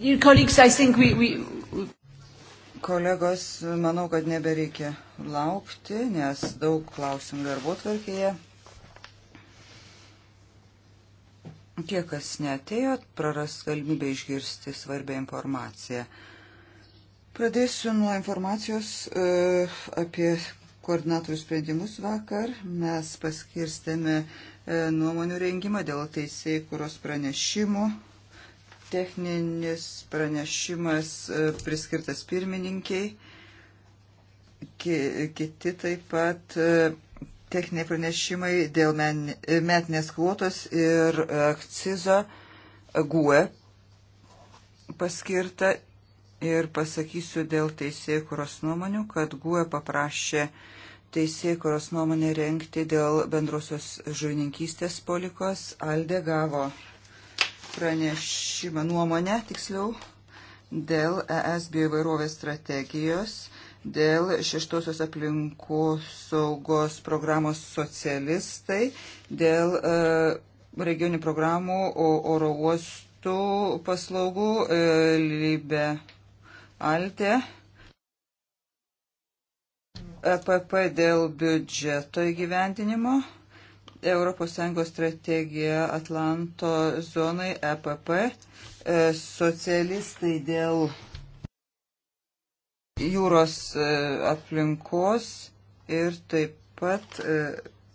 We, we... Kolegos, manau, kad nebereikia laukti, nes daug klausimų darbo tvarkėje. Tie, kas netėjo, praras galimybę išgirsti svarbę informaciją. Pradėsiu nuo informacijos e, apie koordinatorių sprendimus vakar. Mes paskirstėme e, nuomonių rengimą dėl teisėjų, kurios pranešimų Techninis pranešimas e, priskirtas pirmininkiai, kiti taip pat e, techniniai pranešimai dėl e, metinės kvotos ir akcizo GUE paskirta ir pasakysiu dėl teisėkuros nuomonių, kad GUE paprašė teisėkuros nuomonę renkti dėl bendrosios žuvininkystės polikos, Alde gavo pranešimą nuomonę, tiksliau, dėl ES bioįvairovės strategijos, dėl šeštosios aplinkos saugos programos socialistai, dėl e, regionių programų oro uostų paslaugų e, Libe Alte. EPP dėl biudžeto įgyvendinimo. ES strategija Atlanto zonai EPP, e, socialistai dėl jūros e, aplinkos ir taip pat e,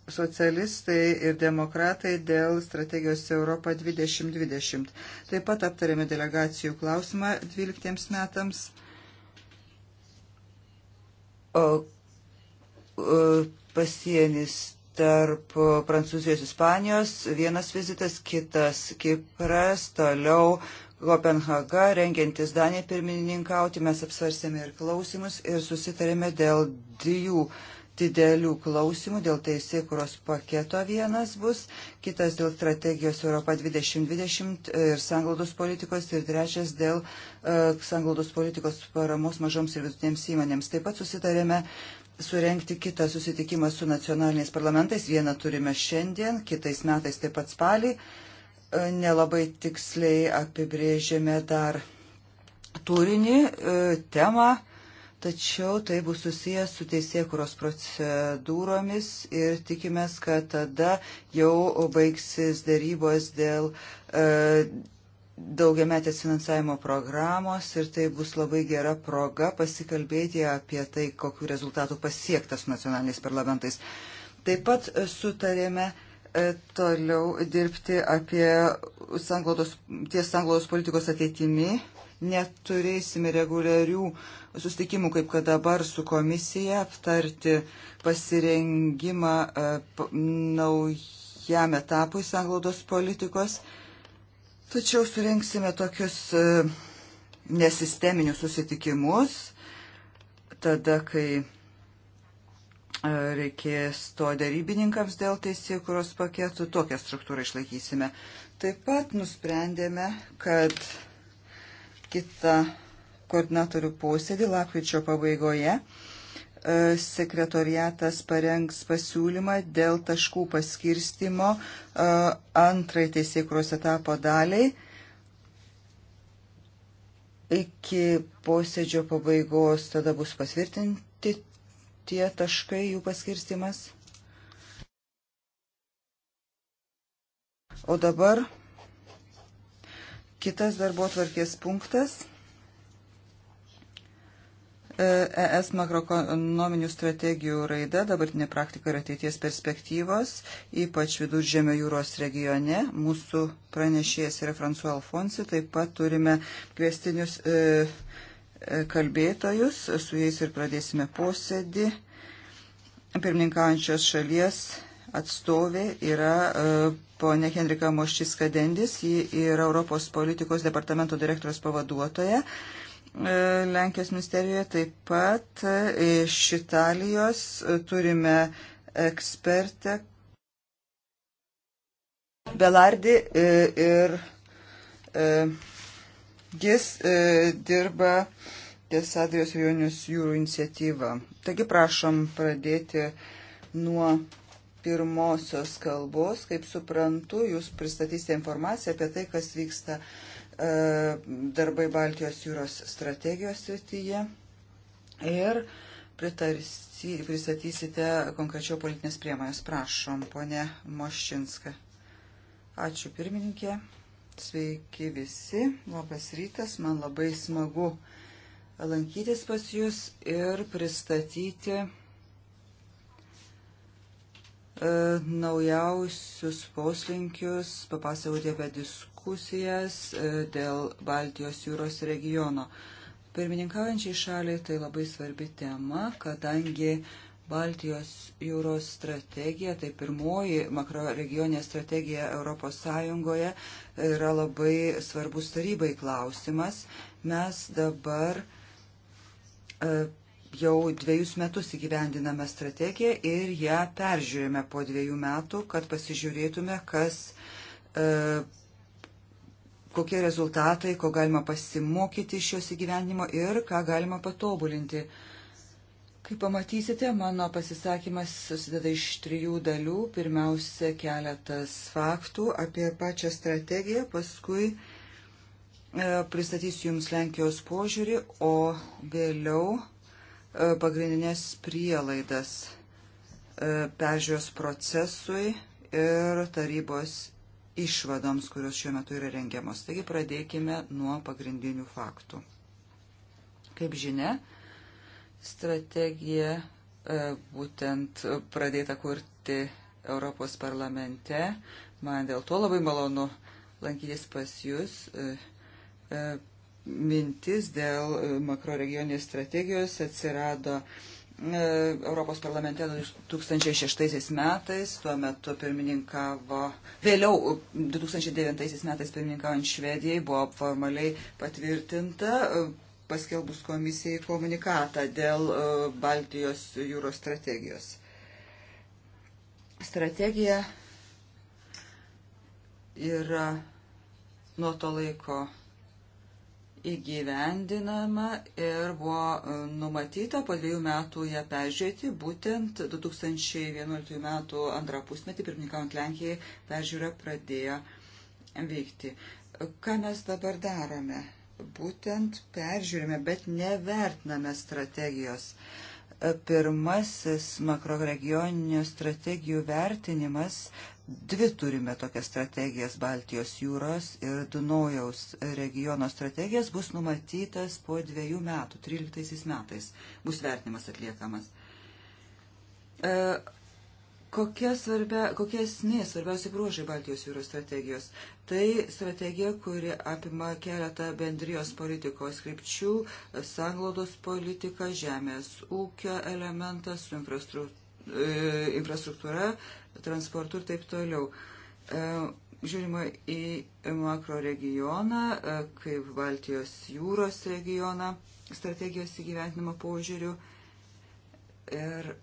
socialistai ir demokratai dėl strategijos Europa 2020. Taip pat aptarėme delegacijų klausimą 12 metams. O, o, pasienis tarp Prancūzijos ir Ispanijos, vienas vizitas, kitas Kipras, toliau Kopenhaga, rengiantis Danijai pirmininkauti, mes apsvarstėme ir klausimus ir susitarėme dėl dviejų didelių klausimų, dėl teisėkuros paketo vienas bus, kitas dėl strategijos Europa 2020 ir sanglaudos politikos ir trečias dėl uh, sanglaudos politikos paramos mažoms ir vidutinėms įmonėms. Taip pat susitarėme uh, surenkti kitą susitikimą su nacionaliniais parlamentais. Vieną turime šiandien, kitais metais taip pat spalį. E, nelabai tiksliai apibrėžėme dar turinį, e, temą, tačiau tai bus susijęs su teisėkuros procedūromis ir tikimės, kad tada jau baigsis dėrybos dėl e, daugiametės finansavimo programos ir tai bus labai gera proga pasikalbėti apie tai, kokiu rezultatu pasiektas nacionaliniais parlamentais. Taip pat e, sutarėme e, toliau dirbti apie sanglaudos, ties sanglaudos politikos ateitimi. Neturėsime reguliarių sustikimų, kaip kad dabar su komisija, aptarti pasirengimą e, naujam etapui sanglaudos politikos. Tačiau surenksime tokius e, nesisteminius susitikimus, tada, kai e, reikės to darybininkams dėl teisėkuros paketų, tokią struktūrą išlaikysime. Taip pat nusprendėme, kad kitą koordinatorių posėdį lapkričio pabaigoje sekretoriatas parengs pasiūlymą dėl taškų paskirstimo e, antrai teisėkros etapo daliai. Iki posėdžio pabaigos tada bus patvirtinti tie taškai, jų paskirstimas. O dabar kitas darbo tvarkės punktas. ES makroekonominių strategijų raida, dabartinė praktika ir ateities perspektyvos, ypač viduržėmio jūros regione. Mūsų pranešėjas yra Fransuo Alfonsi, taip pat turime kvestinius e, e, kalbėtojus, su jais ir pradėsime posėdį. Pirmininkaujančios šalies atstovė yra e, ponė Henrika Moščiskadendis, ji yra Europos politikos departamento direktorius pavaduotoja. E, E, Lenkijos ministerijoje taip pat e, iš Italijos e, turime ekspertę Belardi ir jis dirba ties Adrijos ir Jonijos jūrų iniciatyva. Taigi prašom pradėti nuo pirmosios kalbos. Kaip suprantu, jūs pristatysite informaciją apie tai, kas vyksta uh, E, darbai Baltijos jūros strategijos srityje ir pritarsi, pristatysite konkrečio politinės priemonės. Prašom, ponė Moščinska. Ačiū pirmininkė, sveiki visi, labas rytas, man labai smagu lankytis pas jūs ir pristatyti e, naujausius poslinkius, papasakoti apie diskusiją diskusijas e, dėl Baltijos jūros regiono. Pirmininkaujančiai šaliai tai labai svarbi tema, kadangi Baltijos jūros strategija, tai pirmoji makroregioninė strategija ES yra labai svarbus tarybai klausimas. Mes dabar e, jau dviejus metus įgyvendiname strategiją ir ją peržiūrėjome po dviejų metų, kad pasižiūrėtume, kas e, kokie rezultatai, ko galima pasimokyti iš jos įgyvenimo ir ką galima patobulinti. Kaip pamatysite, mano pasisakymas susideda iš trijų dalių. Pirmiausia, keletas faktų apie pačią strategiją, paskui e, pristatysiu Jums Lenkijos požiūrį, o vėliau e, pagrindinės prielaidas e, peržiūros procesui ir tarybos išvadoms, kurios šiuo metu yra rengiamos. Taigi pradėkime nuo pagrindinių faktų. Kaip žinia, strategija e, būtent pradėta kurti Europos parlamente. Man dėl to labai malonu lankytis pas Jūs. E, e, mintis dėl makroregioninės strategijos atsirado E, Europos parlamente 2006 metais, tuo metu pirmininkavo, vėliau 2009 metais pirmininkaujant Švedijai buvo formaliai patvirtinta e, paskelbus komisijai komunikatą dėl e, Baltijos jūros strategijos. Strategija yra nuo to laiko įgyvendinama ir buvo e, numatyta po dviejų metų ją peržiūrėti, būtent 2011 metų antrą pusmetį, pirmininkant Lenkijai, peržiūra pradėjo veikti. Ką mes dabar darome? Būtent peržiūrime, bet nevertiname strategijos. Pirmasis makroregioninių strategijų vertinimas Dvi turime tokias strategijas Baltijos jūros ir Dunojaus regiono strategijas bus numatytas po dviejų metų, 13 metais bus vertinimas atliekamas. E, kokie, svarbia, kokie esmė svarbiausi bruožai Baltijos jūros strategijos? Tai strategija, kuri apima keletą bendrijos politikos krypčių, sanglaudos politika, žemės ūkio elementas su e, infrastruktūra infrastruktūra, transportu ir taip toliau. E, žiūrima į makro regioną, e, kaip Baltijos jūros regioną, strategijos įgyventinimo požiūrių ir e,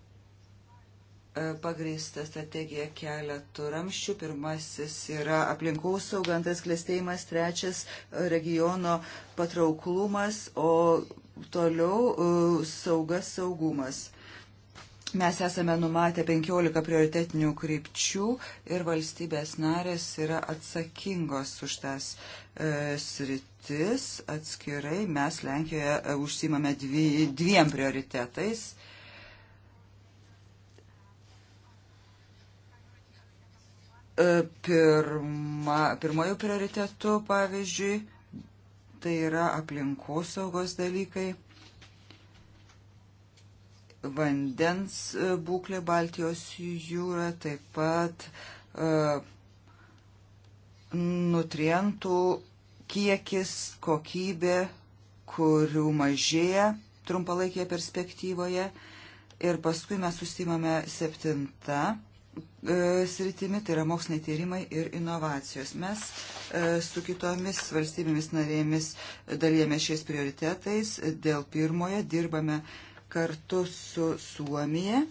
pagrįsta strategija keletų ramščių. Pirmasis yra aplinkos saugantas klėstėjimas, trečias regiono patrauklumas, o toliau saugas saugumas. Mes esame numatę 15 prioritetinių krypčių ir valstybės narės yra atsakingos už tas e, sritis atskirai. Mes Lenkijoje e, užsimame dvi, dviem prioritetais. E, pirma, pirmojų prioritetų, pavyzdžiui, tai yra aplinkosaugos dalykai vandens e, būklė Baltijos jūra, taip pat e, nutrientų kiekis, kokybė, kurių mažėja trumpalaikėje perspektyvoje. Ir paskui mes susimame septinta e, sritimi, tai yra moksliniai tyrimai ir inovacijos. Mes su kitomis valstybėmis narėmis dalyjame šiais prioritetais. Dėl pirmoje dirbame kartu su Suomija,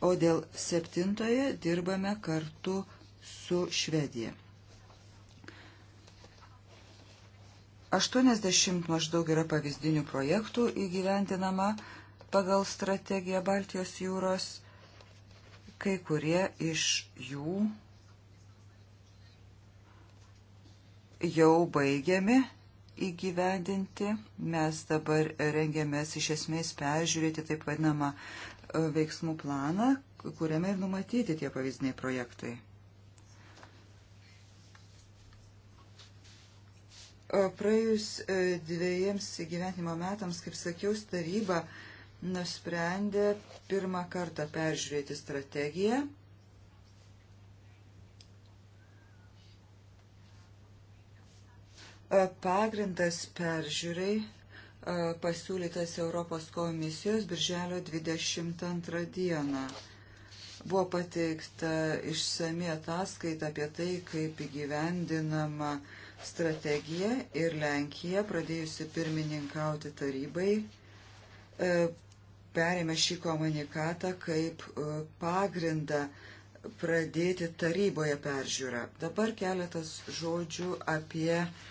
o dėl septintojo dirbame kartu su Švedija. 80 maždaug yra pavyzdinių projektų įgyventinama pagal strategiją Baltijos jūros, kai kurie iš jų jau baigiami įgyvendinti. Mes dabar rengiamės iš esmės peržiūrėti taip vadinamą e, veiksmų planą, kuriame ir numatyti tie pavyzdiniai projektai. Praėjus e, dviejiems gyvenimo metams, kaip sakiau, taryba nusprendė pirmą kartą peržiūrėti strategiją E, pagrindas peržiūrai e, pasiūlytas Europos komisijos birželio 22 dieną. Buvo pateikta išsami ataskaita apie tai, kaip įgyvendinama strategija ir Lenkija, pradėjusi pirmininkauti tarybai, e, perėmė šį komunikatą kaip pagrindą pradėti taryboje peržiūrą. Dabar keletas žodžių apie uh,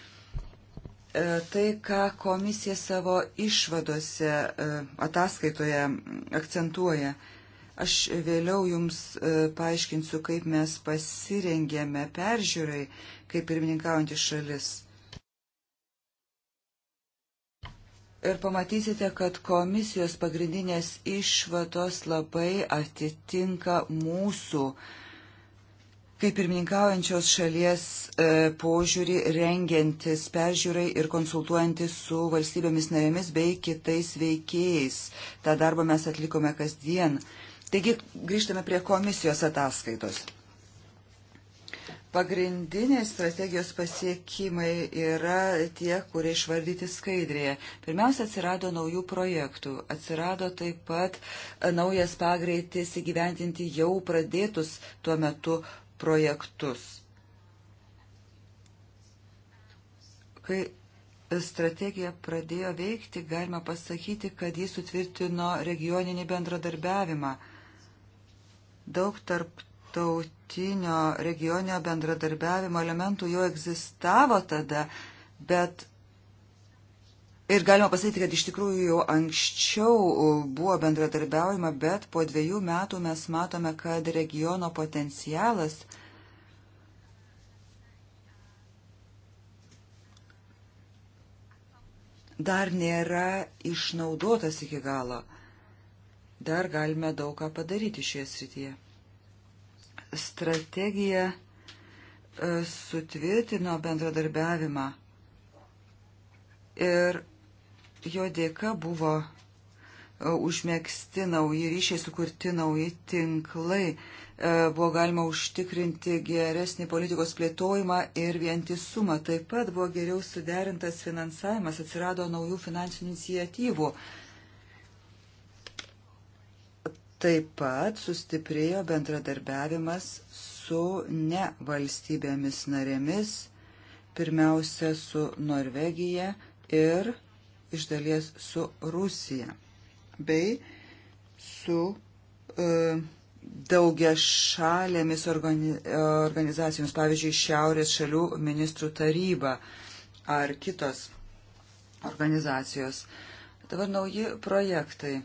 E, tai, ką komisija savo išvadose e, ataskaitoje akcentuoja. Aš vėliau jums e, paaiškinsiu, kaip mes pasirengėme peržiūrai, kaip pirmininkaujantis šalis. Ir pamatysite, kad komisijos pagrindinės išvados labai atitinka mūsų uh, kaip pirmininkaujančios šalies e, požiūrį rengiantis peržiūrai ir konsultuojantis su valstybėmis narėmis bei kitais veikėjais. Ta darbą mes atlikome kasdien. Taigi grįžtame prie komisijos ataskaitos. Pagrindiniai strategijos pasiekimai yra tie, kurie išvardyti skaidrėje. Pirmiausia, atsirado naujų projektų, atsirado taip pat naujas pagreitis įgyventinti jau pradėtus tuo metu projektus. Kai strategija pradėjo veikti, galima pasakyti, kad jis sutvirtino regioninį bendradarbiavimą. Daug tarptautinio regioninio bendradarbiavimo elementų jau egzistavo tada, bet Ir galima pasakyti, kad iš tikrųjų jau anksčiau uh, buvo bendradarbiaujama, bet po dviejų metų mes matome, kad regiono potencialas dar nėra išnaudotas iki galo. Dar galime daug ką padaryti šioje srityje. Strategija uh, sutvirtino bendradarbiavimą ir jo dėka buvo e, užmėgsti nauji ryšiai, sukurti nauji tinklai, e, buvo galima užtikrinti geresnį politikos plėtojimą ir vientisumą. Taip pat buvo geriau suderintas finansavimas, atsirado naujų finansinių inicijatyvų. Taip pat sustiprėjo bendradarbiavimas su nevalstybėmis narėmis, pirmiausia su Norvegija ir Norvegija iš dalies su Rusija bei su e, daugia šalėmis organi, organizacijomis, pavyzdžiui, Šiaurės šalių ministrų taryba ar kitos organizacijos. Dabar nauji projektai.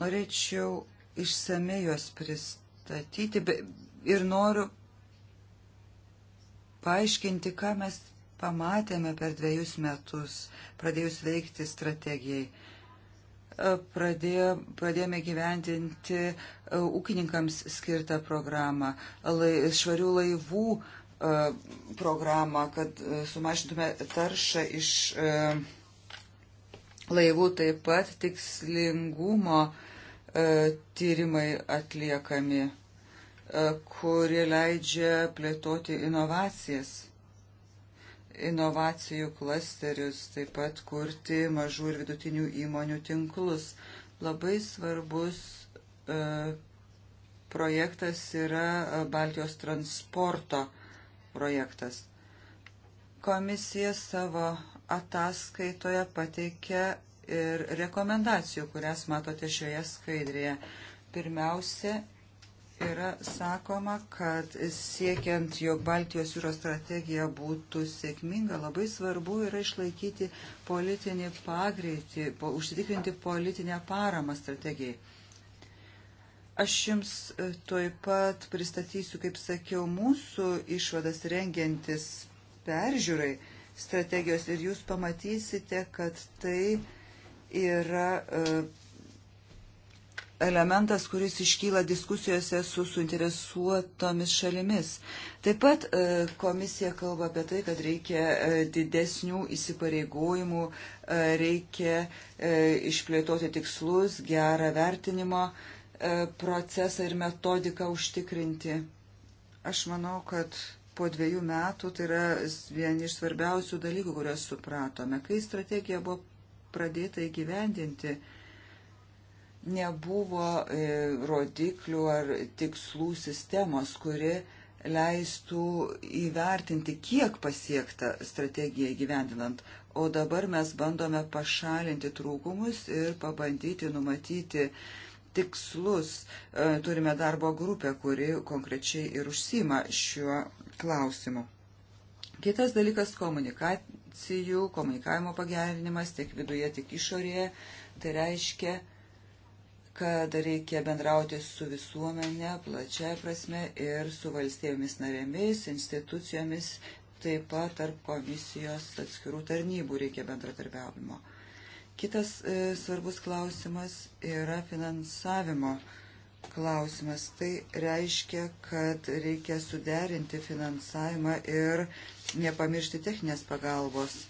Norėčiau išsamei juos pristatyti ir noriu paaiškinti, ką mes pamatėme per dviejus metus, pradėjus veikti strategijai. E, Pradėjo, pradėjome gyventinti e, ūkininkams skirtą programą, lai, švarių laivų e, programą, kad sumažintume taršą iš laivų taip pat tikslingumo tyrimai atliekami E, kurie leidžia plėtoti inovacijas, inovacijų klasterius, taip pat kurti mažų ir vidutinių įmonių tinklus. Labai svarbus e, projektas yra e, Baltijos transporto projektas. Komisija savo ataskaitoje pateikia ir rekomendacijų, kurias matote šioje skaidrėje. Pirmiausia, yra sakoma, kad siekiant, jog Baltijos jūros strategija būtų sėkminga, labai svarbu yra išlaikyti politinį pagreitį, po, užsitikrinti politinę paramą strategijai. Aš jums e, toj pat pristatysiu, kaip sakiau, mūsų išvadas rengiantis peržiūrai strategijos ir jūs pamatysite, kad tai yra. Uh, elementas, kuris iškyla diskusijose su suinteresuotomis šalimis. Taip pat e, komisija kalba apie tai, kad reikia e, didesnių įsipareigojimų, e, reikia išplėtoti tikslus, gerą vertinimo procesą ir metodiką užtikrinti. Aš manau, kad po dviejų metų tai yra vieni iš svarbiausių dalykų, kuriuos supratome. Kai strategija buvo pradėta įgyvendinti, nebuvo e, rodiklių ar tikslų sistemos, kuri leistų įvertinti, kiek pasiekta strategija gyvendinant. O dabar mes bandome pašalinti trūkumus ir pabandyti numatyti tikslus. E, turime darbo grupę, kuri konkrečiai ir užsima šiuo klausimu. Kitas dalykas - komunikacijų, komunikavimo pagerinimas tiek viduje, tiek išorėje. Tai reiškia, kad reikia bendrauti su visuomenė plačiai prasme ir su valstybėmis narėmis, institucijomis, taip pat tarp komisijos atskirų tarnybų reikia bendratarbiavimo. Kitas e, svarbus klausimas yra finansavimo klausimas. Tai reiškia, kad reikia suderinti finansavimą ir nepamiršti techninės pagalbos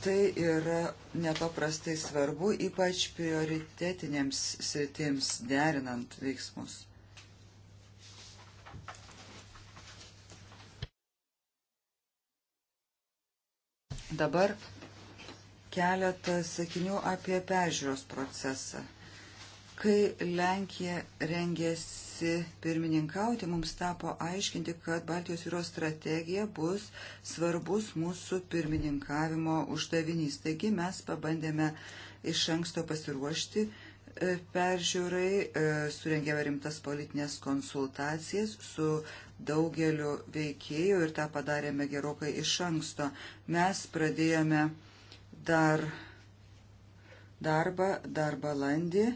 Tai yra nepaprastai svarbu, ypač prioritetinėms sritims derinant veiksmus. Dabar keletą sakinių apie peržiūros procesą. Kai Lenkija rengėsi ėmėsi pirmininkauti, mums tapo aiškinti, kad Baltijos jūros strategija bus svarbus mūsų pirmininkavimo uždavinys. Taigi mes pabandėme iš anksto pasiruošti e, peržiūrai, e, surengėme rimtas politinės konsultacijas su daugeliu veikėjų ir tą padarėme gerokai iš anksto. Mes pradėjome dar darbą, dar balandį.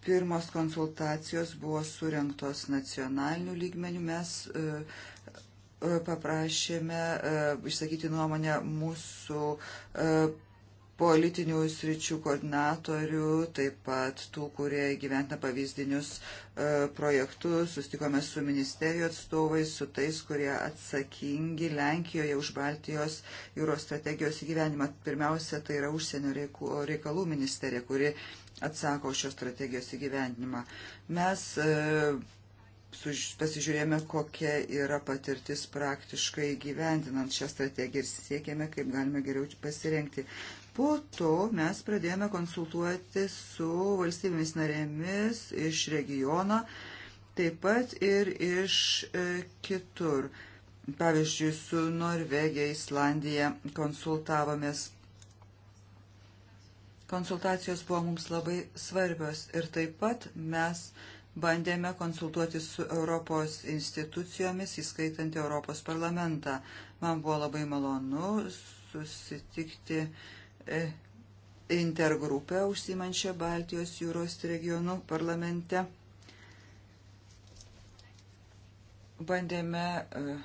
Pirmos konsultacijos buvo surinktos nacionalinių lygmenių. Mes e, e, paprašėme e, išsakyti nuomonę mūsų politinių sričių koordinatorių, taip pat tų, kurie gyvena pavyzdinius projektus. Sustikome su ministerijų atstovais, su tais, kurie atsakingi Lenkijoje už Baltijos jūros strategijos įgyvenimą. Pirmiausia, tai yra užsienio reikalų ministerija, kuri atsako šios strategijos įgyvendinimą. Mes e, pasižiūrėjome, kokia yra patirtis praktiškai gyvendinant šią strategiją ir siekėme, kaip galime geriau pasirengti. Po to mes pradėjome konsultuoti su valstybėmis narėmis iš regiono, taip pat ir iš e, kitur. Pavyzdžiui, su Norvegija, Islandija konsultavomės Konsultacijos buvo mums labai svarbios ir taip pat mes bandėme konsultuoti su Europos institucijomis, įskaitant Europos parlamentą. Man buvo labai malonu susitikti e, intergrupę užsimančią Baltijos jūros regionų parlamente. Bandėme e,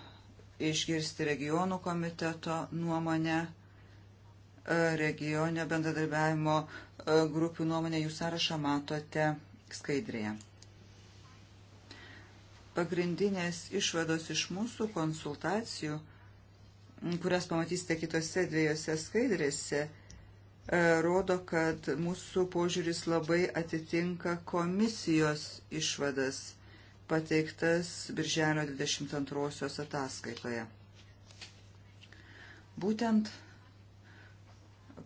išgirsti regionų komiteto nuomonę regioninio bendradarbiavimo e, grupių nuomonę jūs sąrašą matote skaidrėje. Pagrindinės išvados iš mūsų konsultacijų, kurias pamatysite kitose dviejose skaidrėse, e, rodo, kad mūsų požiūris labai atitinka komisijos išvadas pateiktas Birželio 22 ataskaitoje. Būtent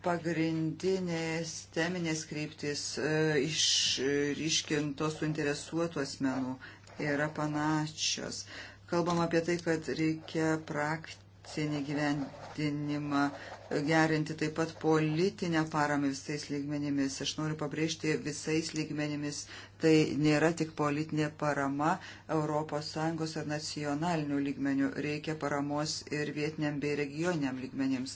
pagrindinės teminės kryptis e, išryškintos suinteresuotų asmenų yra panašios. Kalbam apie tai, kad reikia praktinį gyvendinimą e, gerinti taip pat politinę paramą visais lygmenimis. Aš noriu pabrėžti visais lygmenimis. Tai nėra tik politinė parama ES ar nacionalinių lygmenių. Reikia paramos ir vietiniam bei regioniniam lygmenims.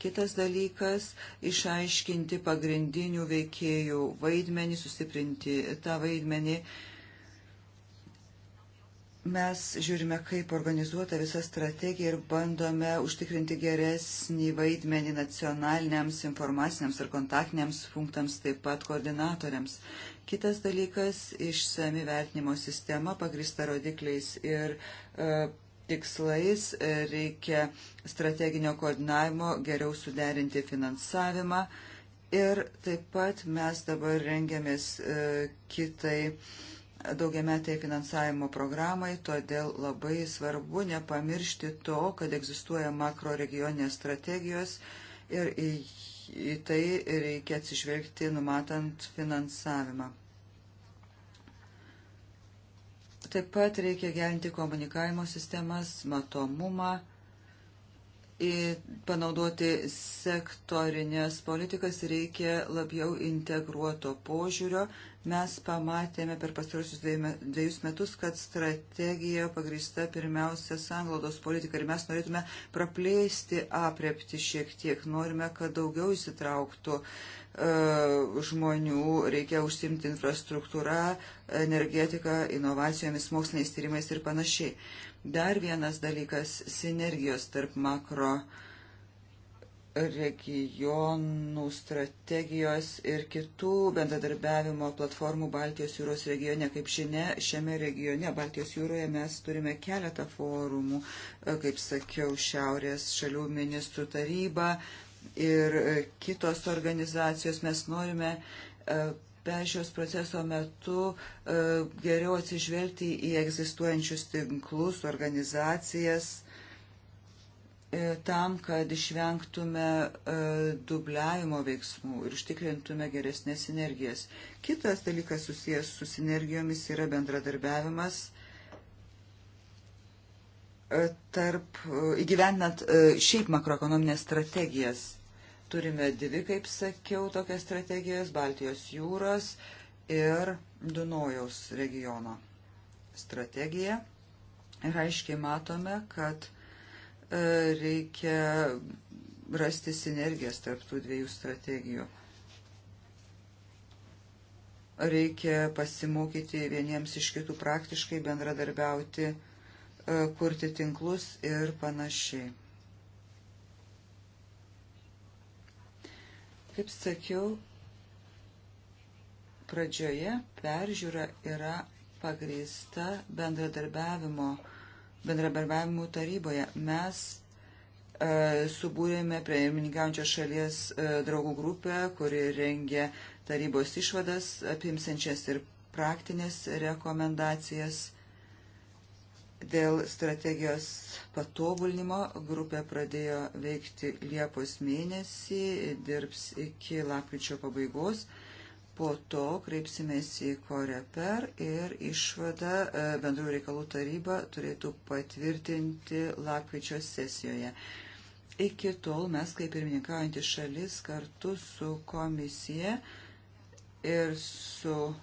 Kitas dalykas - išaiškinti pagrindinių veikėjų vaidmenį, sustiprinti tą vaidmenį. Mes žiūrime, kaip organizuota visa strategija ir bandome užtikrinti geresnį vaidmenį nacionaliniams informaciniams ir kontaktiniams punktams, taip pat koordinatoriams. Kitas dalykas - išsami vertinimo sistema pagrįsta rodikliais ir e, tikslais, e, reikia strateginio koordinavimo, geriau suderinti finansavimą ir taip pat mes dabar rengiamės e, kitai daugiametai finansavimo programai, todėl labai svarbu nepamiršti to, kad egzistuoja makro regioninės strategijos ir į, į tai reikia atsižvelgti numatant finansavimą. Taip pat reikia gerinti komunikavimo sistemas, matomumą, panaudoti sektorinės politikas, reikia labiau integruoto požiūrio, Mes pamatėme per pastarusius dviejus metus, kad strategija pagrįsta pirmiausia sanglaudos politika ir mes norėtume praplėsti aprepti šiek tiek. Norime, kad daugiau įsitrauktų e, žmonių, reikia užsimti infrastruktūrą, energetiką, inovacijomis, moksliniais tyrimais ir panašiai. Dar vienas dalykas - sinergijos tarp makro regionų strategijos ir kitų bendradarbiavimo platformų Baltijos jūros regione. Kaip žinia, šiame regione, Baltijos jūroje, mes turime keletą forumų, e, kaip sakiau, Šiaurės šalių ministrų taryba ir e, kitos organizacijos. Mes norime pešios proceso metu e, geriau atsižvelgti į egzistuojančius tinklus, organizacijas E, tam, kad išvengtume e, dubliavimo veiksmų ir užtikrintume geresnės sinergijas. Kitas dalykas susijęs su sinergijomis yra bendradarbiavimas e, tarp įgyvendinant šiaip makroekonominės strategijas. Turime dvi, kaip sakiau, tokias strategijas - Baltijos jūros ir Dunojaus regiono strategiją. Ir aiškiai matome, kad reikia rasti sinergijas tarptų dviejų strategijų. Reikia pasimokyti vieniems iš kitų praktiškai, bendradarbiauti, e, kurti tinklus ir panašiai. Kaip sakiau, pradžioje peržiūra yra pagrįsta bendradarbiavimo bendradarbiavimu taryboje. Mes e, subūrėme pirmininkaujančios šalies e, draugų grupę, kuri rengia tarybos išvadas apimsiančias ir praktinės rekomendacijas dėl strategijos patobulinimo. Grupė pradėjo veikti Liepos mėnesį, dirbs iki lapkričio pabaigos. Po to kreipsimės į Koreper ir išvada e, bendrų reikalų taryba turėtų patvirtinti lakvičio sesijoje. Iki tol mes, kaip pirmininkaujantys šalis, kartu su komisija ir su uh,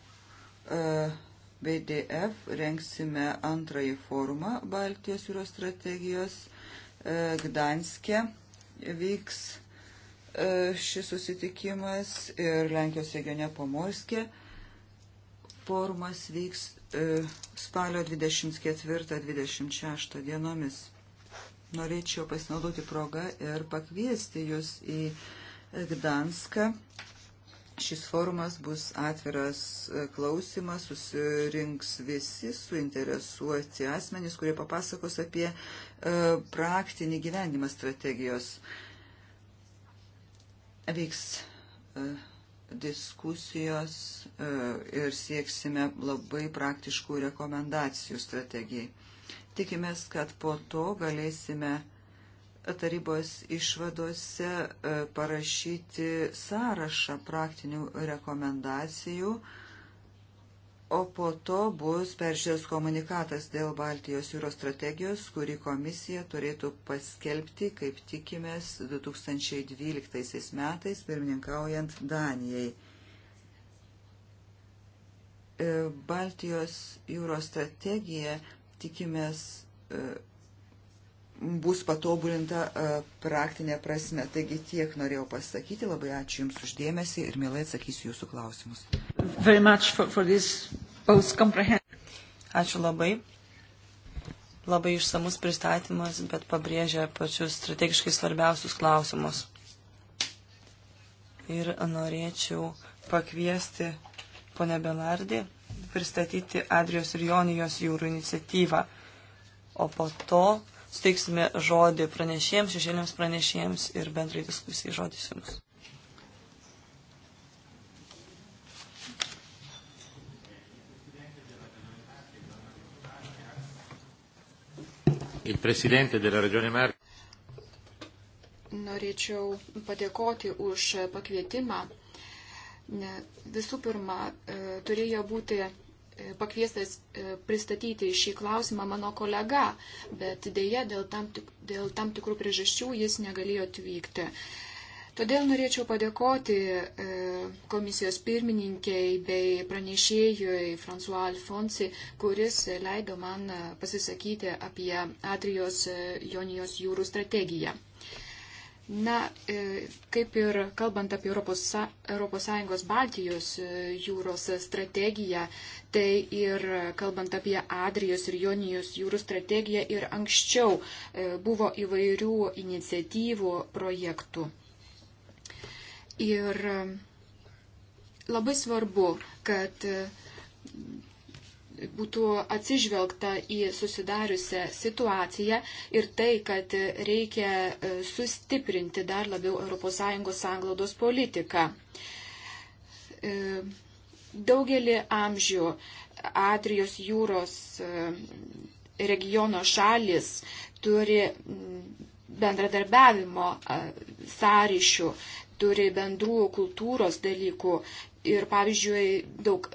e, BDF rengsime antrąjį forumą Baltijos jūros strategijos uh, Gdanske. Vyks uh, šis susitikimas ir Lenkijos regione Pomorskė. Forumas vyks e, spalio 24-26 dienomis. Norėčiau pasinaudoti progą ir pakviesti jūs į Gdanską. Šis forumas bus atviras e, klausimas, susirinks visi suinteresuoti asmenys, kurie papasakos apie e, praktinį gyvenimą strategijos. Uh, Veiks e, diskusijos e, ir sieksime labai praktiškų rekomendacijų strategijai. Tikimės, kad po to galėsime tarybos išvadose e, parašyti sąrašą praktinių rekomendacijų, o po to bus peržiūrės komunikatas dėl Baltijos jūros strategijos, kurį komisija turėtų paskelbti, kaip tikimės, 2012 metais, pirmininkaujant Danijai. E, Baltijos jūros strategija tikimės e, bus patobulinta e, praktinė prasme. Taigi tiek norėjau pasakyti. Labai ačiū Jums uždėmesį ir mielai atsakysiu Jūsų klausimus very much for, for this both comprehensive. Ačiū labai. Labai išsamus pristatymas, bet pabrėžia pačius strategiškai svarbiausius klausimus. Ir norėčiau pakviesti ponę Belardį pristatyti Adrijos ir Jonijos jūrų iniciatyvą. O po to steiksime žodį pranešėjams, šešėliams pranešėjams ir bendrai diskusijai žodis jums. il presidente della regione Marche. Norėčiau padėkoti už pakvietimą. Visų pirma, e, turėjo būti e, pakviestas e, pristatyti šį klausimą mano kolega, bet dėja dėl tam, tik, dėl tam tikrų priežasčių jis negalėjo atvykti. Todėl norėčiau padėkoti e, komisijos pirmininkiai bei pranešėjui François Alfonsi, kuris leido man e, pasisakyti apie Atrijos e, Jonijos jūrų strategiją. Na, kaip ir kalbant apie ES Baltijos jūros strategiją, tai ir kalbant apie Adrijos ir Jonijos jūrų strategiją ir anksčiau buvo įvairių iniciatyvų projektų. Ir e, labai svarbu, kad e, būtų atsižvelgta į susidariusią situaciją ir tai, kad reikia e, sustiprinti dar labiau ES sanglaudos politiką. Daugelį amžių Adrijos jūros regiono šalis turi bendradarbiavimo sąryšių turi bendrų kultūros dalykų. Ir pavyzdžiui, daug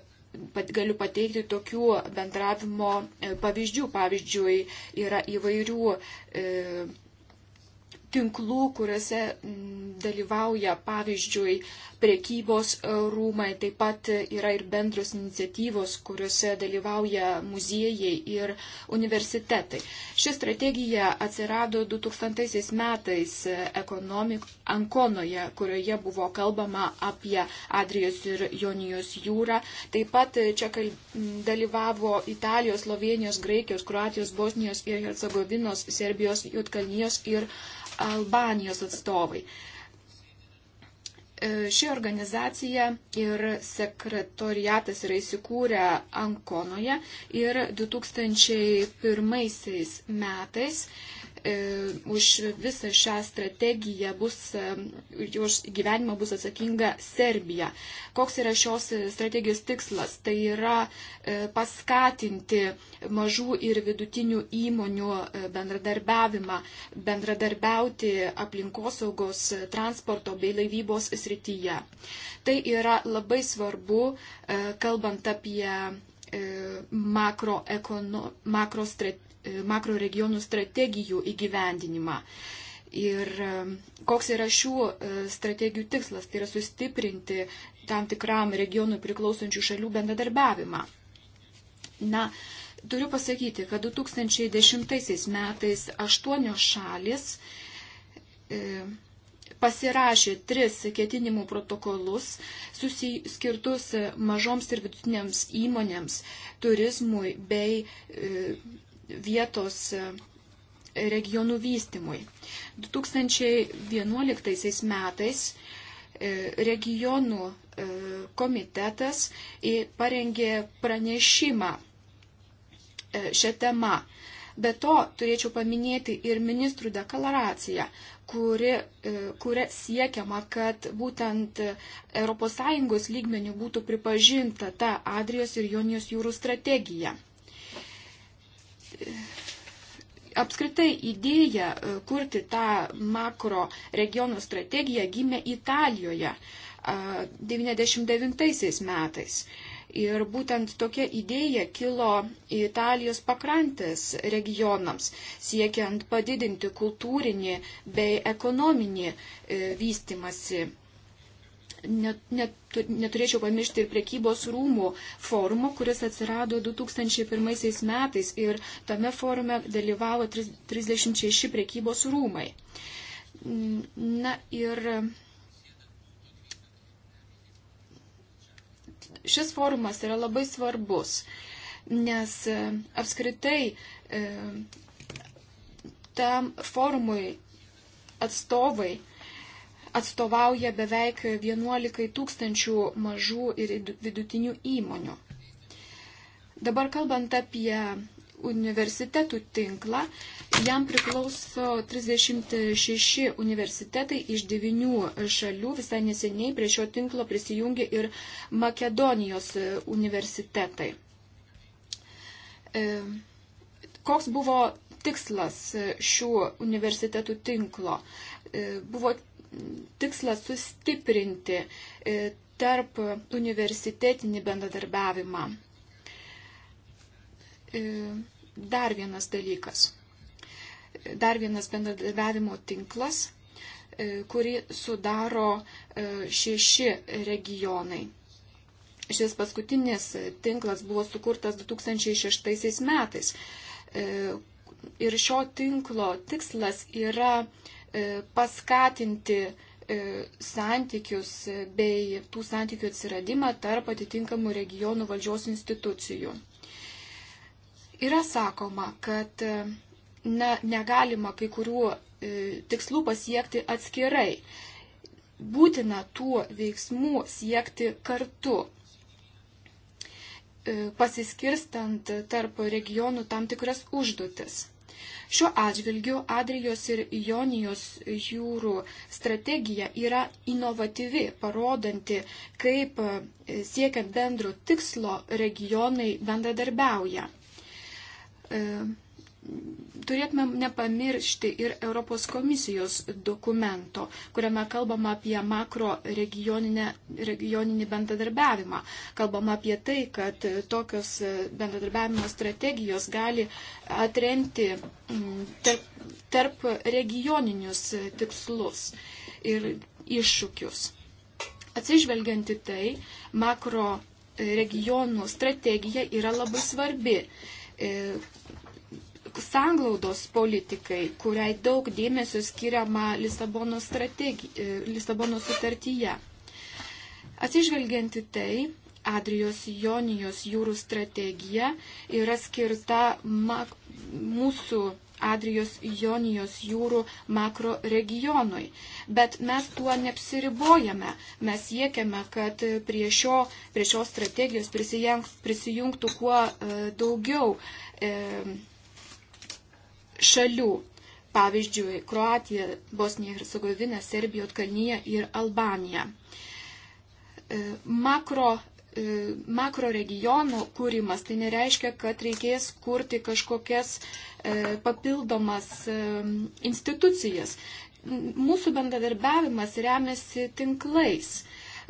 pat, galiu pateikti tokių bendravimo e, pavyzdžių. Pavyzdžiui, yra įvairių e, tinklų, kuriuose mm, dalyvauja, pavyzdžiui, priekybos e, rūmai, taip pat yra ir bendros iniciatyvos, kuriuose dalyvauja muziejai ir universitetai. Ši strategija atsirado 2000 metais e, ekonomik Ankonoje, kurioje buvo kalbama apie Adrijos ir Jonijos jūrą. Taip pat e, čia kalb... dalyvavo Italijos, Slovenijos, Graikijos, Kroatijos, Bosnijos ir Hercegovinos, Serbijos, Jutkalnijos ir Albanijos atstovai. E, ši organizacija ir sekretoriatas yra įsikūrę Ankonoje ir 2001 metais E, už visą šią strategiją bus, e, už gyvenimą bus atsakinga Serbija. Koks yra šios strategijos tikslas? Tai yra e, paskatinti mažų ir vidutinių įmonių bendradarbiavimą, bendradarbiauti aplinkosaugos, transporto bei laivybos srityje. Tai yra labai svarbu, kalbant apie makro, ekono, makro strate, E, makro regionų strategijų įgyvendinimą. Ir e, koks yra šių e, strategijų tikslas, tai yra sustiprinti tam tikram regionui priklausančių šalių bendradarbiavimą. Na, turiu pasakyti, kad 2010 metais aštuonios šalis pasirašė tris ketinimų protokolus skirtus mažoms ir vidutinėms įmonėms, turizmui bei vietos e, regionų vystimui. 2011 metais e, regionų e, komitetas parengė pranešimą šią temą. Be to, turėčiau paminėti ir ministrų deklaraciją, kuri, kuria siekiama, kad būtent ES lygmenių būtų pripažinta ta Adrijos ir Jonijos jūrų strategija apskritai idėja e, kurti tą makro regiono strategiją gimė Italijoje 99 metais. Ir būtent tokia idėja kilo Italijos pakrantės regionams, siekiant padidinti kultūrinį bei ekonominį e, vystimasi net, net, neturėčiau pamiršti ir prekybos rūmų forumo, kuris atsirado 2001 metais ir tame forume dalyvavo 36 prekybos rūmai. Na ir šis forumas yra labai svarbus, nes e, apskritai e, tam forumui atstovai atstovauja beveik 11 tūkstančių mažų ir vidutinių įmonių. Dabar kalbant apie universitetų tinklą, jam priklauso 36 universitetai iš 9 šalių. Visai neseniai prie šio tinklo prisijungė ir Makedonijos universitetai. E, koks buvo tikslas šių universitetų tinklo? E, buvo tikslą sustiprinti e, tarp universitetinį bendradarbiavimą. E, dar vienas dalykas. Dar vienas bendradarbiavimo tinklas, e, kurį sudaro šeši regionai. Šis paskutinis tinklas buvo sukurtas 2006 metais. Ir šio tinklo tikslas yra E, paskatinti e, santykius bei tų santykių atsiradimą tarp atitinkamų regionų valdžios institucijų. Yra sakoma, kad e, na, negalima kai kurių tikslų pasiekti atskirai. Būtina tų veiksmų siekti kartu, pasiskirstant tarp regionų tam tikras užduotis. Šiuo atžvilgiu Adrijos ir Jonijos jūrų strategija yra inovatyvi, parodanti, kaip e, siekiant bendro tikslo regionai bendradarbiauja. E, turėtume nepamiršti ir Europos komisijos dokumento, kuriame kalbama apie makro regioninį bendradarbiavimą. Kalbama apie tai, kad tokios bendradarbiavimo strategijos gali atremti mm, tarp, tarp regioninius tikslus ir iššūkius. Atsižvelgianti tai, makro regionų strategija yra labai svarbi e, sanglaudos politikai, kuriai daug dėmesio skiriama Lisabono, e, Lisabono sutartyje. Atsižvelgianti tai, Adrijos Jonijos jūrų strategija yra skirta mak, mūsų Adrijos Jonijos jūrų makro regionui. Bet mes tuo neapsiribojame. Mes siekiame, kad prie, šio, prie šios strategijos prisijungtų kuo e, daugiau e, šalių. Pavyzdžiui, Kroatija, Bosnija ir Sugovina, Serbija, Otkalnyje ir Albanija. E, makro e, makro regionų kūrimas, tai nereiškia, kad reikės kurti kažkokias e, papildomas institucijas. Mūsų bendradarbiavimas remiasi tinklais.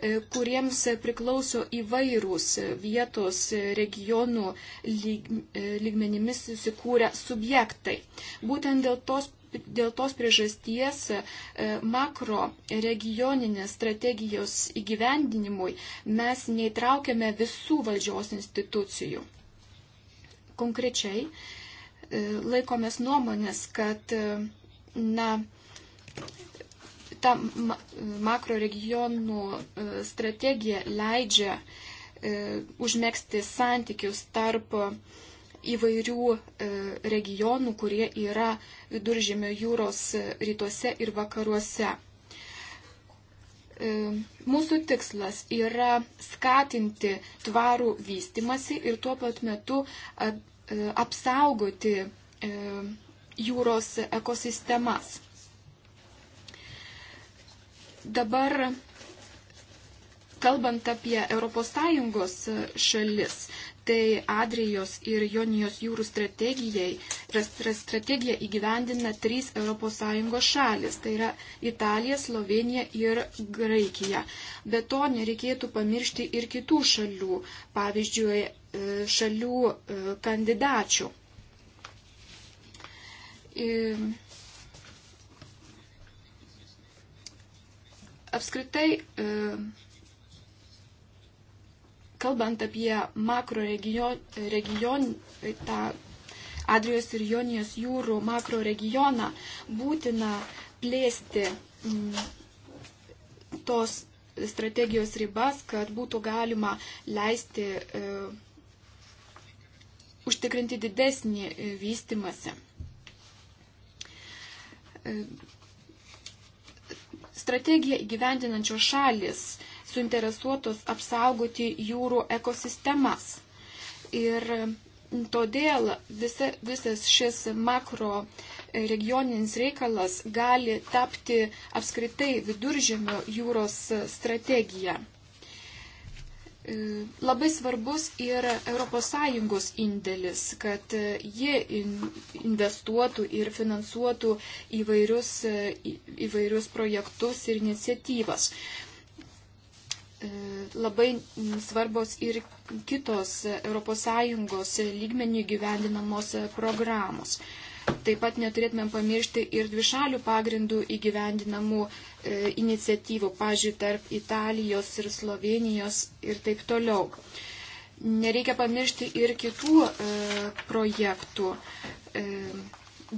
E, kuriems priklauso įvairūs vietos regionų lyg, e, lygmenimis susikūrę subjektai. Būtent dėl tos, dėl tos priežasties e, makro regioninės strategijos įgyvendinimui mes neįtraukiame visų valdžios institucijų. Konkrečiai laikomės nuomonės, kad na, ta makro regionų e, strategija leidžia e, užmėgsti santykius tarp įvairių e, regionų, kurie yra viduržėmio jūros rytuose ir vakaruose. Mūsų tikslas yra skatinti tvarų vystimasi ir tuo pat metu apsaugoti jūros ekosistemas. Dabar, kalbant apie ES šalis, tai Adrijos ir Jonijos jūrų strategijai, strategiją įgyvendina trys ES šalis, tai yra Italija, Slovenija ir Graikija. Be to nereikėtų pamiršti ir kitų šalių, pavyzdžiui, e, šalių e, kandidačių. E, Apskritai, e, kalbant apie makro region, region tą Adrijos ir Jonijos jūrų makro regioną, būtina plėsti mm, tos strategijos ribas, kad būtų galima leisti e, užtikrinti didesnį e, vystimąsi. E, Strategiją įgyvendinančios šalis suinteresuotos apsaugoti jūrų ekosistemas. Ir todėl visa, visas šis makro regioninis reikalas gali tapti apskritai viduržėmio jūros strategija. E, labai svarbus ir ES indėlis, kad e, ji investuotų ir finansuotų įvairius, e, įvairius projektus ir iniciatyvas. Labai svarbos ir kitos ES lygmenių gyvendinamos programos. Taip pat neturėtumėm pamiršti ir dvišalių pagrindų įgyvendinamų e, iniciatyvų, pažiūrėjau, tarp Italijos ir Slovenijos ir taip toliau. Nereikia pamiršti ir kitų e, projektų. E,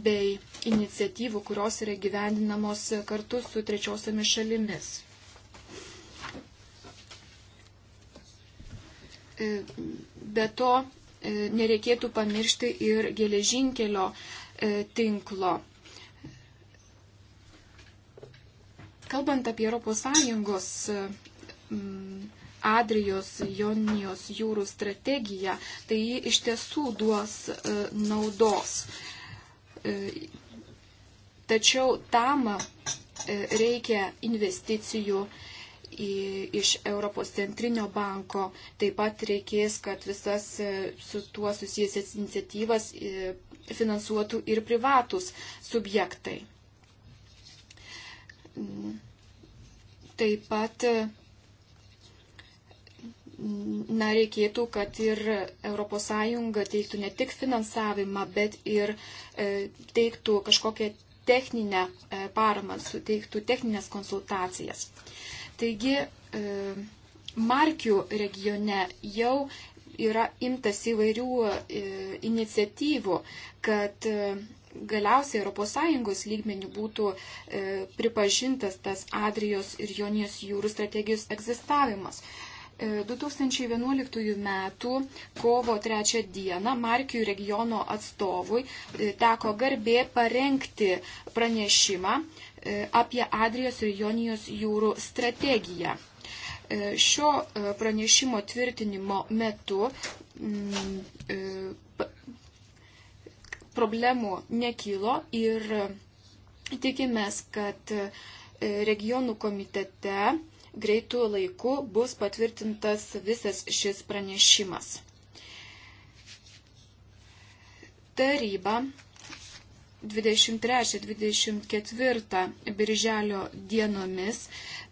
bei iniciatyvų, kurios yra gyvendinamos kartu su trečiosiomis šalimis. E, be to, e, nereikėtų pamiršti ir geležinkelio E, tinklo. Kalbant apie ES e, Adrijos Jonijos jūrų strategiją, tai ji iš tiesų duos e, naudos. Tačiau tam reikia investicijų iš Europos centrinio banko. Taip pat reikės, kad visas su tuo susijęs iniciatyvas finansuotų ir privatus subjektai. Taip pat na, reikėtų, kad ir ES teiktų ne tik finansavimą, bet ir e, teiktų kažkokią techninę e, paramą, suteiktų techninės konsultacijas. Taigi, e, Markių regione jau yra imtas įvairių e, iniciatyvų, kad e, galiausiai ES lygmenių būtų e, pripažintas tas Adrijos ir Jonijos jūrų strategijos egzistavimas. 2011 m. kovo 3 d. Markijų regiono atstovui teko garbė parengti pranešimą apie Adrijos ir Jonijos jūrų strategiją. E, šio e, pranešimo tvirtinimo metu mm, e, problemų nekylo ir tikimės, kad regionų komitete greitų laikų bus patvirtintas visas šis pranešimas. Taryba 23-24 birželio dienomis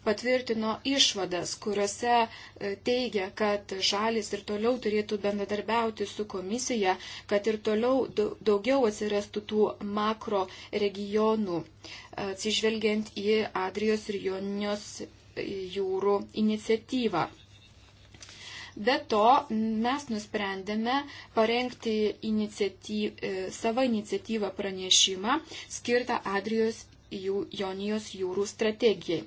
patvirtino išvadas, kuriuose e, teigia, kad šalis ir toliau turėtų bendradarbiauti su komisija, kad ir toliau daugiau atsirastų tų makro regionų, atsižvelgiant į Adrijos ir Jonijos jūrų iniciatyvą. Be to, mes nusprendėme parengti iniciatyv, e, savo iniciatyvą pranešimą skirtą Adrijos jų Jonijos jūrų strategijai.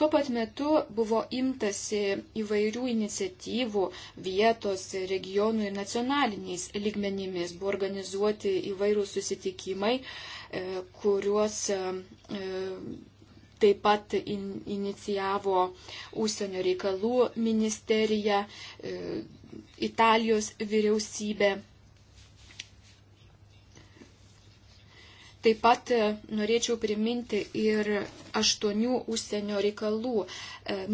Tuo pat metu buvo imtasi įvairių iniciatyvų vietos, regionų ir nacionaliniais lygmenimis, buvo organizuoti įvairių susitikimai, e, kuriuos e, e, taip pat in, inicijavo ūsienio reikalų ministerija, Italijos vyriausybė Taip pat e, norėčiau priminti ir aštuonių užsienio reikalų e,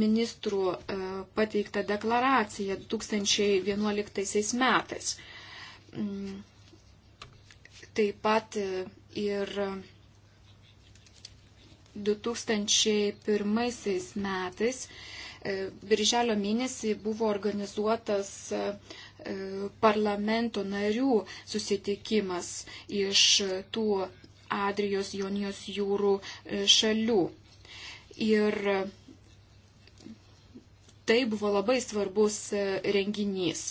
ministrų e, pateiktą deklaraciją 2011 metais. Mm. Taip pat ir 2001 metais Birželio mėnesį buvo organizuotas parlamento narių susitikimas iš tų Adrijos Jonijos jūrų e, šalių. Ir e, tai buvo labai svarbus e, renginys,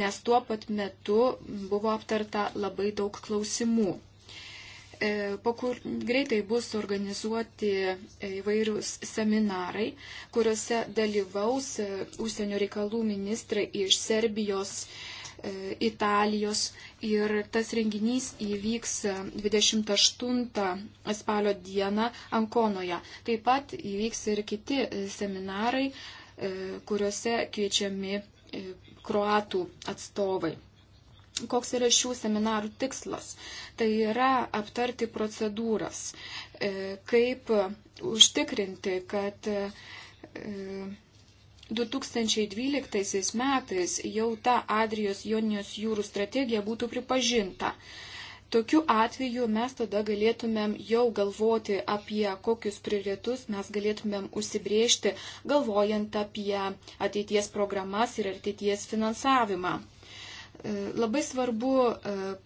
nes tuo pat metu buvo aptarta labai daug klausimų. Po kur greitai bus organizuoti įvairius seminarai, kuriuose dalyvaus užsienio reikalų ministrai iš Serbijos, E, Italijos ir tas renginys įvyks 28 spalio dieną Ankonoje. Taip pat įvyks ir kiti seminarai, e, kuriuose kviečiami e, kroatų atstovai. Koks yra šių seminarų tikslas? Tai yra aptarti procedūras, kaip užtikrinti, kad 2012 metais jau ta Adrijos Jonijos jūrų strategija būtų pripažinta. Tokiu atveju mes tada galėtumėm jau galvoti apie kokius prioritetus mes galėtumėm užsibriežti, galvojant apie ateities programas ir ateities finansavimą. E, labai svarbu e,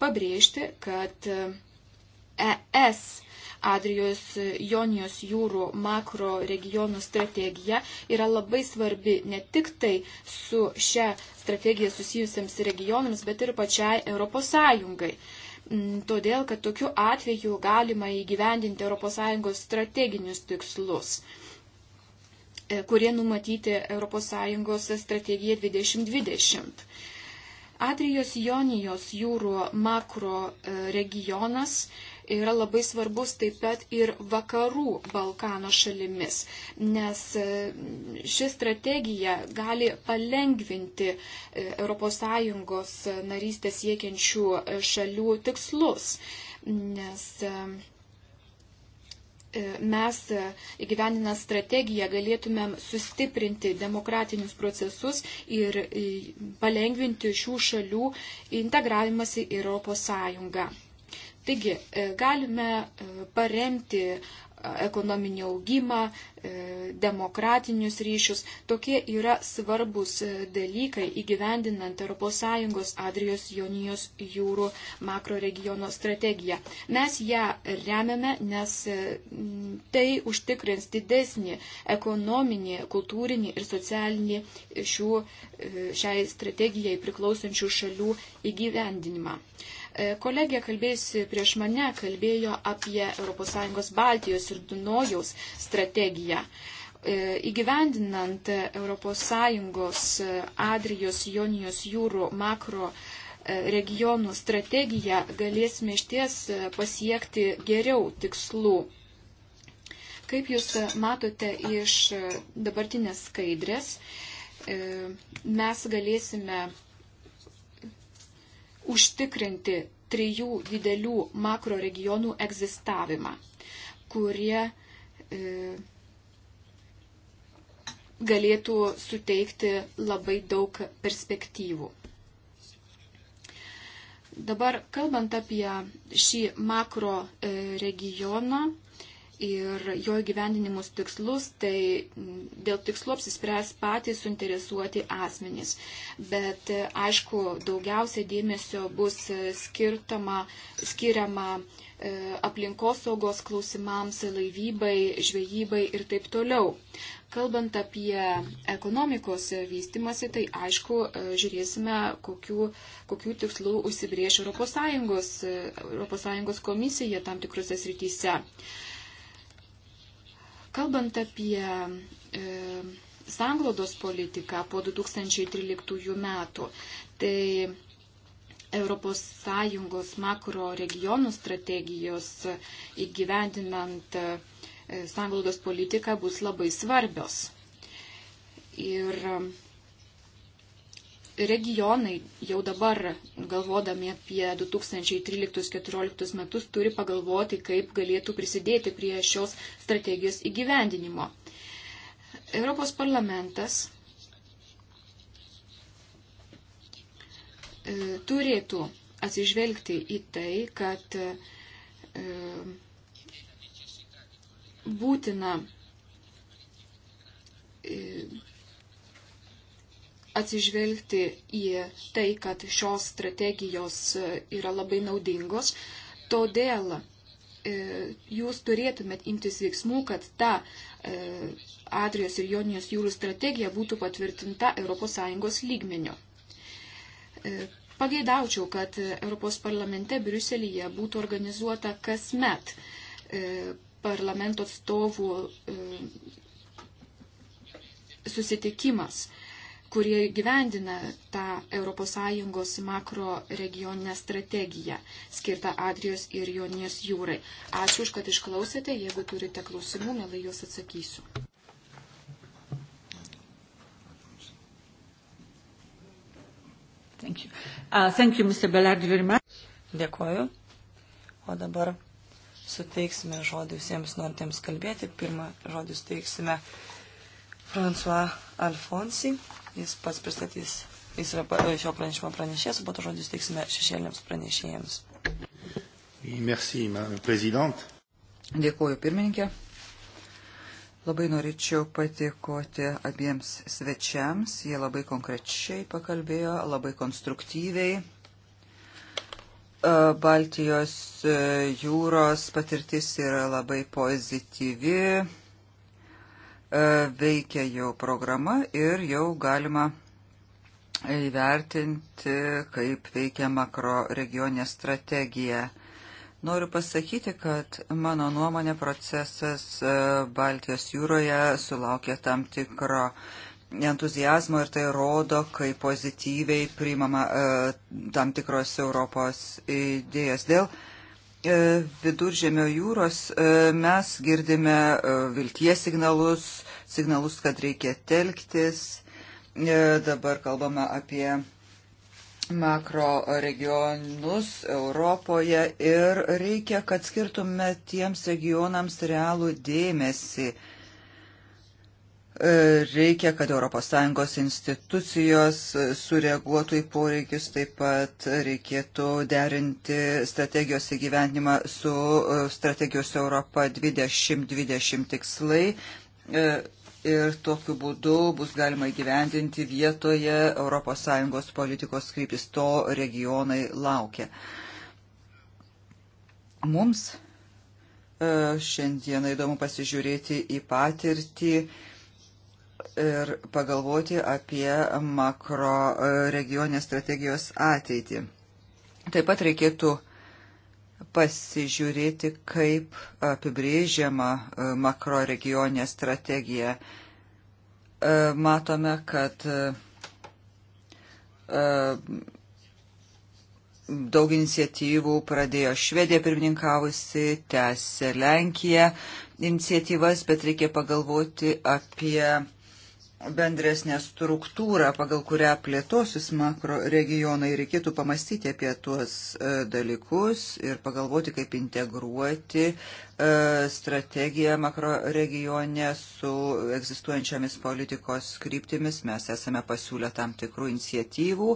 pabrėžti, kad e, ES Adrijos Jonijos jūrų makro regionų strategija yra labai svarbi ne tik tai su šia strategija susijusiams regionams, bet ir pačiai Europos Sąjungai. Mm, todėl, kad tokiu atveju galima įgyvendinti ES strateginius tikslus e, kurie numatyti ES strategija 2020. Adrijos Jonijos jūrų makro e, regionas yra labai svarbus taip pat ir vakarų Balkano šalimis, nes e, ši strategija gali palengvinti ES narystės siekiančių e, šalių tikslus, nes e, mes įgyveninę strategiją galėtumėm sustiprinti demokratinius procesus ir palengvinti šių šalių integravimąsi į Europos Sąjungą. Taigi, e, galime e, paremti e, ekonominį augimą, demokratinius ryšius. Tokie yra svarbus dalykai įgyvendinant ES Adrijos Jonijos jūrų makroregiono strategiją. Mes ją remiame, nes tai užtikrins didesnį ekonominį, kultūrinį ir socialinį šių, šiai strategijai priklausančių šalių įgyvendinimą. E, Kolegija kalbėjusi prieš mane kalbėjo apie ES Baltijos ir Dunojaus strategiją. E, įgyvendinant ES e, Adrijos Jonijos jūrų makro regionų strategiją galėsime išties pasiekti geriau tikslų. Kaip Jūs matote iš dabartinės skaidrės, mes galėsime užtikrinti trijų didelių makro regionų egzistavimą, kurie e, galėtų suteikti labai daug perspektyvų. Dabar kalbant apie šį makro e, regioną, ir jo gyveninimus tikslus, tai dėl tikslų apsispręs patys suinteresuoti asmenys. Bet aišku, daugiausia dėmesio bus skirtama, skiriama e, aplinkosaugos klausimams, laivybai, žvejybai ir taip toliau. Kalbant apie ekonomikos vystimasi, tai aišku, e, žiūrėsime, kokiu, kokiu tikslu užsibrieš ES, ES komisija tam tikrose srityse. Kalbant apie e, sanglaudos politiką po 2013 metų, tai ES makro regionų strategijos įgyvendinant e, sanglaudos politiką bus labai svarbios. Ir regionai jau dabar, galvodami apie 2013-2014 metus, turi pagalvoti, kaip galėtų prisidėti prie šios strategijos įgyvendinimo. Europos parlamentas e, turėtų atsižvelgti į tai, kad e, būtina e, atsižvelgti į tai, kad šios strategijos e, yra labai naudingos. Todėl e, jūs turėtumėt imtis veiksmų, kad ta e, Adrijos ir Jonijos jūrų strategija būtų patvirtinta ES lygmenio. Pageidaučiau, kad Europos parlamente Briuselyje būtų organizuota kasmet parlamento atstovų susitikimas kurie gyvendina tą ES makro regioninę strategiją skirtą Adrijos ir Jonijos jūrai. Ačiū už, kad išklausėte. Jeigu turite klausimų, mielai juos atsakysiu. Thank you. Uh, thank you, Mr. Bellard, very much. Dėkoju. O dabar suteiksime žodį visiems norintiems kalbėti. Pirmą žodį suteiksime François Alfonsi. Jis pats pristatys, jis yra e, šio pranešimo pranešėjas, o po to žodžius teiksime šešėliams pranešėjams. Merci, prezident. Dėkuoju, pirmininkė. Labai norėčiau patikoti abiems svečiams. Jie labai konkrečiai pakalbėjo, labai konstruktyviai. E, Baltijos e, jūros patirtis yra labai pozityvi E, veikia jau programa ir jau galima įvertinti, kaip veikia makro regionė strategija. Noriu pasakyti, kad mano nuomonė procesas e, Baltijos jūroje sulaukė tam tikro entuzijazmo ir tai rodo, kaip pozityviai priimama e, tam tikros Europos idėjas dėl uh, E, viduržėmio jūros e, mes girdime e, vilties signalus, signalus, kad reikia telktis. Dabar kalbame apie makro regionus Europoje ir reikia, kad skirtume tiems regionams realų dėmesį. Reikia, kad ES institucijos sureaguotų į poreikius, taip pat reikėtų derinti strategijos įgyvendimą su e, strategijos Europa 2020 tikslai e, ir tokiu būdu bus galima įgyvendinti vietoje ES politikos kryptis. To regionai laukia. Mums e, šiandieną įdomu pasižiūrėti į patirtį ir pagalvoti apie makro e, regionės strategijos ateitį. Taip pat reikėtų pasižiūrėti, kaip apibrėžiama e, makro regionė strategija. E, matome, kad daug iniciatyvų pradėjo Švedija pirmininkavusi, tęsė Lenkija iniciatyvas, bet reikia pagalvoti apie bendresnę struktūrą, pagal kurią plėtosis makro regionai, reikėtų pamastyti apie tuos e, dalykus ir pagalvoti, kaip integruoti e, strategiją makro regione su egzistuojančiamis politikos kryptimis. Mes esame pasiūlę tam tikrų iniciatyvų.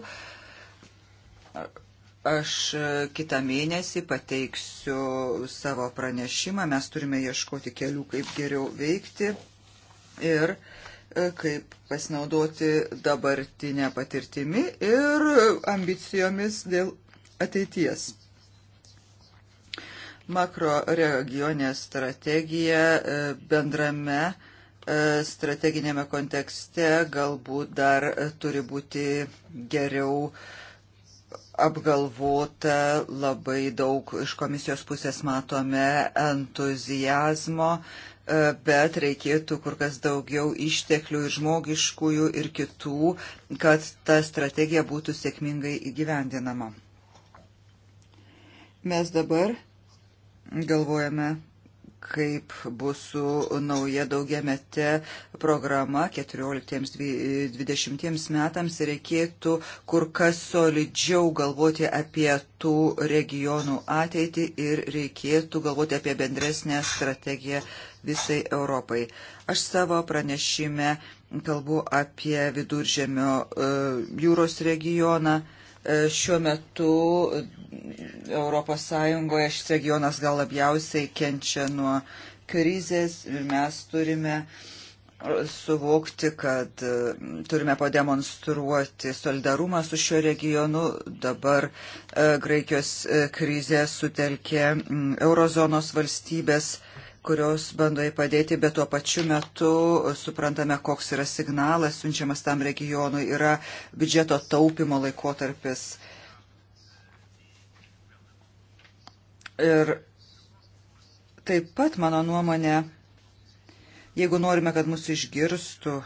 Aš e, kitą mėnesį pateiksiu savo pranešimą. Mes turime ieškoti kelių, kaip geriau veikti. Ir uh, kaip pasinaudoti dabartinę patirtimi ir ambicijomis dėl ateities. Makro regionė strategija e, bendrame e, strateginėme kontekste galbūt dar e, turi būti geriau apgalvota, labai daug iš komisijos pusės matome entuzijazmo, E, bet reikėtų kur kas daugiau išteklių ir žmogiškųjų ir kitų, kad ta strategija būtų sėkmingai įgyvendinama. Mes dabar galvojame kaip bus su nauja daugiamete programa 14-20 metams reikėtų kur kas solidžiau galvoti apie tų regionų ateitį ir reikėtų galvoti apie bendresnę strategiją visai Europai. Aš savo pranešime kalbu apie viduržėmio e, jūros regioną. E, šiuo metu ES šis regionas gal labiausiai kenčia nuo krizės ir mes turime suvokti, kad e, turime pademonstruoti solidarumą su šiuo regionu. Dabar e, Graikijos krizė sutelkė eurozonos valstybės kurios bando įpadėti, bet tuo pačiu metu suprantame, koks yra signalas siunčiamas tam regionui, yra biudžeto taupimo laikotarpis. Ir taip pat, mano nuomonė, jeigu norime, kad mūsų išgirstų,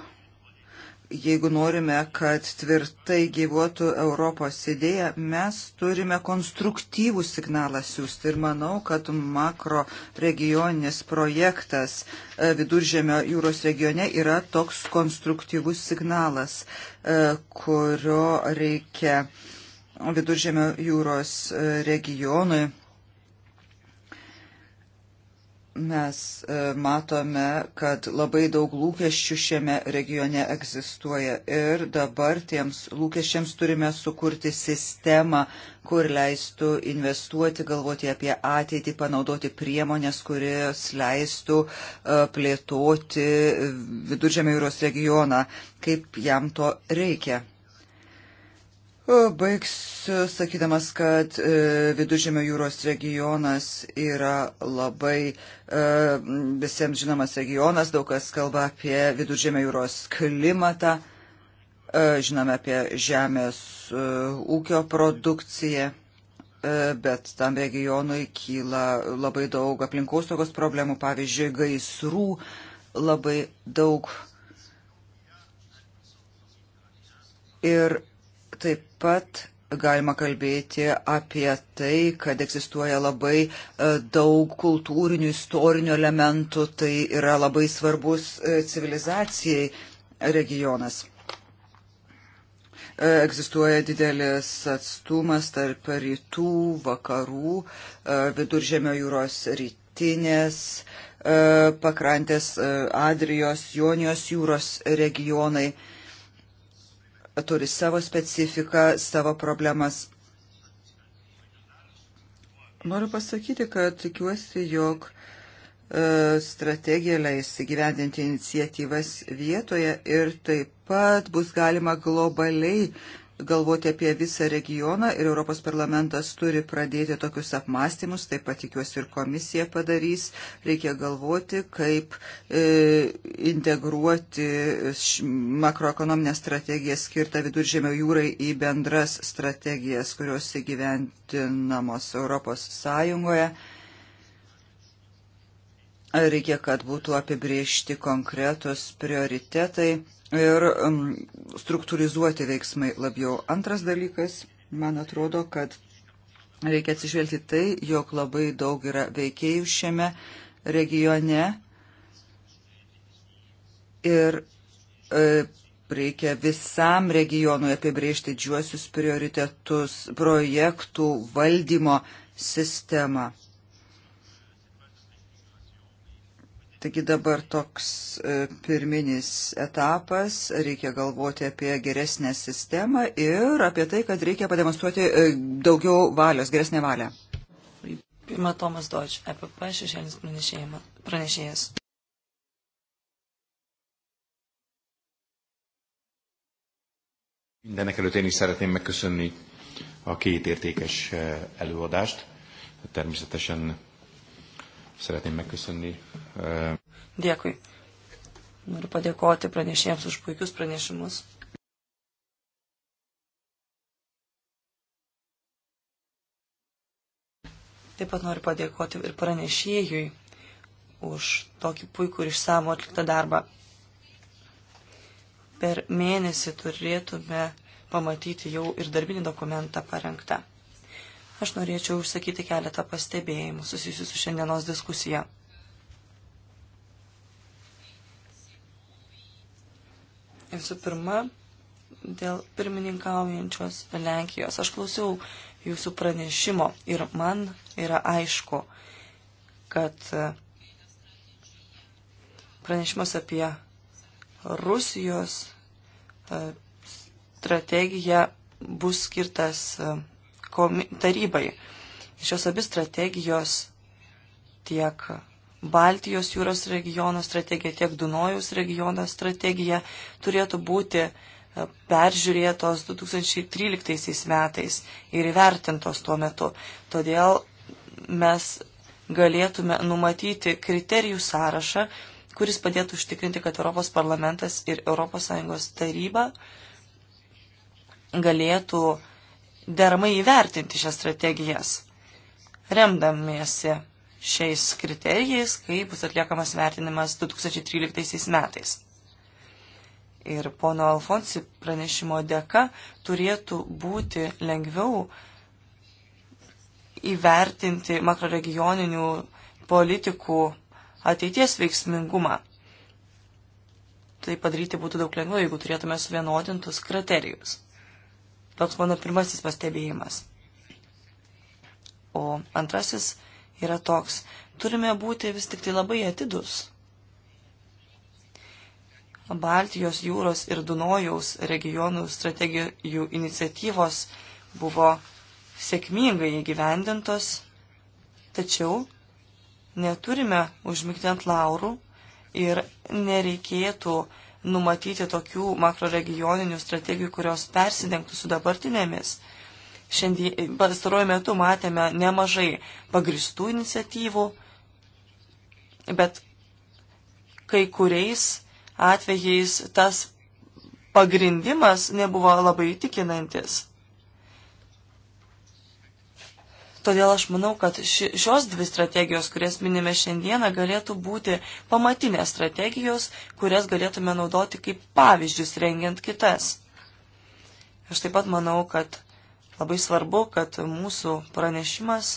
jeigu norime, kad tvirtai gyvuotų Europos idėja, mes turime konstruktyvų signalą siūsti. Ir manau, kad makro regioninis projektas e, Viduržėmio jūros regione yra toks konstruktyvus signalas, e, kurio reikia Viduržėmio jūros e, regionui Mes e, matome, kad labai daug lūkesčių šiame regione egzistuoja ir dabar tiems lūkesčiams turime sukurti sistemą, kur leistų investuoti, galvoti apie ateitį, panaudoti priemonės, kurios leistų e, plėtoti viduržėmio jūros regioną, kaip jam to reikia. Baigsiu sakydamas, kad e, Vidužėmio jūros regionas yra labai e, visiems žinomas regionas, daug kas kalba apie Vidužėmio jūros klimatą, e, žinome apie žemės ūkio produkciją bet tam regionui kyla labai daug aplinkosaugos problemų, pavyzdžiui, gaisrų labai daug. Ir Taip pat galima kalbėti apie tai, kad egzistuoja labai e, daug kultūrinių, istorinių elementų, tai yra labai svarbus e, civilizacijai regionas. E, egzistuoja didelis atstumas tarp rytų, vakarų, viduržėmio jūros rytinės, pakrantės Adrijos, Jonijos jūros regionai turi savo specifiką, savo problemas. Noriu pasakyti, kad tikiuosi, jog e, strategija leis įgyvendinti iniciatyvas vietoje ir taip pat bus galima globaliai galvoti apie visą regioną ir Europos parlamentas turi pradėti tokius apmąstymus, taip pat tikiuosi ir komisija padarys. Reikia galvoti, kaip e, integruoti makroekonominę strategiją skirtą viduržėmio jūrai į bendras strategijas, kurios įgyventinamos Europos Sąjungoje. Reikia, kad būtų apibriežti konkretus prioritetai ir um, struktūrizuoti veiksmai labiau. Antras dalykas, man atrodo, kad reikia atsižvelgti tai, jog labai daug yra veikėjų šiame regione ir e, reikia visam regionui apibriežti džiuosius prioritetus projektų valdymo sistemą. Taigi dabar toks e, pirminis etapas, reikia galvoti apie geresnę sistemą ir apie tai, kad reikia pademonstruoti e, daugiau valios, geresnę valią. Pirma Tomas Doč, EPP šešėlis pranešėjas. Mindenek előtt én is szeretném megköszönni a két értékes e, előadást. Természetesen Szeretném megköszönni. Dėkui. Noriu padėkoti pranešėjams už puikius pranešimus. Taip pat noriu padėkoti ir pranešėjui už tokį puikų ir išsamų atliktą darbą. Per mėnesį turėtume pamatyti jau ir darbinį dokumentą parengtą aš norėčiau užsakyti keletą pastebėjimų susijusių su šiandienos diskusija. Visų pirma, dėl pirmininkaujančios Lenkijos. Aš klausiau jūsų pranešimo ir man yra aišku, kad pranešimas apie Rusijos e, strategiją bus skirtas e, tarybai. Šios abi strategijos tiek Baltijos jūros regiono strategija, tiek Dunojaus regiono strategija turėtų būti e, peržiūrėtos 2013 metais ir įvertintos tuo metu. Todėl mes galėtume numatyti kriterijų sąrašą, kuris padėtų užtikrinti, kad Europos parlamentas ir ES taryba galėtų uh, deramai įvertinti šias strategijas, remdamiesi šiais kriterijais, kai bus atliekamas vertinimas 2013 metais. Ir pono Alfonsi pranešimo dėka turėtų būti lengviau įvertinti makroregioninių politikų ateities veiksmingumą. Tai padaryti būtų daug lengviau, jeigu turėtume suvienodintus kriterijus. Toks mano pirmasis pastebėjimas. O antrasis yra toks. Turime būti vis tik tai labai atidus. Baltijos jūros ir Dunojaus regionų strategijų iniciatyvos buvo sėkmingai įgyvendintos, tačiau neturime užmigti ant laurų ir nereikėtų uh, numatyti tokių makroregioninių strategijų, kurios persidengtų su dabartinėmis. Šiandien pastaruoju metu matėme nemažai pagristų iniciatyvų, bet kai kuriais atvejais tas pagrindimas nebuvo labai tikinantis. Todėl aš manau, kad ši, šios dvi strategijos, kurias minime šiandieną, galėtų būti pamatinės strategijos, kurias galėtume naudoti kaip pavyzdžius rengiant kitas. Aš taip pat manau, kad labai svarbu, kad mūsų pranešimas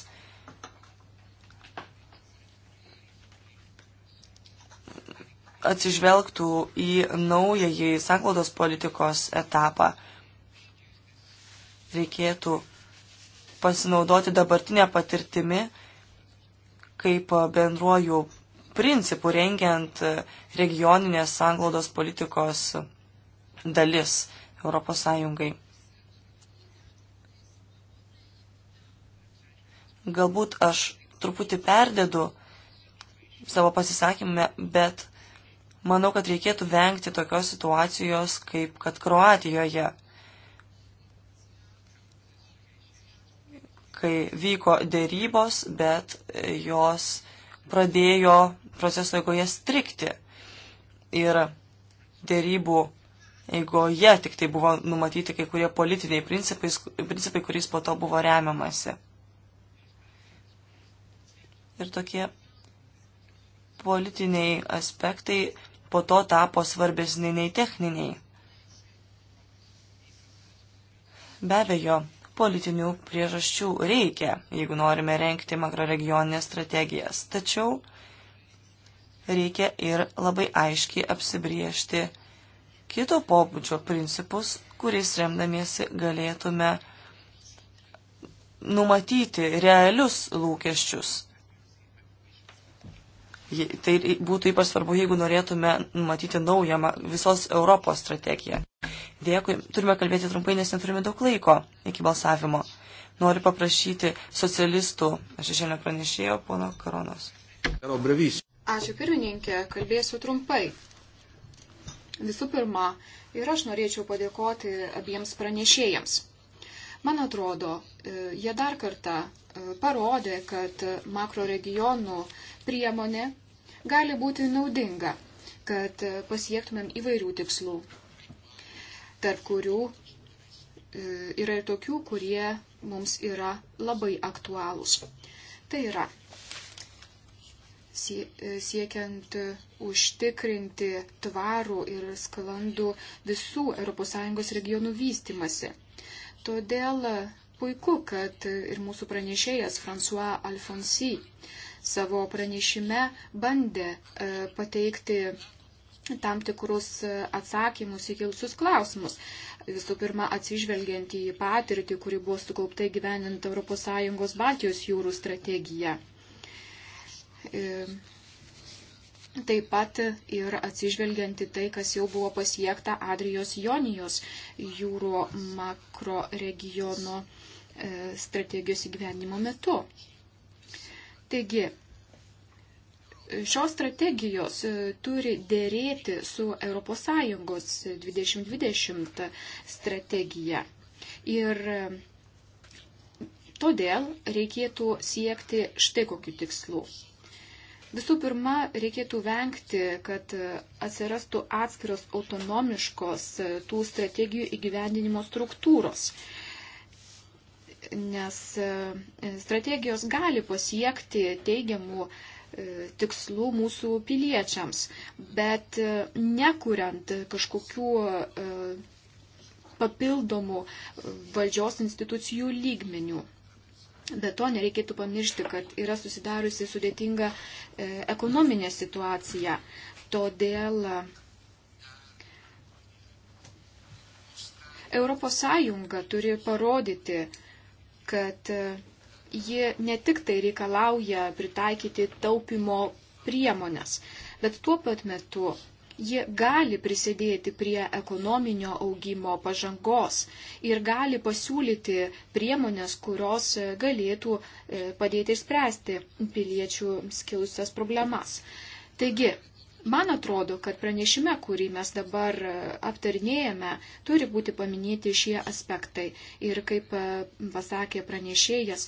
atsižvelgtų į naująjį sanklaudos politikos etapą. Reikėtų pasinaudoti dabartinę patirtimi kaip bendruoju principu rengiant regioninės sanglaudos politikos dalis Europos Sąjungai. Galbūt aš truputį perdedu savo pasisakymę, bet manau, kad reikėtų vengti tokios situacijos, kaip kad Kroatijoje kai vyko dėrybos, bet jos pradėjo proceso eigoje strikti. Ir dėrybų eigoje tik tai buvo numatyti kai kurie politiniai principai, principai kuriais po to buvo remiamasi. Ir tokie politiniai aspektai po to tapo svarbesni nei techniniai. Be abejo, politinių priežasčių reikia, jeigu norime renkti makroregioninės strategijas. Tačiau reikia ir labai aiškiai apsibriežti kito pobūdžio principus, kuriais remdamiesi galėtume numatyti realius lūkesčius Tai būtų ypač svarbu, jeigu norėtume matyti naują visos Europos strategiją. Dėkui, turime kalbėti trumpai, nes neturime daug laiko iki balsavimo. Noriu paprašyti socialistų, aš šiandien pranešėjau, pono Karonos. Ačiū pirmininkė, kalbėsiu trumpai. Visų pirma, ir aš norėčiau padėkoti abiems pranešėjams. Man atrodo, e, jie dar kartą e, parodė, kad makro regionų priemonė gali būti naudinga, kad e, pasiektumėm įvairių tikslų, tarp kurių e, yra ir tokių, kurie mums yra labai aktualūs. Tai yra e, siekiant užtikrinti tvarų ir sklandų visų ES regionų vystimasi. Todėl puiku, kad ir mūsų pranešėjas François Alfonsi savo pranešime bandė e, pateikti tam tikrus e, atsakymus į kilusius klausimus. Visų pirma, atsižvelgiant į patirtį, kuri buvo sukaupta gyvenint ES Baltijos jūrų strategiją. E, taip pat ir atsižvelgiant į tai, kas jau buvo pasiekta Adrijos Jonijos jūro makro regiono strategijos įgyvenimo metu. Taigi, šios strategijos e, turi dėrėti su ES 2020 strategija. Ir e, todėl reikėtų siekti štai kokiu tikslu. Visų pirma, reikėtų vengti, kad atsirastų atskiros autonomiškos e, tų strategijų įgyvendinimo struktūros nes e, strategijos gali pasiekti teigiamų e, tikslų mūsų piliečiams, bet e, nekuriant kažkokių papildomų valdžios institucijų lygmenių. Be to nereikėtų pamiršti, kad yra susidariusi sudėtinga ekonominė situacija. Todėl ES turi parodyti, kad e, ji ne tik tai reikalauja pritaikyti taupimo priemonės, bet tuo pat metu ji gali prisidėti prie ekonominio augimo pažangos ir gali pasiūlyti priemonės, kurios e, galėtų e, padėti išspręsti piliečių skilusias problemas. Taigi, Man atrodo, kad pranešime, kurį mes dabar e, aptarinėjame, turi būti paminėti šie aspektai. Ir kaip e, pasakė pranešėjas,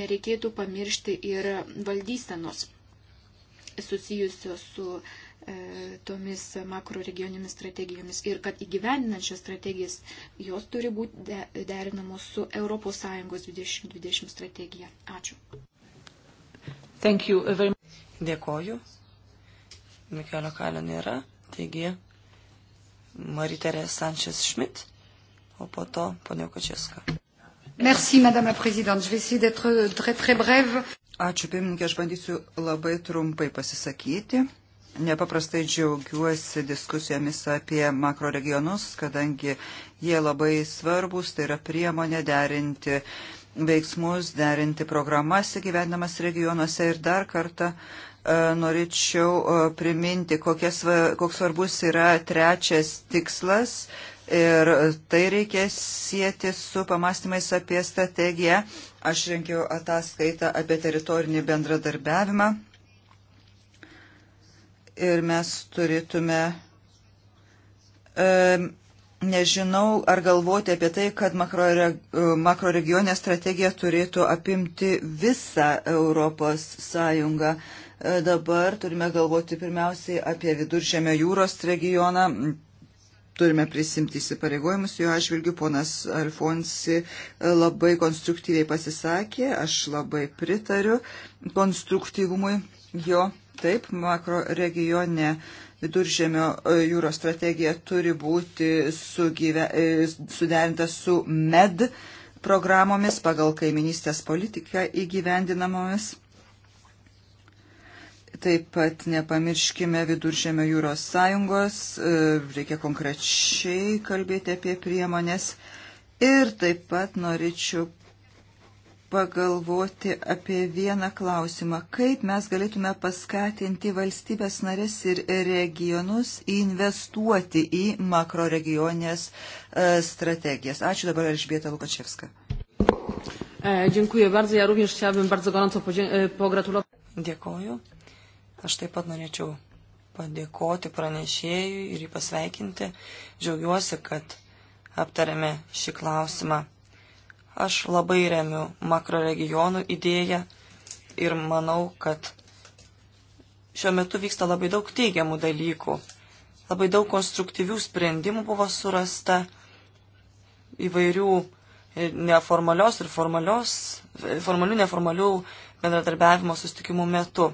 nereikėtų pamiršti ir valdysenos susijusios su e, tomis makroregioninėmis strategijomis ir kad įgyvendinant šias strategijas jos turi būti derinamos su ES 2020 strategija. Ačiū. Dėkoju. Mikelio Kalio nėra, taigi Mariterė Sančias Šmit, o po to ponia Kočeska. Merci, madame la présidente. Je vais essayer d'être très très brève. Ačiū, pirmininkė, aš bandysiu labai trumpai pasisakyti. Nepaprastai džiaugiuosi diskusijomis apie makroregionus, kadangi jie labai svarbus, tai yra priemonė derinti veiksmus, derinti programas įgyvendamas regionuose ir dar kartą uh, E, norėčiau e, priminti, kokias, koks svarbus yra trečias tikslas ir tai reikia sieti su pamastymais apie strategiją. Aš renkiau ataskaitą apie teritorinį bendradarbiavimą ir mes turėtume. E, nežinau, ar galvoti apie tai, kad e, makroregionė makro strategija turėtų apimti visą Europos sąjungą. E, dabar turime galvoti pirmiausiai apie viduržėmio jūros regioną. Turime prisimti įsipareigojimus jo atžvilgių. Ponas Alfonsi e, labai konstruktyviai pasisakė, aš labai pritariu konstruktyvumui jo. Taip, makro regione viduržėmio e, jūros strategija turi būti sugyve, suderinta su MED programomis pagal kaiminystės politiką įgyvendinamomis Taip pat nepamirškime Viduržėmio jūros sąjungos, e, reikia konkrečiai kalbėti apie priemonės. Ir taip pat norėčiau pagalvoti apie vieną klausimą, kaip mes galėtume paskatinti valstybės narės ir regionus investuoti į makroregionės e, strategijas. Ačiū dabar Elžbieta Lukačevska. E, dziękuję bardzo. Ja również chciałabym bardzo gorąco pogratulować. Dėkoju. Aš taip pat norėčiau padėkoti pranešėjui ir jį pasveikinti. Džiaugiuosi, kad aptarėme šį klausimą. Aš labai remiu makroregionų idėją ir manau, kad šiuo metu vyksta labai daug teigiamų dalykų. Labai daug konstruktyvių sprendimų buvo surasta įvairių neformalios ir formalios, formalių neformalių bendradarbiavimo sustikimų metu.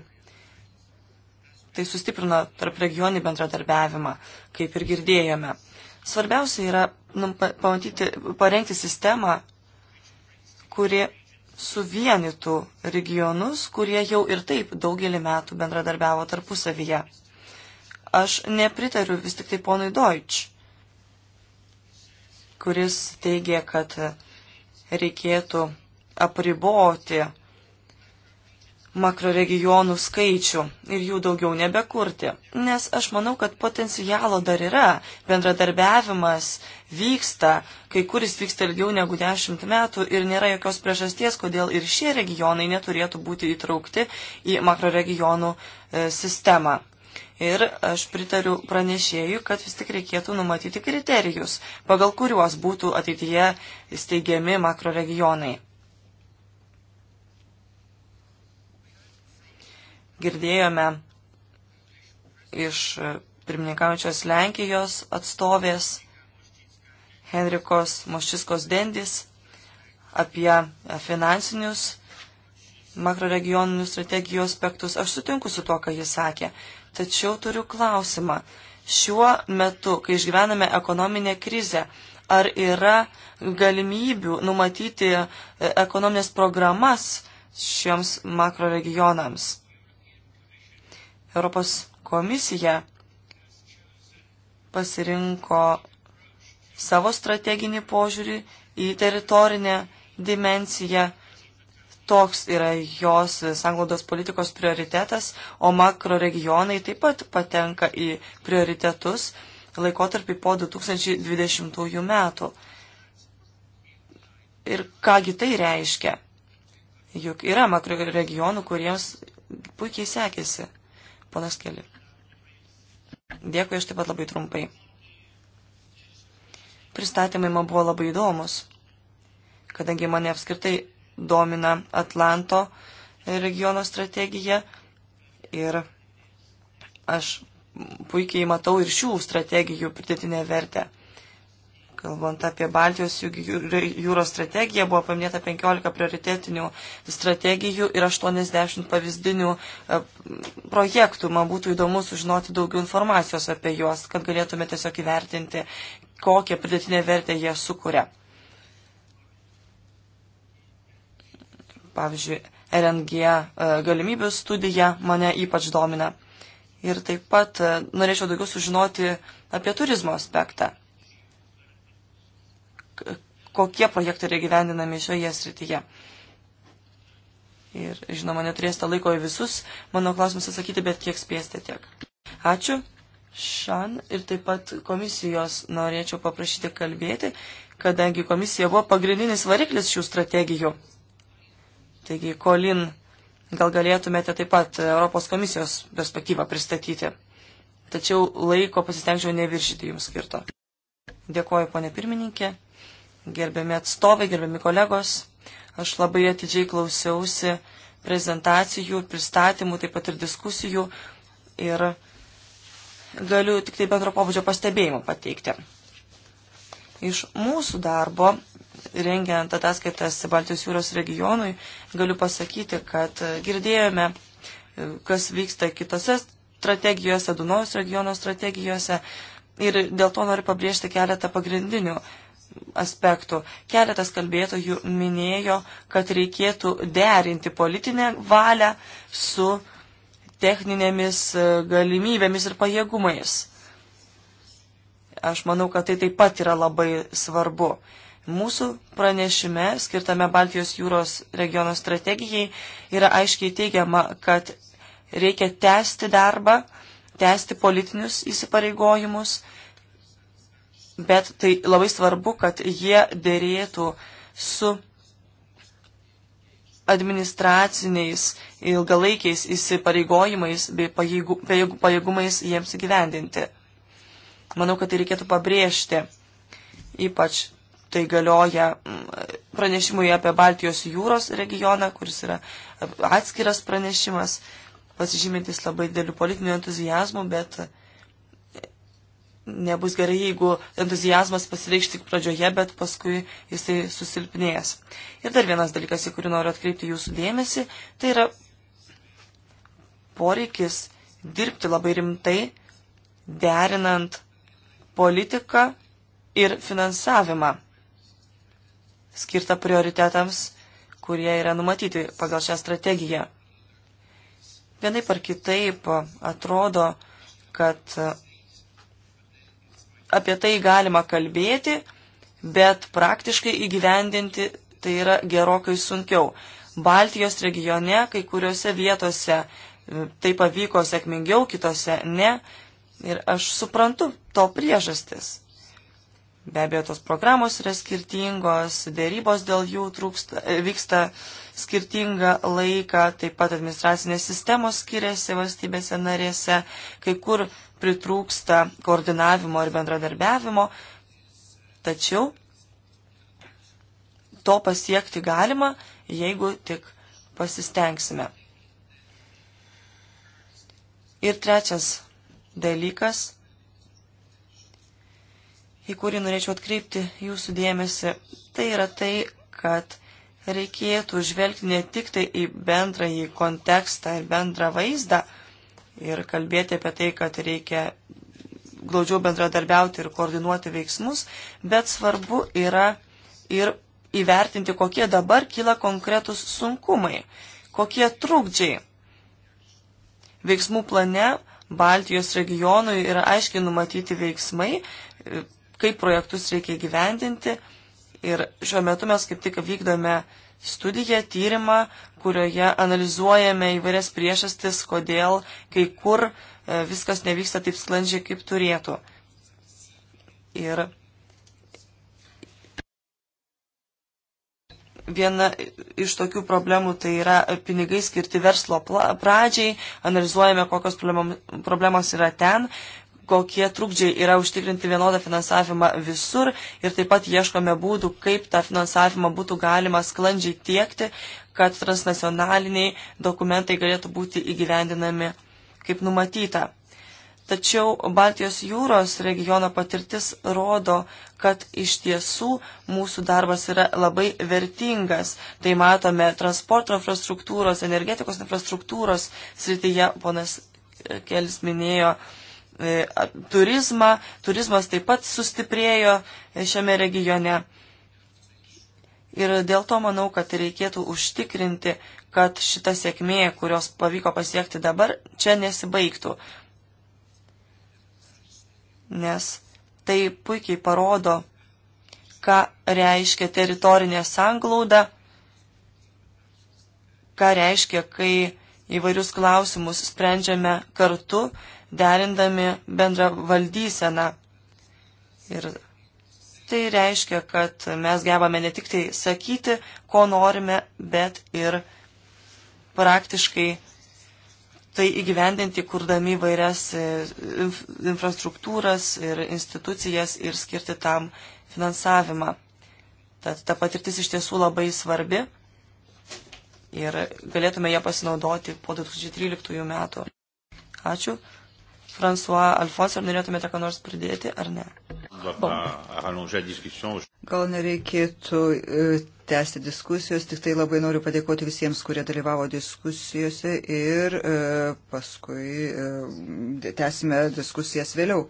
Tai sustiprino tarp regionį bendradarbiavimą, kaip ir girdėjome. Svarbiausia yra nu, pamatyti, parengti sistemą, kuri suvienytų regionus, kurie jau ir taip daugelį metų bendradarbiavo tarpusavyje. Aš nepritariu vis tik tai ponui Deutsch, kuris teigia, kad reikėtų apriboti makroregionų skaičių ir jų daugiau nebekurti. Nes aš manau, kad potencialo dar yra, bendradarbiavimas vyksta, kai kuris vyksta ilgiau negu dešimt metų ir nėra jokios priežasties, kodėl ir šie regionai neturėtų būti įtraukti į makroregionų e, sistemą. Ir aš pritariu pranešėjui, kad vis tik reikėtų numatyti kriterijus, pagal kuriuos būtų ateityje steigiami makroregionai. girdėjome iš pirmininkaujančios Lenkijos atstovės Henrikos Moščiskos Dendis apie finansinius makroregioninių strategijų aspektus. Aš sutinku su to, ką jis sakė. Tačiau turiu klausimą. Šiuo metu, kai išgyvename ekonominę krizę, ar yra galimybių numatyti e, ekonominės programas šiems makroregionams? Europos komisija pasirinko savo strateginį požiūrį į teritorinę dimenciją. Toks yra jos sanglaudos politikos prioritetas, o makroregionai taip pat patenka į prioritetus laikotarpį po 2020 metų. Ir kągi tai reiškia? Juk yra makroregionų, kuriems puikiai sekėsi. Ponas Keli. Dėkui, aš taip pat labai trumpai. Pristatymai man buvo labai įdomus, kadangi mane apskritai domina Atlanto regiono strategija ir aš puikiai matau ir šių strategijų pridėtinę vertę. Kalbant apie Baltijos jūros strategiją, buvo paminėta 15 prioritetinių strategijų ir 80 pavyzdinių e, projektų. Man būtų įdomu sužinoti daugiau informacijos apie juos, kad galėtume tiesiog įvertinti, kokią pridėtinę vertę jie sukuria. Pavyzdžiui, RNG e, galimybių studija mane ypač domina. Ir taip pat e, norėčiau daugiau sužinoti apie turizmo aspektą kokie projektai yra gyvendinami šioje srityje. Ir, žinoma, neturėsite laiko į visus mano klausimus atsakyti, bet kiek spėsite tiek. Ačiū. Šan ir taip pat komisijos norėčiau paprašyti kalbėti, kadangi komisija buvo pagrindinis variklis šių strategijų. Taigi, Kolin, gal galėtumėte taip pat Europos komisijos perspektyvą pristatyti. Tačiau laiko pasistengčiau neviršyti jums skirto. Dėkuoju, ponė pirmininkė gerbiami atstovai, gerbiami kolegos. Aš labai atidžiai klausiausi prezentacijų, pristatymų, taip pat ir diskusijų ir galiu tik tai bendro pobūdžio pastebėjimų pateikti. Iš mūsų darbo, rengiant ataskaitas Baltijos jūros regionui, galiu pasakyti, kad girdėjome, kas vyksta kitose strategijose, Dunojus regiono strategijose ir dėl to noriu pabrėžti keletą pagrindinių aspektų. Keletas kalbėtojų minėjo, kad reikėtų derinti politinę valią su techninėmis e, galimybėmis ir pajėgumais. Aš manau, kad tai taip pat yra labai svarbu. Mūsų pranešime, skirtame Baltijos jūros regiono strategijai, yra aiškiai teigiama, kad reikia tęsti darbą, tęsti politinius įsipareigojimus bet tai labai svarbu, kad jie dėrėtų su administraciniais ilgalaikiais įsipareigojimais bei pajėgu, pajėgumais jiems įgyvendinti. Manau, kad tai reikėtų pabrėžti. Ypač tai galioja mm, pranešimui apie Baltijos jūros regioną, kuris yra atskiras pranešimas, pasižymintis labai dėlių politinių entuzijazmų, bet uh, nebus gerai, jeigu entuzijazmas pasireikš tik pradžioje, bet paskui jisai susilpnėjęs. Ir dar vienas dalykas, į kurį noriu atkreipti jūsų dėmesį, tai yra poreikis dirbti labai rimtai, derinant politiką ir finansavimą skirtą prioritetams, kurie yra numatyti pagal šią strategiją. Vienaip ar kitaip atrodo, kad apie tai galima kalbėti, bet praktiškai įgyvendinti tai yra gerokai sunkiau. Baltijos regione kai kuriuose vietose e, tai pavyko sėkmingiau, kitose ne. Ir aš suprantu to priežastis. Be abejo, tos programos yra skirtingos, dėrybos dėl jų trūksta, e, vyksta skirtingą laiką, taip pat administracinės sistemos skiriasi valstybėse narėse, kai kur pritrūksta koordinavimo ir bendradarbiavimo, tačiau to pasiekti galima, jeigu tik pasistengsime. Ir trečias dalykas, į kurį norėčiau atkreipti jūsų dėmesį, tai yra tai, kad reikėtų žvelgti ne tik tai į bendrąjį kontekstą ir bendrą vaizdą, ir kalbėti apie tai, kad reikia glaudžiau bendradarbiauti ir koordinuoti veiksmus, bet svarbu yra ir įvertinti, kokie dabar kyla konkretus sunkumai, kokie trūkdžiai. Veiksmų plane Baltijos regionui yra aiškiai numatyti veiksmai, kaip projektus reikia gyvendinti ir šiuo metu mes kaip tik vykdome studiją, tyrimą, kurioje analizuojame įvairias priešastis, kodėl kai kur e, viskas nevyksta taip sklandžiai, kaip turėtų. Ir viena iš tokių problemų tai yra pinigai skirti verslo pradžiai, analizuojame, kokios problemos yra ten, kokie trukdžiai yra užtikrinti vienodą finansavimą visur ir taip pat ieškome būdų, kaip tą finansavimą būtų galima sklandžiai tiekti, kad transnacionaliniai dokumentai galėtų būti įgyvendinami kaip numatyta. Tačiau Baltijos jūros regiono patirtis rodo, kad iš tiesų mūsų darbas yra labai vertingas. Tai matome transporto infrastruktūros, energetikos infrastruktūros srityje, ponas Kelis minėjo, uh, E, turizmą. Turizmas taip pat sustiprėjo e, šiame regione. Ir dėl to manau, kad reikėtų užtikrinti, kad šita sėkmė, kurios pavyko pasiekti dabar, čia nesibaigtų. Nes tai puikiai parodo, ką reiškia teritorinė sanglauda, ką reiškia, kai įvairius klausimus sprendžiame kartu derindami bendrą valdyseną. Ir tai reiškia, kad mes gebame ne tik tai sakyti, ko norime, bet ir praktiškai tai įgyvendinti, kurdami vairias e, infrastruktūras ir institucijas ir skirti tam finansavimą. Tad ta patirtis iš tiesų labai svarbi ir galėtume ją pasinaudoti po 2013 metų. Ačiū. François Alfons, ar norėtumėte ką nors pridėti, ar ne? Gal nereikėtų e, tęsti diskusijos, tik tai labai noriu padėkoti visiems, kurie dalyvavo diskusijose ir e, paskui e, tęsime diskusijas vėliau.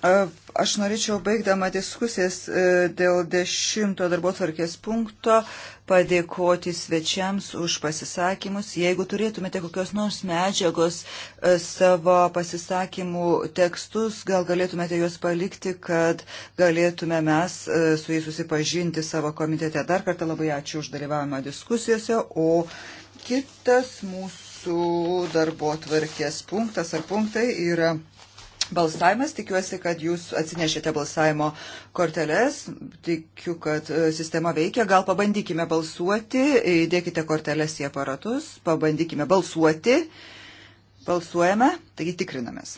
Aš norėčiau baigdama diskusijas e, dėl dešimto darbo tvarkės punkto padėkoti svečiams už pasisakymus. Jeigu turėtumėte kokios nors medžiagos e, savo pasisakymų tekstus, gal galėtumėte juos palikti, kad galėtume mes e, su jais susipažinti savo komitete. Dar kartą labai ačiū už dalyvavimą diskusijose, o kitas mūsų darbo tvarkės punktas ar punktai yra balsavimas. Tikiuosi, kad jūs atsinešėte balsavimo korteles. Tikiu, kad e, sistema veikia. Gal pabandykime balsuoti. Įdėkite korteles į aparatus. Pabandykime balsuoti. Balsuojame, taigi tikrinamės.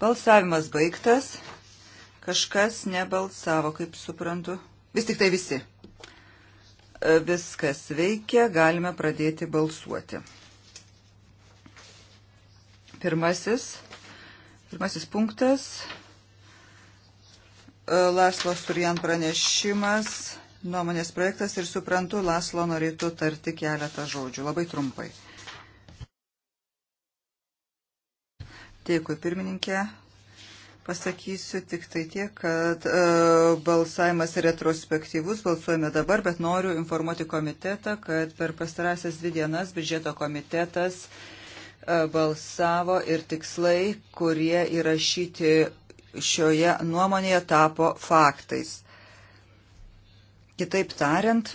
Balsavimas baigtas. Kažkas nebalsavo, kaip suprantu. Vis tik tai visi. E, viskas veikia, galime pradėti balsuoti. Pirmasis, pirmasis punktas. E, Laslo Surjan pranešimas, nuomonės projektas ir suprantu, Laslo norėtų tarti keletą žodžių, labai trumpai. Dėkui, pirmininkė. Pasakysiu tik tai tiek, kad e, balsavimas retrospektyvus, balsuojame dabar, bet noriu informuoti komitetą, kad per pastarąsias dvi dienas biudžeto komitetas e, balsavo ir tikslai, kurie įrašyti šioje nuomonėje, tapo faktais. Kitaip tariant,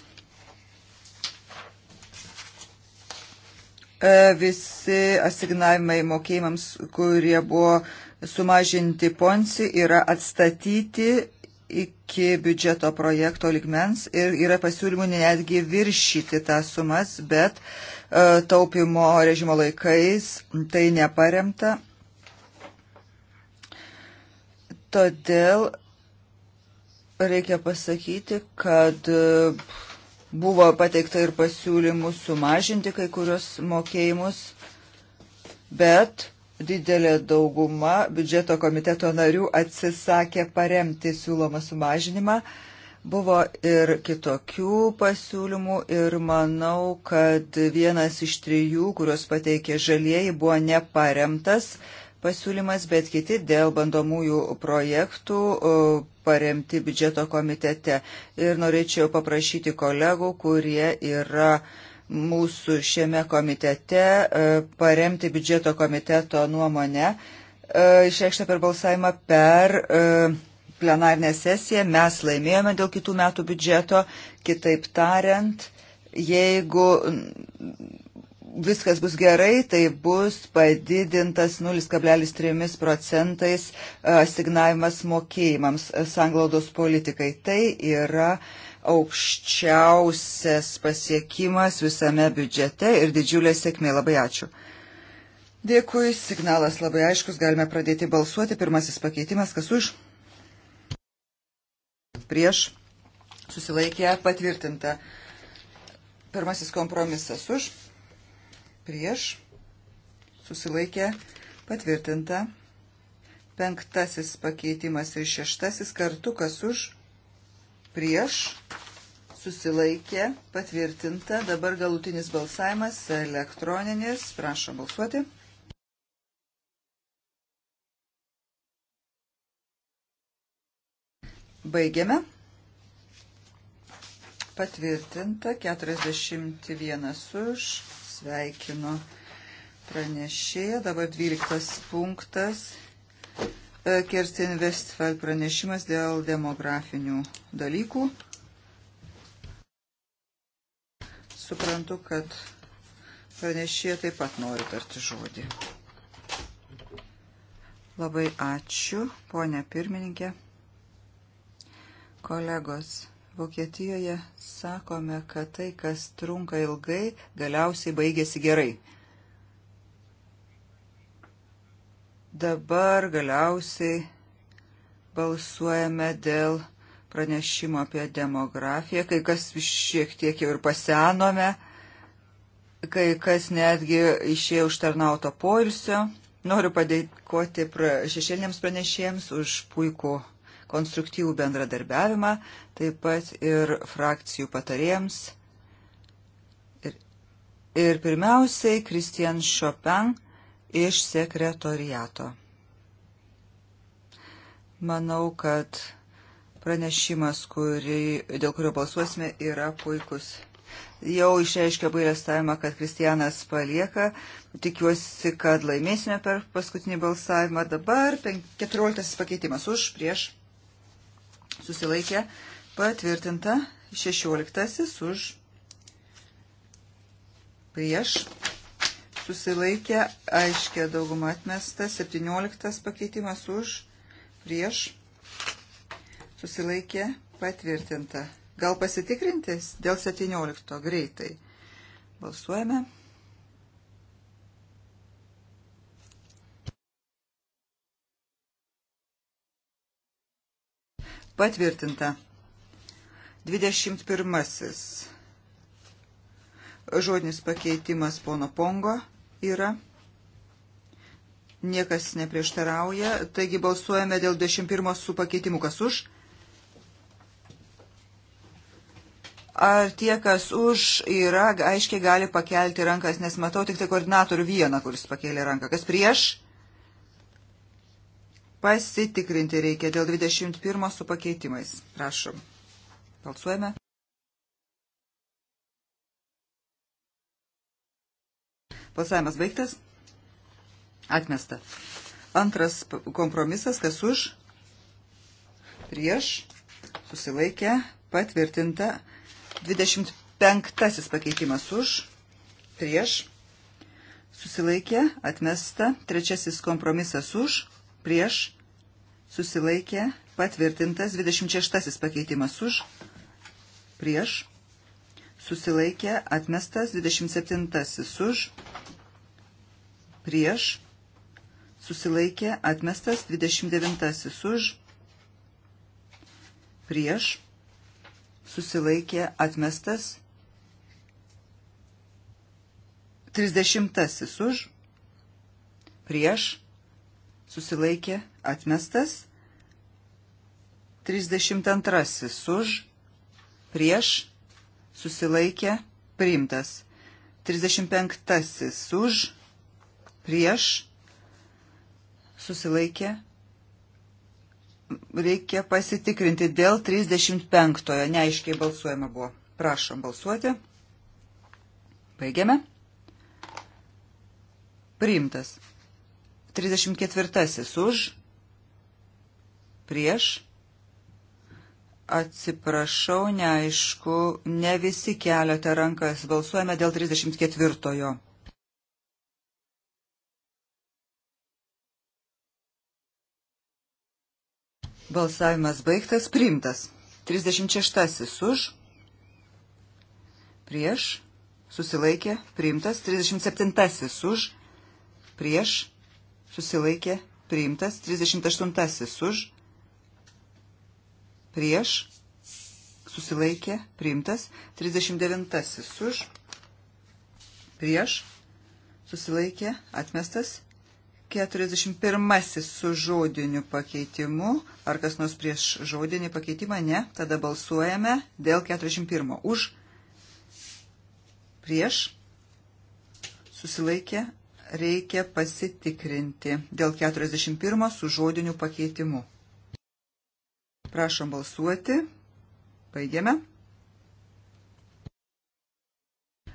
E, visi asignavimai mokėjimams, kurie buvo sumažinti ponsi, yra atstatyti iki biudžeto projekto ligmens ir yra pasiūlymų netgi viršyti tą sumas, bet e, taupimo režimo laikais tai neparemta. Todėl reikia pasakyti, kad uh, Buvo pateikta ir pasiūlymų sumažinti kai kurios mokėjimus, bet didelė dauguma biudžeto komiteto narių atsisakė paremti siūlomą sumažinimą. Buvo ir kitokių pasiūlymų ir manau, kad vienas iš trijų, kuriuos pateikė žalieji, buvo neparemtas pasiūlymas, bet kiti dėl bandomųjų projektų paremti biudžeto komitete. Ir norėčiau paprašyti kolegų, kurie yra mūsų šiame komitete, e, paremti biudžeto komiteto nuomonę, e, išreikštą per balsavimą per e, plenarinę sesiją. Mes laimėjome dėl kitų metų biudžeto, kitaip tariant, jeigu viskas bus gerai, tai bus padidintas 0,3 procentais e, asignavimas mokėjimams e, sanglaudos politikai. Tai yra aukščiausias pasiekimas visame biudžete ir didžiulė sėkmė. Labai ačiū. Dėkui, signalas labai aiškus, galime pradėti balsuoti. Pirmasis pakeitimas, kas už? Prieš susilaikė patvirtinta. Pirmasis kompromisas už prieš, susilaikė patvirtinta. Penktasis pakeitimas ir šeštasis kartu, kas už, prieš, susilaikė patvirtinta. Dabar galutinis balsavimas elektroninis. Prašom balsuoti. Baigiame. Patvirtinta 41 už sveikinu pranešėją. Dabar 12 punktas. E, Kerstin Westfeld pranešimas dėl demografinių dalykų. Suprantu, kad pranešėja taip pat nori tarti žodį. Labai ačiū, ponė pirmininkė. Kolegos. Vokietijoje sakome, kad tai, kas trunka ilgai, galiausiai baigėsi gerai. Dabar galiausiai balsuojame dėl pranešimo apie demografiją, kai kas šiek tiek jau ir pasenome, kai kas netgi išėjo užtarnauto poilsio. Noriu padėkoti šešėliniams pranešėjams už puikų konstruktyvų bendradarbiavimą, taip pat ir frakcijų patarėjams. Ir, ir pirmiausiai Kristian Chopin iš sekretoriato. Manau, kad pranešimas, kurį, dėl kurio balsuosime, yra puikus jau išreiškė bailestavimą, kad Kristijanas palieka. Tikiuosi, kad laimėsime per paskutinį balsavimą. Dabar 14 pakeitimas už prieš susilaikė patvirtinta. 16 už prieš susilaikė aiškia dauguma atmesta. 17 pakeitimas už prieš susilaikė patvirtinta. Gal pasitikrintis dėl 17 greitai. Balsuojame. Patvirtinta. 21. Žodinis pakeitimas pono Pongo yra. Niekas neprieštarauja. Taigi balsuojame dėl 21 su pakeitimu. Kas už? Ar tie, kas už yra, aiškiai gali pakelti rankas, nes matau tik tai koordinatorių vieną, kuris pakėlė ranką. Kas prieš? Pasitikrinti reikia dėl 21 su pakeitimais. Prašom. Balsuojame. Balsavimas baigtas. Atmesta. Antras kompromisas, kas už, prieš, susilaikė, patvirtinta. 25 pakeitimas už, prieš, susilaikė, atmesta. Trečiasis kompromisas už, prieš, susilaikė, patvirtintas 26 pakeitimas už, prieš, susilaikė, atmestas 27 už, prieš, susilaikė, atmestas 29 už, prieš, susilaikė, atmestas 30 už, prieš, susilaikė atmestas. 32 už, prieš, susilaikė priimtas. 35 už, prieš, susilaikė. Reikia pasitikrinti dėl 35-ojo. Neaiškiai balsuojama buvo. Prašom balsuoti. Baigiame. Priimtas. 34 už, prieš, atsiprašau, neaišku, ne visi keliate rankas, balsuojame dėl 34. -ojo. Balsavimas baigtas, priimtas. 36 už, prieš, susilaikė, priimtas. 37 už, prieš, susilaikė priimtas. 38 už, prieš, susilaikė priimtas. 39 už, prieš, susilaikė atmestas. 41 su žodiniu pakeitimu. Ar kas nors prieš žodinį pakeitimą? Ne. Tada balsuojame dėl 41. Už, prieš, susilaikė reikia pasitikrinti dėl 41 su žodiniu pakeitimu. Prašom balsuoti. Baigiame.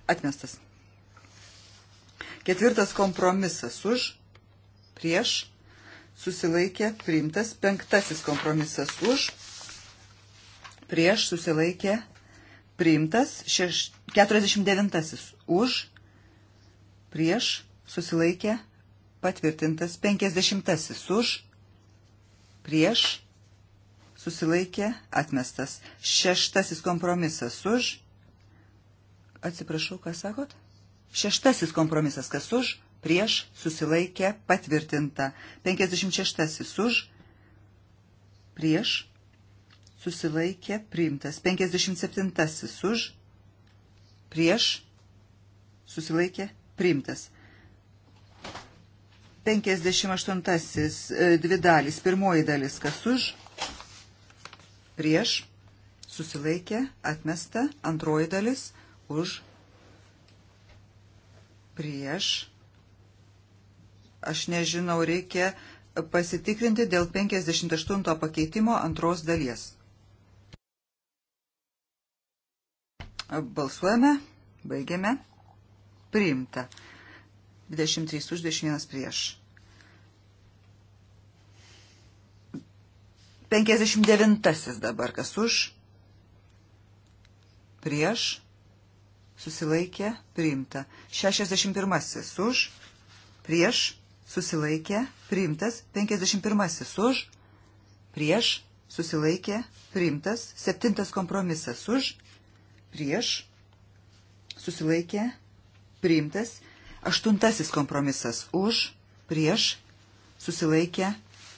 Atmestas. Ketvirtas kompromisas už, prieš, susilaikė, priimtas. Penktasis kompromisas už, prieš, susilaikė, priimtas. Šeš, 49 už, prieš, susilaikė patvirtintas 50 už, prieš susilaikė atmestas. Šeštasis kompromisas už, atsiprašau, ką sakot? Šeštasis kompromisas kas už, prieš susilaikė patvirtinta. 56 už, prieš susilaikė priimtas. 57 už, prieš susilaikė priimtas. 58 e, dvi dalys. Pirmoji dalis kas už, prieš, susilaikė, atmesta. Antroji dalis už, prieš. Aš nežinau, reikia pasitikrinti dėl 58 pakeitimo antros dalies. Balsuojame, baigiame. Priimta. 23 už 21 prieš. 59 dabar kas už, prieš, susilaikė, priimta. 61 už, prieš, susilaikė, priimtas. 51 už, prieš, susilaikė, priimtas. 7 kompromisas už, prieš, susilaikė, priimtas. Aštuntasis kompromisas už, prieš, susilaikė,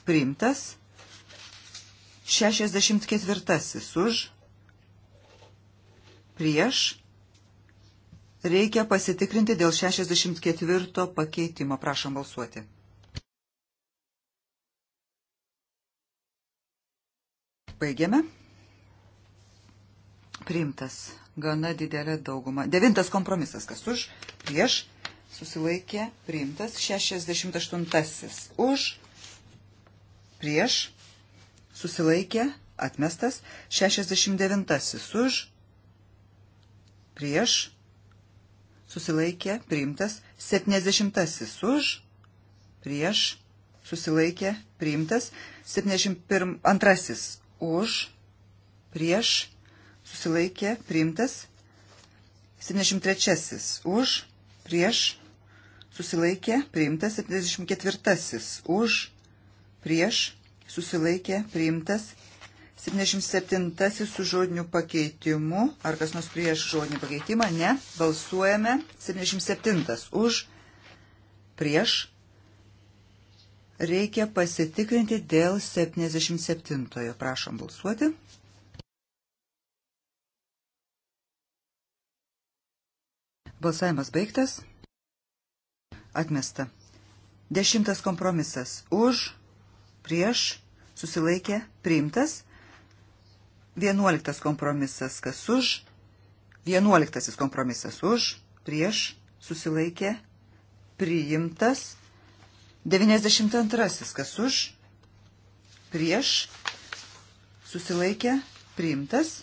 priimtas. Šešiasdešimt ketvirtasis už, prieš, reikia pasitikrinti dėl 64 pakeitimo. Prašom balsuoti. Baigiame. Priimtas. Gana didelė dauguma. Devintas kompromisas. Kas už? Prieš. Prieš susilaikė priimtas 68-asis. Už, prieš, susilaikė atmestas 69-asis. Už, prieš, susilaikė priimtas 70-asis. Už, prieš, susilaikė priimtas 72-asis. Už, prieš, susilaikė priimtas 73-asis. Už, prieš, susilaikė priimtas 74 už prieš susilaikė priimtas 77 su žodiniu pakeitimu. Ar kas nors prieš žodinį pakeitimą? Ne. Balsuojame. 77 už prieš. Reikia pasitikrinti dėl 77. Prašom balsuoti. Balsavimas baigtas atmesta. Dešimtas kompromisas už, prieš, susilaikė, priimtas. Vienuoliktas kompromisas kas už, vienuoliktasis kompromisas už, prieš, susilaikė, priimtas. 92 kas už, prieš, susilaikė, priimtas.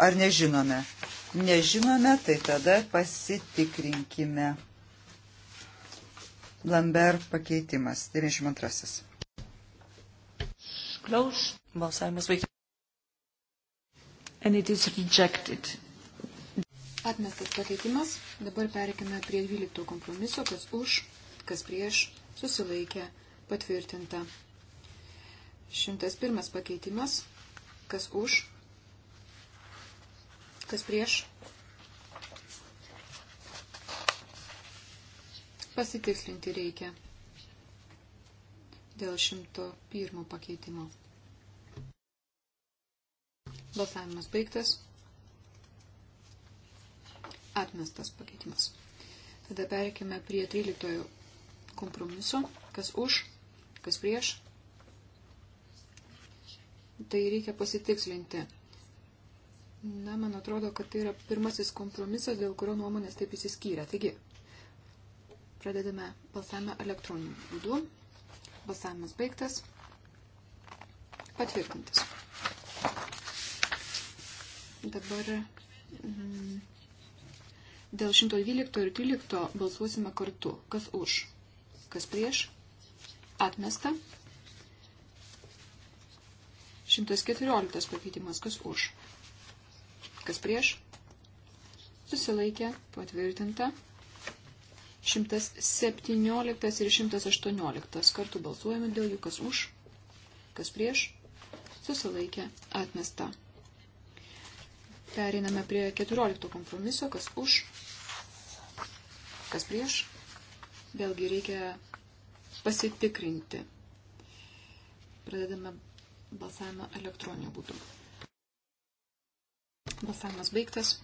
Ar nežinome? Nežinome, tai tada pasitikrinkime. Lambert pakeitimas. 92. Close. Balsavimas vaikinas. And it is rejected. Atmestas pakeitimas. Dabar pereikime prie 12 kompromiso, kas už, kas prieš, susilaikė, patvirtinta. 101 pakeitimas, kas už, kas prieš, Pasitikslinti reikia dėl 101 pakeitimo. Balsavimas baigtas. Atmestas pakeitimas. Tada perkime prie 13 kompromiso. Kas už, kas prieš. Tai reikia pasitikslinti. Na, man atrodo, kad tai yra pirmasis kompromisas, dėl kurio nuomonės taip įsiskyrė. Taigi, Pradedame balsavimą elektroniniu būdu. Balsavimas baigtas. Patvirtintas. Dabar mm, dėl 112 ir 13 balsuosime kartu. Kas už? Kas prieš? Atmesta. 114 pakeitimas. Kas už? Kas prieš? Susilaikė. Patvirtinta. 117 ir 118. Kartu balsuojame dėl jų, kas už, kas prieš, susilaikė, atmesta. Pereiname prie 14 kompromiso, kas už, kas prieš. Vėlgi reikia pasitikrinti. Pradedame balsavimą elektroniniu būdu. Balsavimas baigtas.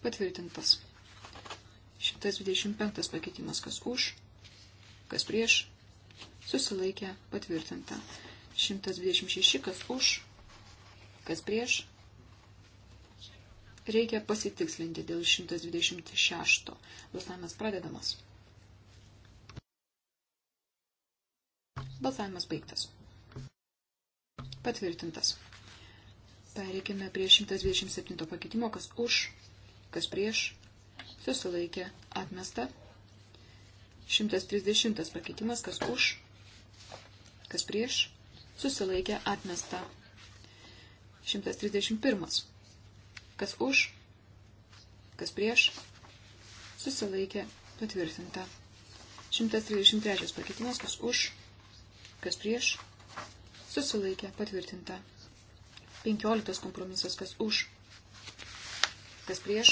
Patvirtintas. 125 pakeitimas, kas už, kas prieš, susilaikė patvirtinta. 126, kas už, kas prieš, reikia pasitikslinti dėl 126. Balsavimas pradedamas. Balsavimas baigtas. Patvirtintas. Pereikime prie 127 pakeitimo, kas už, kas prieš, susilaikė atmesta. 130 pakeitimas, kas už, kas prieš, susilaikė atmesta. 131. Kas už, kas prieš, susilaikė patvirtinta. 133 pakeitimas, kas už, kas prieš, susilaikė patvirtinta. 15 kompromisas, kas už, kas prieš,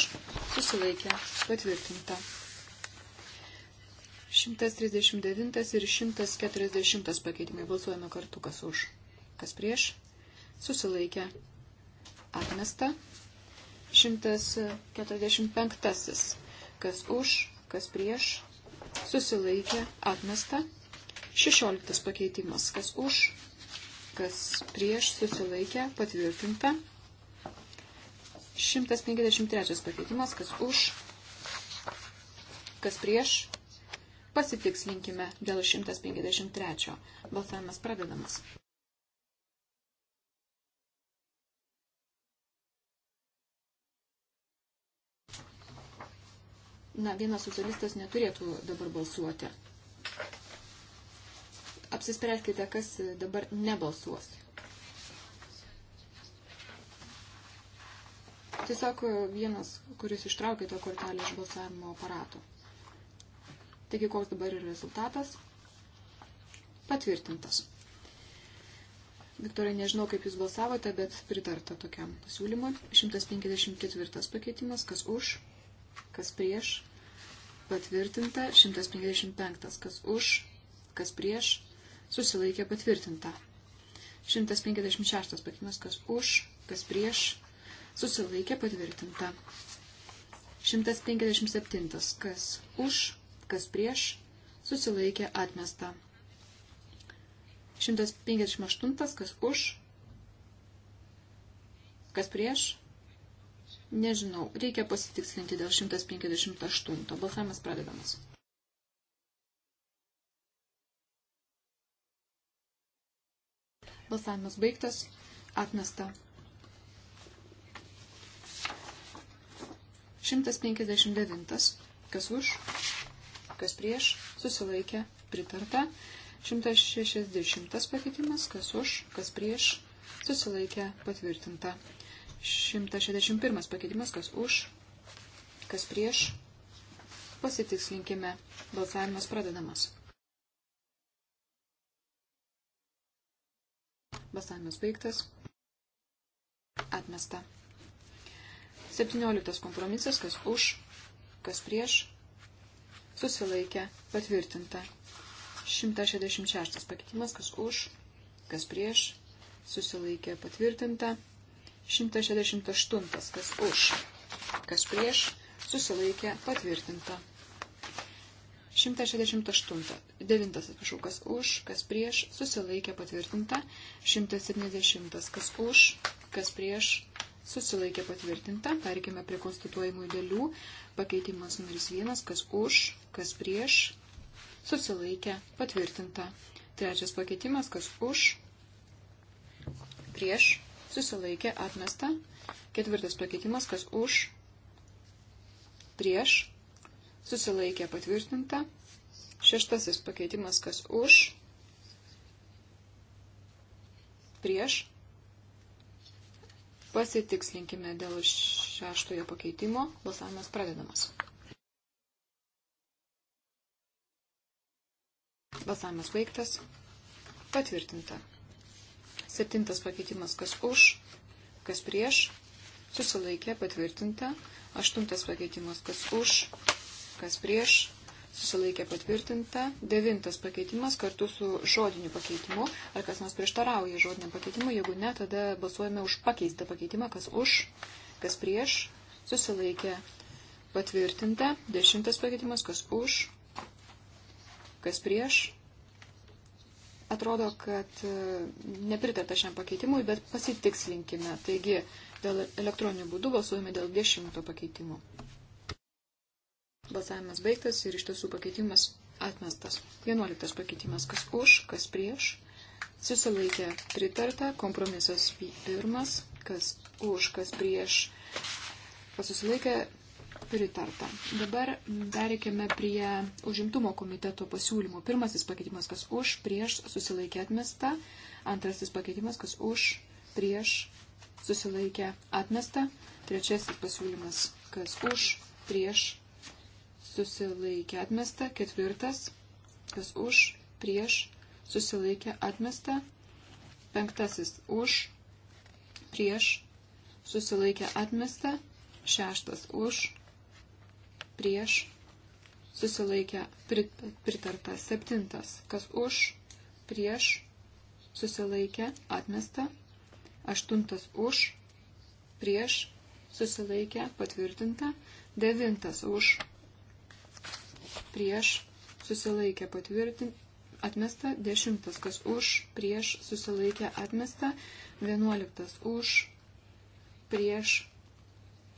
susilaikė, patvirtinta. 139 ir 140 pakeitimai balsuojame kartu, kas už, kas prieš, susilaikė, atmesta. 145, kas už, kas prieš, susilaikė, atmesta. 16 pakeitimas, kas už, kas prieš, susilaikė, patvirtinta. 153 pakeitimas, kas už, kas prieš. Pasitikslinkime dėl 153. Balsavimas pradedamas. Na, vienas socialistas neturėtų dabar balsuoti. Apsispręskite, kas dabar nebalsuos. tiesiog e, vienas, kuris ištraukė tą kortelę iš balsavimo aparato. Taigi, koks dabar yra rezultatas? Patvirtintas. Viktorija, nežinau, kaip jūs balsavote, bet pritarta tokiam siūlymui. 154 pakeitimas, kas už, kas prieš, patvirtinta. 155, kas už, kas prieš, susilaikė patvirtinta. 156 pakeitimas, kas už, kas prieš, susilaikė patvirtinta. 157. Kas už, kas prieš, susilaikė atmesta. 158. Kas už, kas prieš, nežinau. Reikia pasitikslinti dėl 158. Balsavimas pradedamas. Balsavimas baigtas, atmesta. 159. Kas už, kas prieš, susilaikė, pritarta. 160 pakeitimas, kas už, kas prieš, susilaikė, patvirtinta. 161 pakeitimas, kas už, kas prieš, pasitikslinkime, balsavimas pradedamas. Balsavimas baigtas. Atmesta. 17 kompromisas, kas už, kas prieš, susilaikė, patvirtinta. 166 pakeitimas, kas už, kas prieš, susilaikė, patvirtinta. 168, kas už, kas prieš, susilaikė, patvirtinta. 168. 9. Atsiprašau, kas už, kas prieš, susilaikė patvirtinta. 170. Kas už, kas prieš, susilaikė patvirtinta. Tarkime prie konstatuojimų dėlių. Pakeitimas numeris vienas, kas už, kas prieš, susilaikė patvirtinta. Trečias pakeitimas, kas už, prieš, susilaikė atmesta. Ketvirtas pakeitimas, kas už, prieš, susilaikė patvirtinta. Šeštasis pakeitimas, kas už, prieš, Pasitikslinkime dėl šeštojo pakeitimo. Balsavimas pradedamas. Balsavimas baigtas. Patvirtinta. Septintas pakeitimas kas už, kas prieš. Susilaikė patvirtinta. Aštuntas pakeitimas kas už, kas prieš susilaikė patvirtinta. Devintas pakeitimas kartu su žodiniu pakeitimu. Ar kas nors prieštarauja žodiniam pakeitimui? Jeigu ne, tada balsuojame už pakeistą pakeitimą. Kas už, kas prieš, susilaikė patvirtinta. Dešimtas pakeitimas, kas už, kas prieš. Atrodo, kad e, nepritarta šiam pakeitimui, bet pasitikslinkime. Taigi, dėl elektroninių būdų balsuojame dėl dešimto pakeitimo. Balsavimas baigtas ir iš tiesų pakeitimas atmestas. 11 pakeitimas, kas už, kas prieš. Susilaikė pritarta, kompromisas pirmas, kas už, kas prieš. Kas susilaikė pritarta. Dabar darykime prie užimtumo komiteto pasiūlymų. Pirmasis pakeitimas, kas už, prieš, susilaikė atmesta. Antrasis pakeitimas, kas už, prieš, susilaikė atmesta. Trečiasis pasiūlymas, kas už, prieš, susilaikė atmesta, ketvirtas, kas už, prieš, susilaikė atmesta, penktasis už, prieš, susilaikė atmesta, šeštas už, prieš, susilaikė pritarta, septintas, kas už, prieš, susilaikė atmesta, aštuntas už, prieš, susilaikė patvirtinta, devintas už, prieš susilaikė patvirtinta. Atmesta dešimtas, kas už, prieš, susilaikė, atmesta vienuoliktas, už, prieš,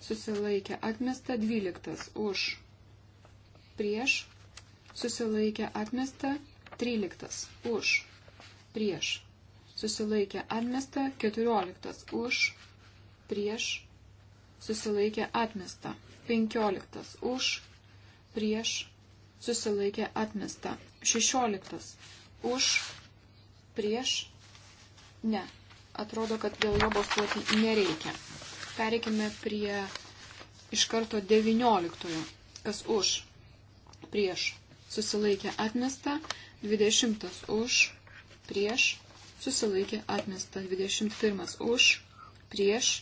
susilaikė, atmesta dvyliktas, už, prieš, susilaikė, atmesta tryliktas, už, prieš, susilaikė, atmesta keturioliktas, už, prieš, susilaikė, atmesta penkioliktas, už, prieš, susilaikė atmesta. 16. Už, prieš, ne. Atrodo, kad dėl jo balsuoti nereikia. Pereikime prie iš karto 19. Kas už, prieš, susilaikė atmesta. 20. Už, prieš, susilaikė atmesta. 21. Už, prieš,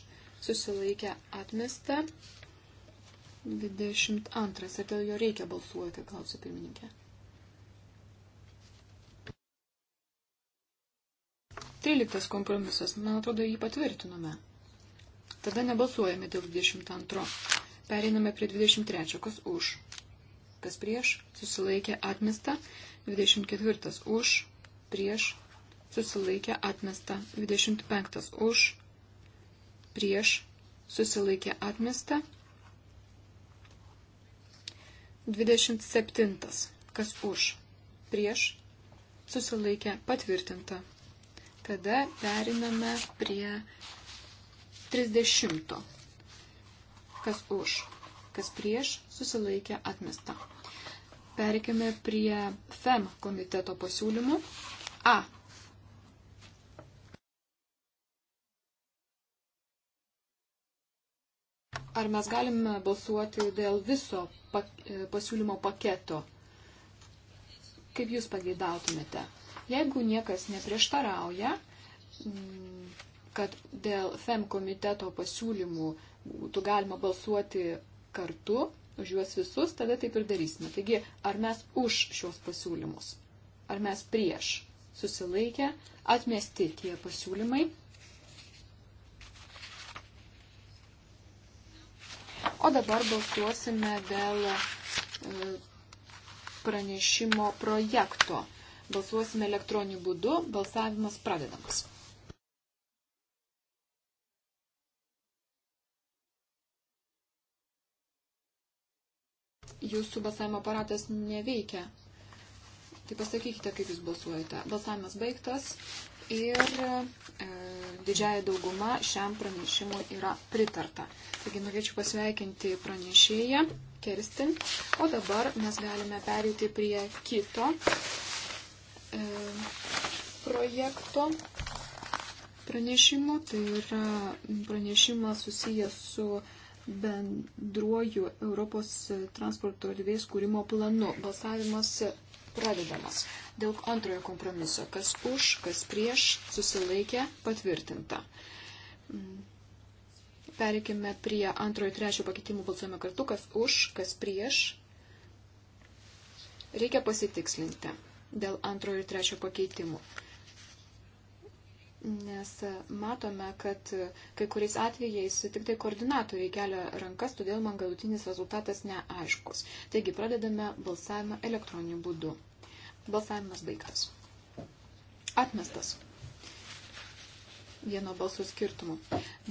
susilaikė atmesta. 22. Ar dėl jo reikia balsuoti, klausė pirmininkė. 13. Kompromisas. Man atrodo, jį patvirtinome. Tada nebalsuojame dėl 22. Pereiname prie 23. Kas už? Kas prieš? Susilaikė atmesta. 24. Už. Prieš. Susilaikė atmesta. 25. Už. Prieš. Susilaikė atmesta. 27. Kas už? Prieš? Susilaikė patvirtinta. Tada periname prie 30. Kas už? Kas prieš? Susilaikė atmesta. Perkime prie FEM komiteto pasiūlymų. A. Ar mes galime balsuoti dėl viso e, pasiūlymo paketo, kaip jūs pageidautumėte? Jeigu niekas neprieštarauja, mm, kad dėl FEM komiteto pasiūlymų būtų galima balsuoti kartu už juos visus, tada taip ir darysime. Taigi, ar mes už šios pasiūlymus, ar mes prieš susilaikę, atmesti tie pasiūlymai O dabar balsuosime dėl e, pranešimo projekto. Balsuosime elektroniniu būdu. Balsavimas pradedamas. Jūsų balsavimo aparatas neveikia. Tai pasakykite, kaip jūs balsuojate. Balsavimas baigtas ir e, didžiaja dauguma šiam pranešimui yra pritarta. Taigi norėčiau pasveikinti pranešėją Kerstin, o dabar mes galime pereiti prie kito e, projekto pranešimo. Tai yra pranešimas susijęs su bendruoju Europos transporto erdvės kūrimo planu. Balsavimas pradedamas. Dėl antrojo kompromiso, kas už, kas prieš, susilaikė, patvirtinta. Pereikime prie antrojo ir trečio pakeitimų balsuojame kartu, kas už, kas prieš. Reikia pasitikslinti dėl antrojo ir trečio pakeitimų. Nes matome, kad kai kuriais atvejais tik tai koordinatoriai kelia rankas, todėl man galutinis rezultatas neaiškus. Taigi pradedame balsavimą elektroniniu būdu. Balsavimas baigtas. Atmestas. Vieno balsų skirtumu.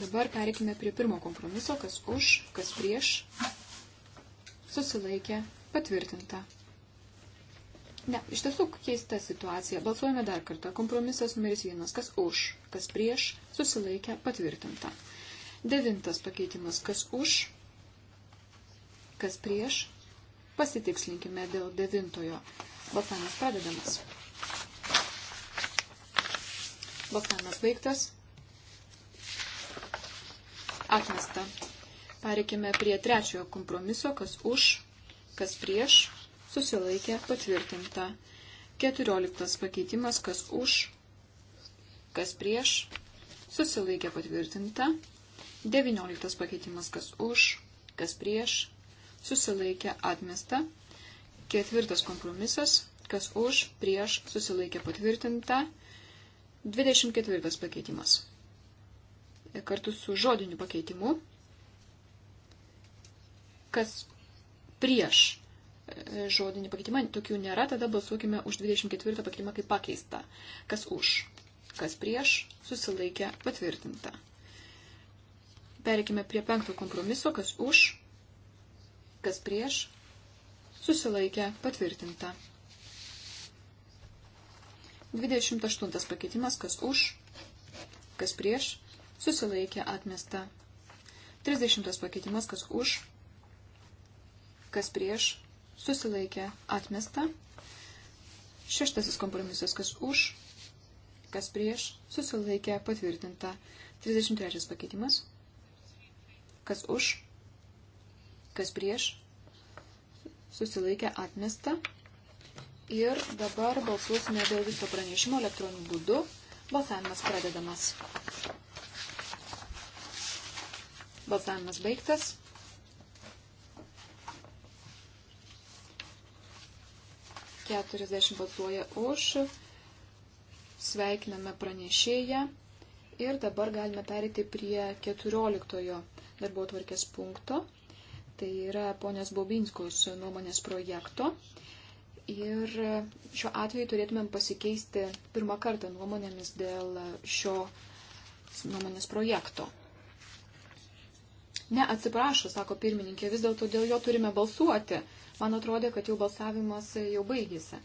Dabar pereikime prie pirmo kompromiso, kas už, kas prieš. Susilaikė. Patvirtinta. Ne, iš tiesų keista situacija. Balsuojame dar kartą. Kompromisas numeris vienas. Kas už, kas prieš, susilaikė, patvirtinta. Devintas pakeitimas. Kas už, kas prieš, Pasitikslinkime dėl devintojo. Balsavimas pradedamas. Balsavimas baigtas. Atmesta. Pareikime prie trečiojo kompromiso, kas už, kas prieš, susilaikė patvirtinta. Keturioliktas pakeitimas, kas už, kas prieš, susilaikė patvirtinta. Devynioliktas pakeitimas, kas už, kas prieš, susilaikė atmesta. Ketvirtas kompromisas, kas už, prieš, susilaikė patvirtinta. 24 pakeitimas. E, kartu su žodiniu pakeitimu, kas prieš e, žodinį pakeitimą, tokių nėra, tada balsuokime už 24 pakeitimą kaip pakeistą. Kas už, kas prieš, susilaikė patvirtinta. Pereikime prie penkto kompromiso, kas už, kas prieš, susilaikė patvirtinta. 28 pakeitimas, kas už, kas prieš, susilaikė atmesta. 30 pakeitimas, kas už, kas prieš, susilaikė atmesta. Šeštasis kompromisas, kas už, kas prieš, susilaikė patvirtinta. 33 pakeitimas, kas už, kas prieš, susilaikė atmesta. Ir dabar balsuosime dėl viso pranešimo elektroniniu būdu. Balsavimas pradedamas. Balsavimas baigtas. Keturiasdešimt balsuoja už. Sveikiname pranešėją. Ir dabar galime perėti prie keturioliktojo darbo tvarkės punkto. Tai yra ponios Bobinskos nuomonės projekto. Ir šiuo atveju turėtumėm pasikeisti pirmą kartą nuomonėmis dėl šio nuomonės projekto. Ne, atsiprašau, sako pirmininkė, vis dėlto dėl jo turime balsuoti. Man atrodė, kad jau balsavimas jau baigėsi.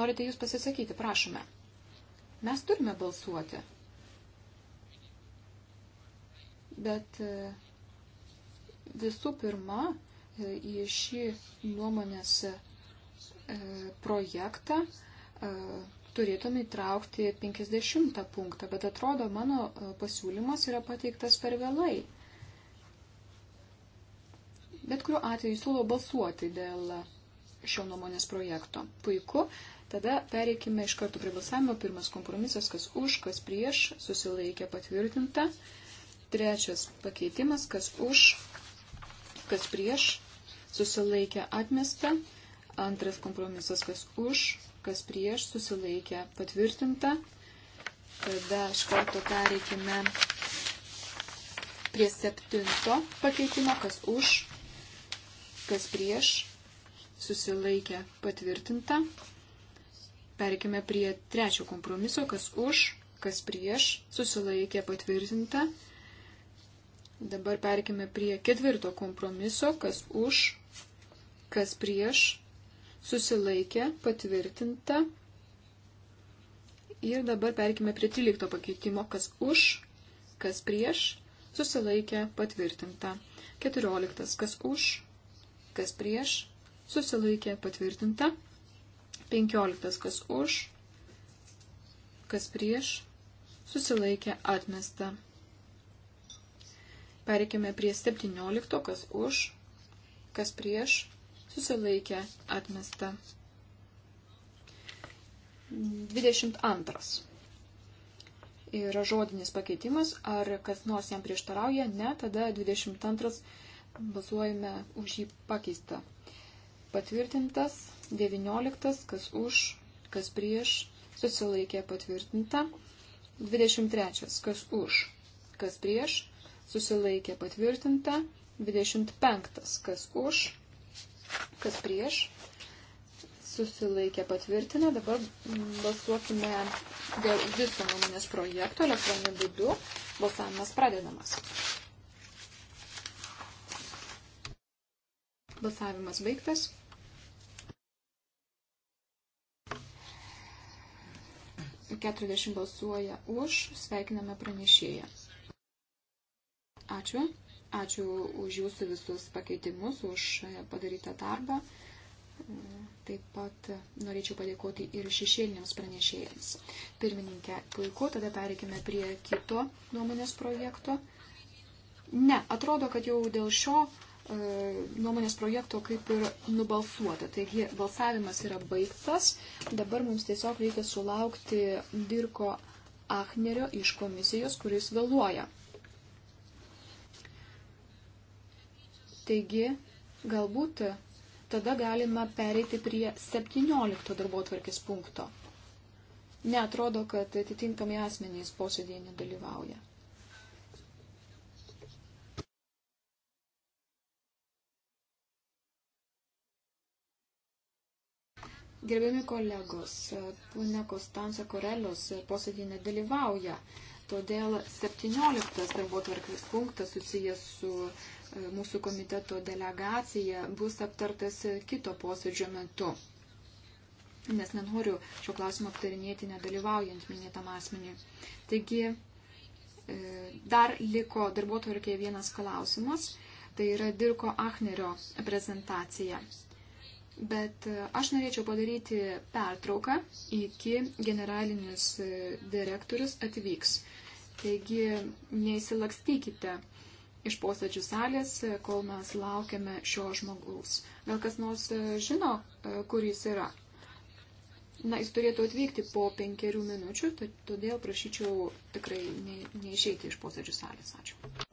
Norite jūs pasisakyti, prašome. Mes turime balsuoti. Bet e, visų pirma, e, į šį nuomonės e, projektą turėtume įtraukti 50 punktą, bet atrodo, mano pasiūlymas yra pateiktas per vėlai. Bet kuriuo atveju siūlau balsuoti dėl šio nuomonės projekto. Puiku. Tada pereikime iš karto prie balsavimo. Pirmas kompromisas, kas už, kas prieš, susilaikė patvirtinta. Uh, Trečias pakeitimas, kas už, kas prieš, susilaikė atmesta. Antras kompromisas, kas už, kas prieš, susilaikė patvirtinta. Tada iš karto pereikime prie septinto pakeitimo, kas už, kas prieš, susilaikė patvirtinta. Pereikime prie trečio kompromiso, kas už, kas prieš, susilaikė patvirtinta. Dabar perkime prie ketvirto kompromiso, kas už, kas prieš, susilaikė, patvirtinta. Ir dabar perkime prie 13 pakeitimo, kas už, kas prieš, susilaikė, patvirtinta. 14. Kas už, kas prieš, susilaikė, patvirtinta. 15. Kas už, kas prieš, susilaikė, atmesta. Pereikime prie 17, kas už, kas prieš, susilaikė, atmesta. 22. Yra žodinis pakeitimas, ar kas nors jam prieštarauja, ne, tada 22 balsuojame už jį pakeistą. Patvirtintas, 19, kas už, kas prieš, susilaikė patvirtinta, 23, kas už, kas prieš, susilaikė patvirtinta, 25 kas už, kas prieš, susilaikė patvirtinę. Dabar balsuokime dėl viso nuomonės projekto elektroniniu būdu. Balsavimas pradedamas. Balsavimas baigtas. Keturiasdešimt balsuoja už, sveikiname pranešėją. Ačiū. Ačiū už jūsų visus pakeitimus, už e, padarytą darbą. Taip pat norėčiau padėkoti ir šešėliniams pranešėjams. Pirmininkė, puiku, tada pereikime prie kito nuomonės projekto. Ne, atrodo, kad jau dėl šio e, nuomonės projekto kaip ir nubalsuota. Taigi balsavimas yra baigtas. Dabar mums tiesiog reikia sulaukti Dirko Achnerio iš komisijos, kuris vėluoja. Taigi, galbūt tada galima pereiti prie 17 darbo tvarkės punkto. Neatrodo, kad atitinkami asmenys posėdėje nedalyvauja. Gerbiami kolegos, pune Konstanca Korelius posėdėje nedalyvauja. Todėl 17 darbo tvarkės punktas susijęs su e, mūsų komiteto delegacija bus aptartas kito posėdžio metu. Nes nenoriu šio klausimo aptarinėti nedalyvaujant minėtam asmeniui. Taigi, e, dar liko darbo tvarkėje vienas klausimas, tai yra Dirko Achnerio prezentacija. Bet e, aš norėčiau padaryti pertrauką iki generalinis e, direktorius atvyks. Taigi neįsilakstykite iš posėdžių salės, e, kol mes laukiame šio žmogaus. Gal kas nors žino, kur jis yra? Na, jis turėtų atvykti po penkerių minučių, todėl prašyčiau tikrai neišeiti iš posėdžių salės. Ačiū.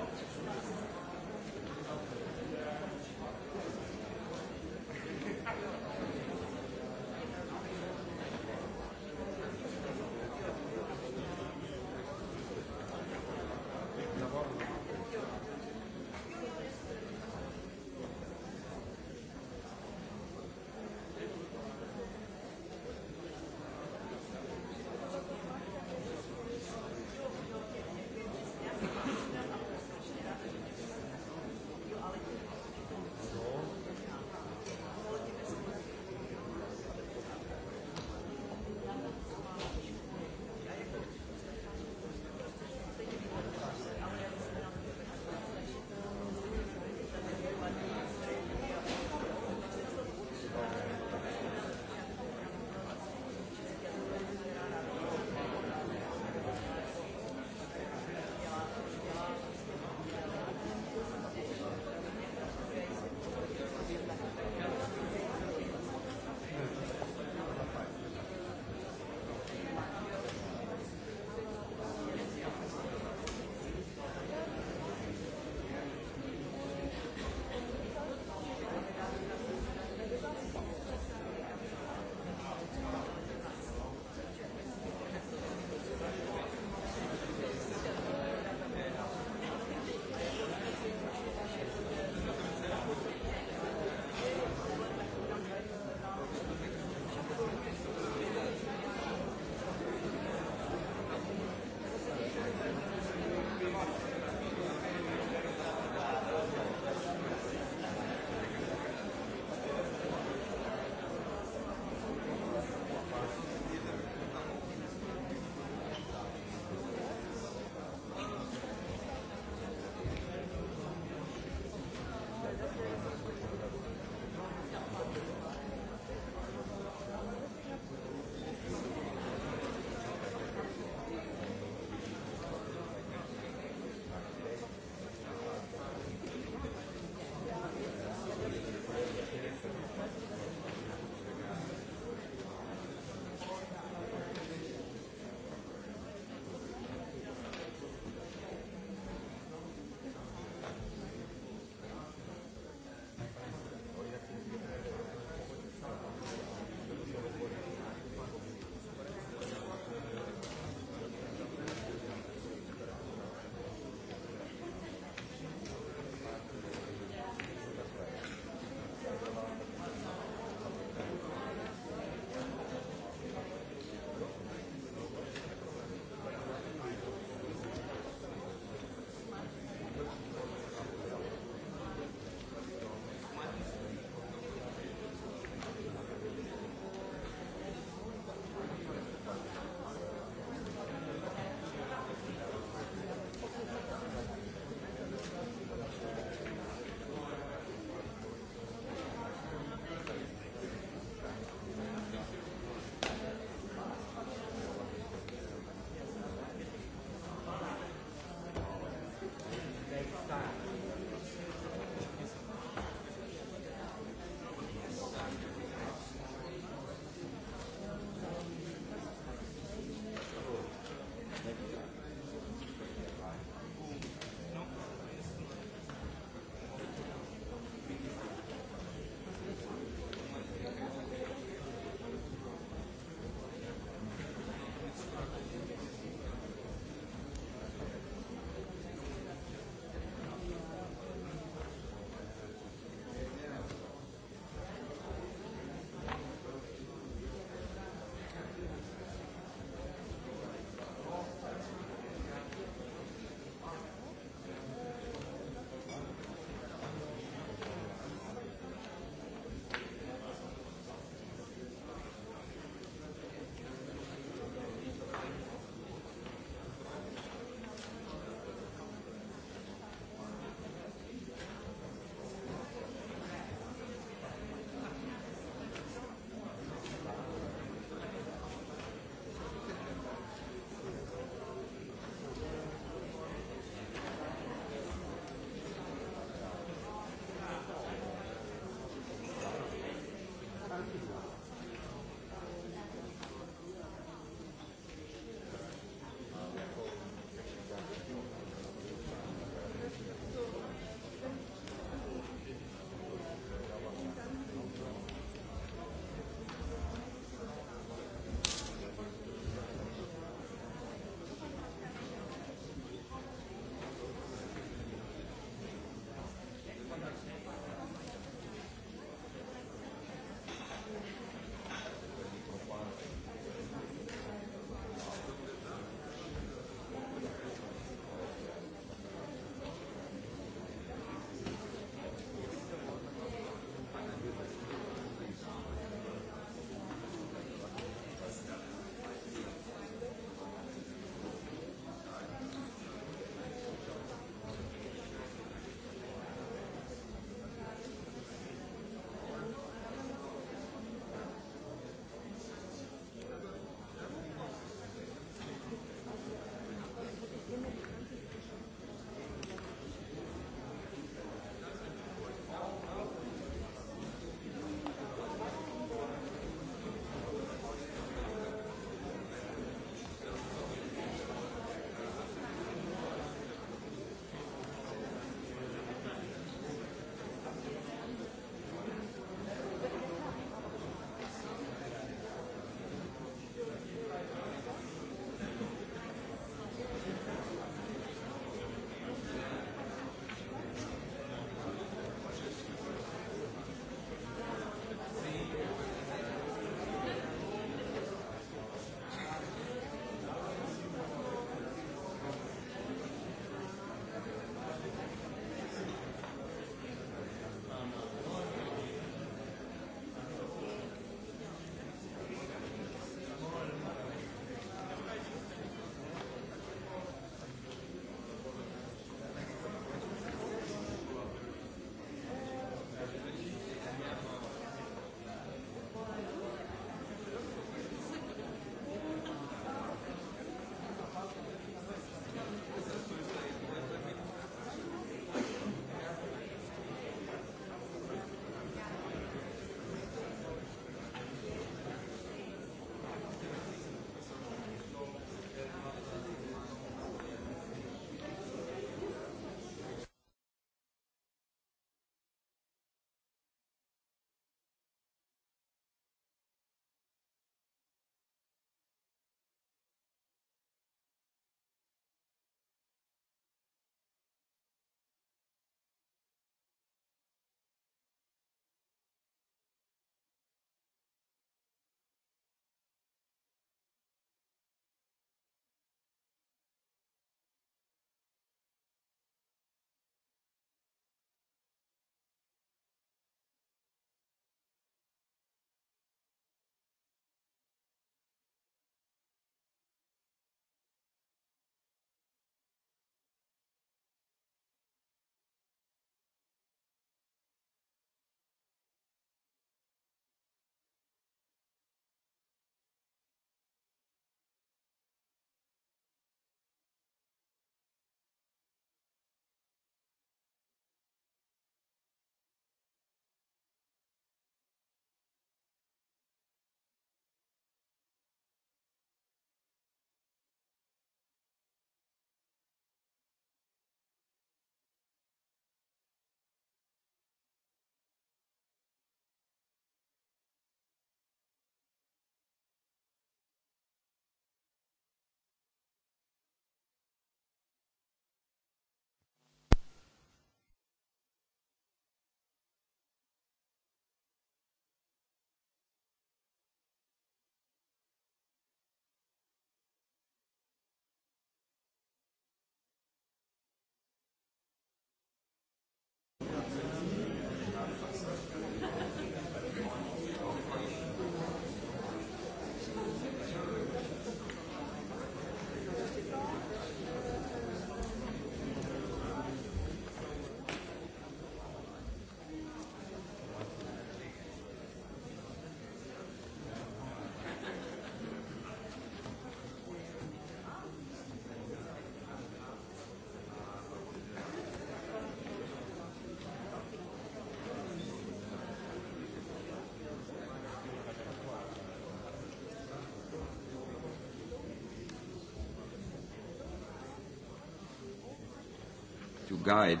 to guide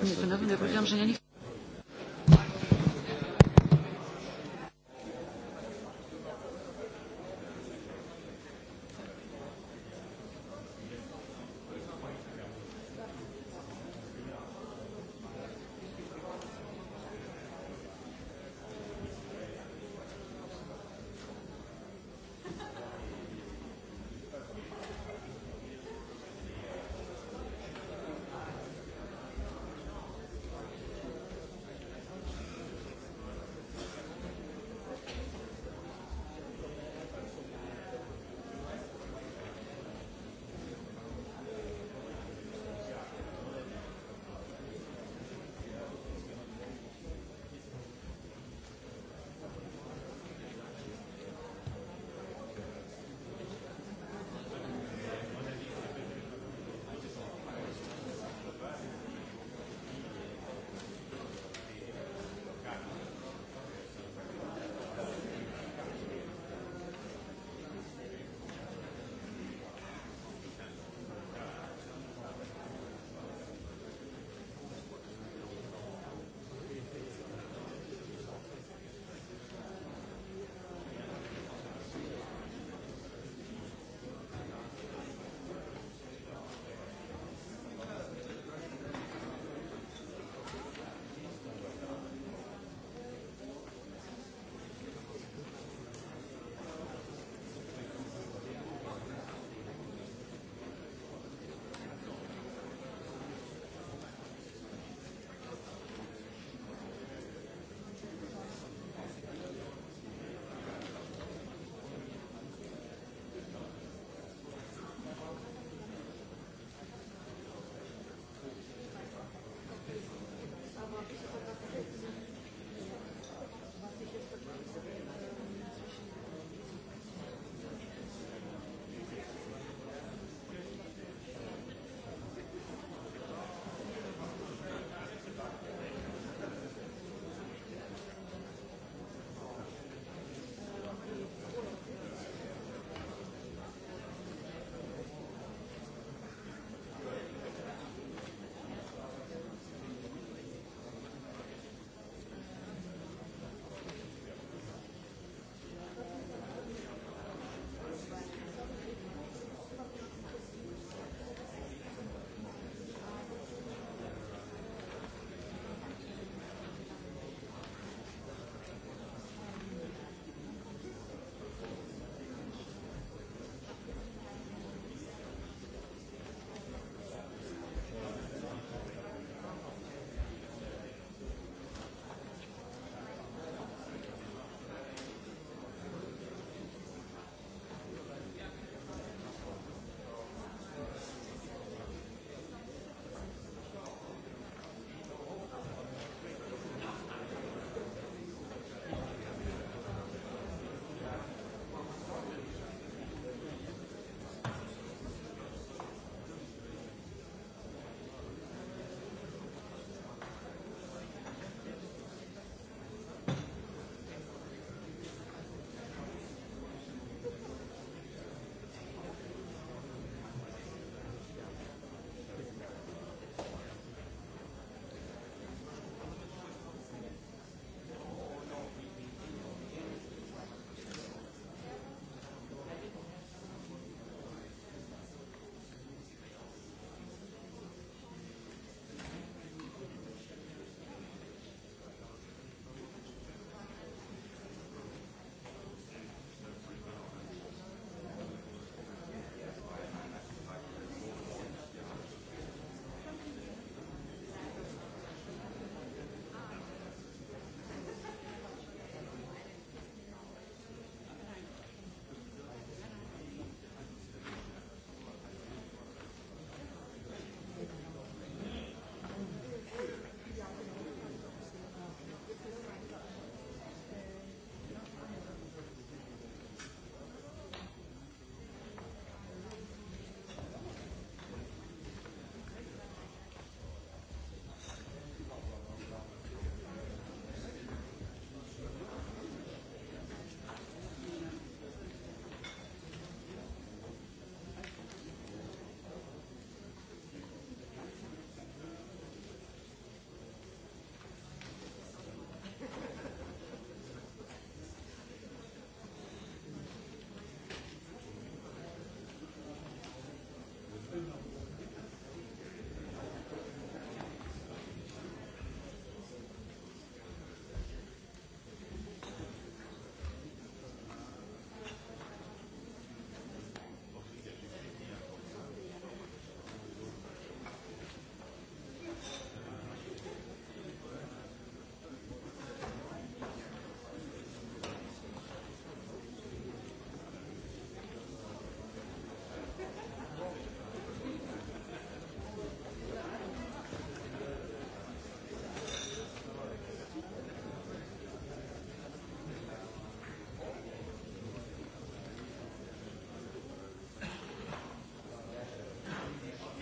kompromis. Ja powiedziałam, że ja nie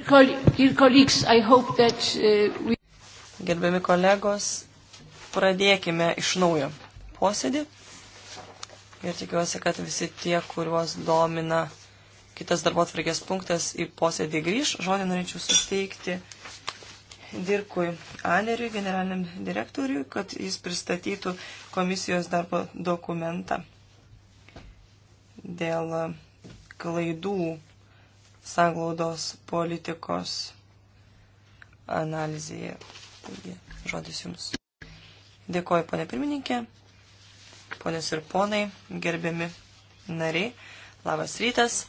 Uh, Gerbiami kolegos, pradėkime iš naujo posėdį ir tikiuosi, kad visi tie, kuriuos domina kitas darbo atvarkės punktas į posėdį grįž. Žodį norėčiau suteikti Dirkui Aneriui, generaliniam direktoriui, kad jis pristatytų komisijos darbo dokumentą dėl klaidų sanglaudos politikos analizėje. Taigi, žodis jums. Dėkoju, ponė pirmininkė, ponės ir ponai, gerbiami nariai. Labas rytas.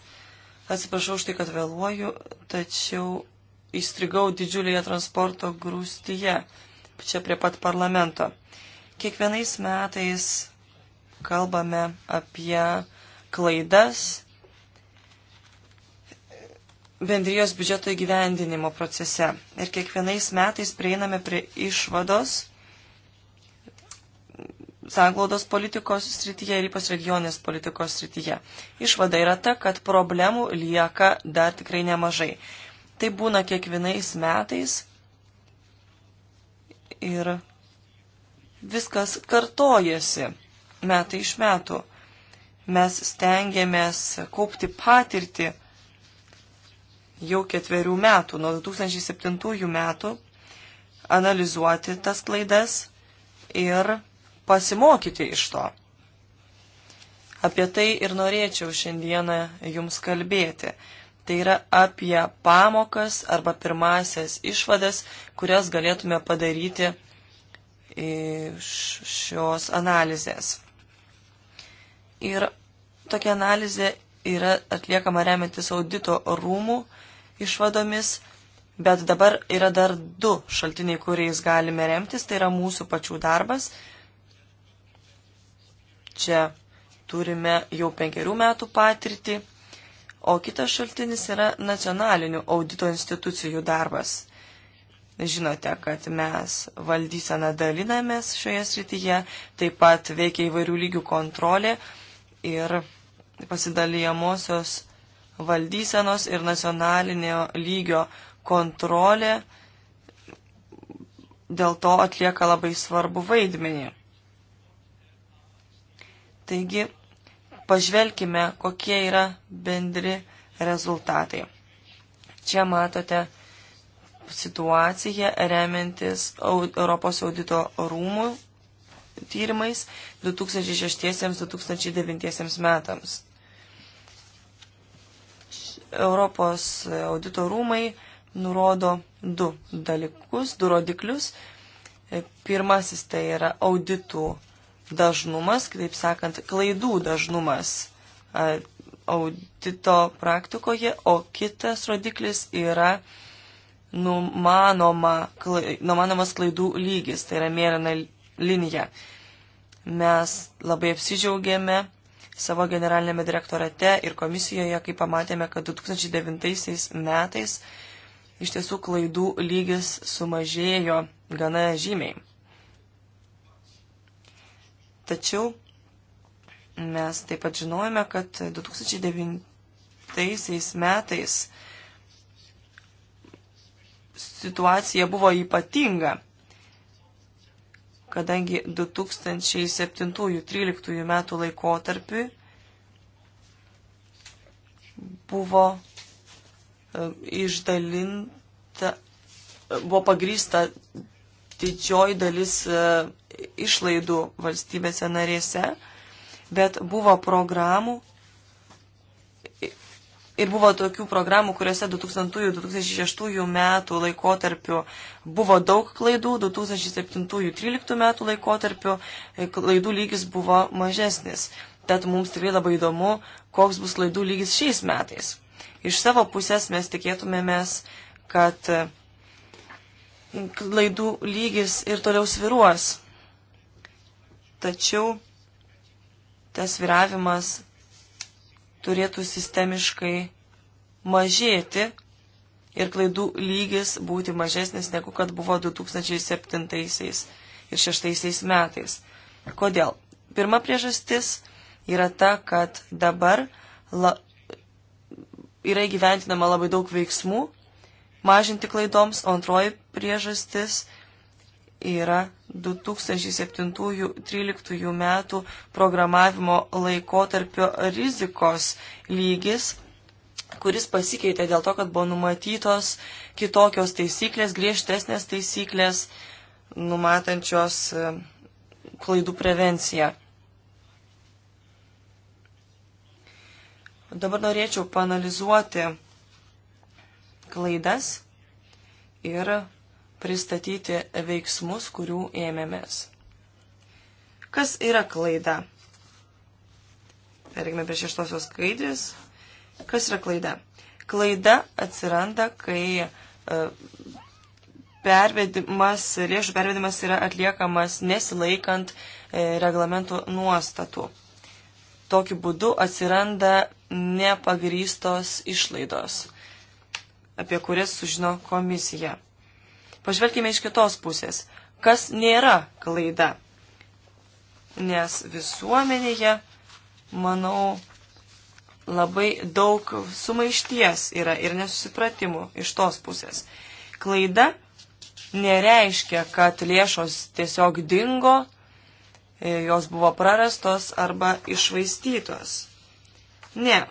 Atsiprašau už tai, kad vėluoju, tačiau įstrigau didžiulėje transporto grūstyje, čia prie pat parlamento. Kiekvienais metais kalbame apie klaidas bendrijos biudžeto įgyvendinimo procese. Ir kiekvienais metais prieiname prie išvados sanglaudos politikos srityje ir ypač regionės politikos srityje. Išvada yra ta, kad problemų lieka dar tikrai nemažai. Tai būna kiekvienais metais ir viskas kartojasi metai iš metų. Mes stengiamės kaupti patirtį jau ketverių metų, nuo 2007 metų, analizuoti tas klaidas ir pasimokyti iš to. Apie tai ir norėčiau šiandieną jums kalbėti. Tai yra apie pamokas arba pirmasias išvadas, kurias galėtume padaryti iš šios analizės. Ir tokia analizė yra atliekama remiantis audito rūmų išvadomis, bet dabar yra dar du šaltiniai, kuriais galime remtis, tai yra mūsų pačių darbas. Čia turime jau penkerių metų patirtį, o kitas šaltinis yra nacionalinių audito institucijų darbas. Žinote, kad mes valdyseną dalinamės šioje srityje, taip pat veikia įvairių lygių kontrolė ir pasidalijamosios valdysenos ir nacionalinio lygio kontrolė dėl to atlieka labai svarbu vaidmenį. Taigi, pažvelkime, kokie yra bendri rezultatai. Čia matote situaciją remiantis Europos audito rūmų tyrimais 2006-2009 metams. Europos audito rūmai nurodo du dalykus, du rodiklius. Pirmasis tai yra auditų dažnumas, kitaip sakant, klaidų dažnumas audito praktikoje, o kitas rodiklis yra numanoma, numanomas klaidų lygis, tai yra mėlyna linija. Mes labai apsidžiaugėme savo generalinėme direktorate ir komisijoje, kai pamatėme, kad 2009 metais iš tiesų klaidų lygis sumažėjo gana žymiai. Tačiau mes taip pat žinojame, kad 2009 metais situacija buvo ypatinga kadangi 2007-2013 metų laikotarpiu buvo e, išdalinta, buvo pagrįsta didžioji dalis e, išlaidų valstybėse narėse, bet buvo programų, Ir buvo tokių programų, kuriuose 2000-2006 metų laikotarpiu buvo daug klaidų, 2007-2013 metų laikotarpiu e, klaidų lygis buvo mažesnis. Tad mums tikrai labai įdomu, koks bus klaidų lygis šiais metais. Iš savo pusės mes tikėtumėmės, kad e, klaidų lygis ir toliau sviruos. Tačiau tas sviravimas turėtų sistemiškai mažėti ir klaidų lygis būti mažesnis negu kad buvo 2007 ir 2006 metais. Kodėl? Pirma priežastis yra ta, kad dabar la, yra įgyventinama labai daug veiksmų mažinti klaidoms, o antroji priežastis yra 2007-2013 metų programavimo laikotarpio rizikos lygis, kuris pasikeitė dėl to, kad buvo numatytos kitokios taisyklės, griežtesnės taisyklės, numatančios e, klaidų prevenciją. Dabar norėčiau panalizuoti klaidas ir pristatyti veiksmus, kurių ėmėmės. Kas yra klaida? Perėkime prie šeštosios skaidrės. Kas yra klaida? Klaida atsiranda, kai e, pervedimas, lėšų pervedimas yra atliekamas nesilaikant e, reglamentų nuostatų. Tokiu būdu atsiranda nepagrystos išlaidos, apie kurias sužino komisija. Pažvelkime iš kitos pusės, kas nėra klaida. Nes visuomenėje, manau, labai daug sumaišties yra ir nesusipratimų iš tos pusės. Klaida nereiškia, kad lėšos tiesiog dingo, e, jos buvo prarastos arba išvaistytos. Ne.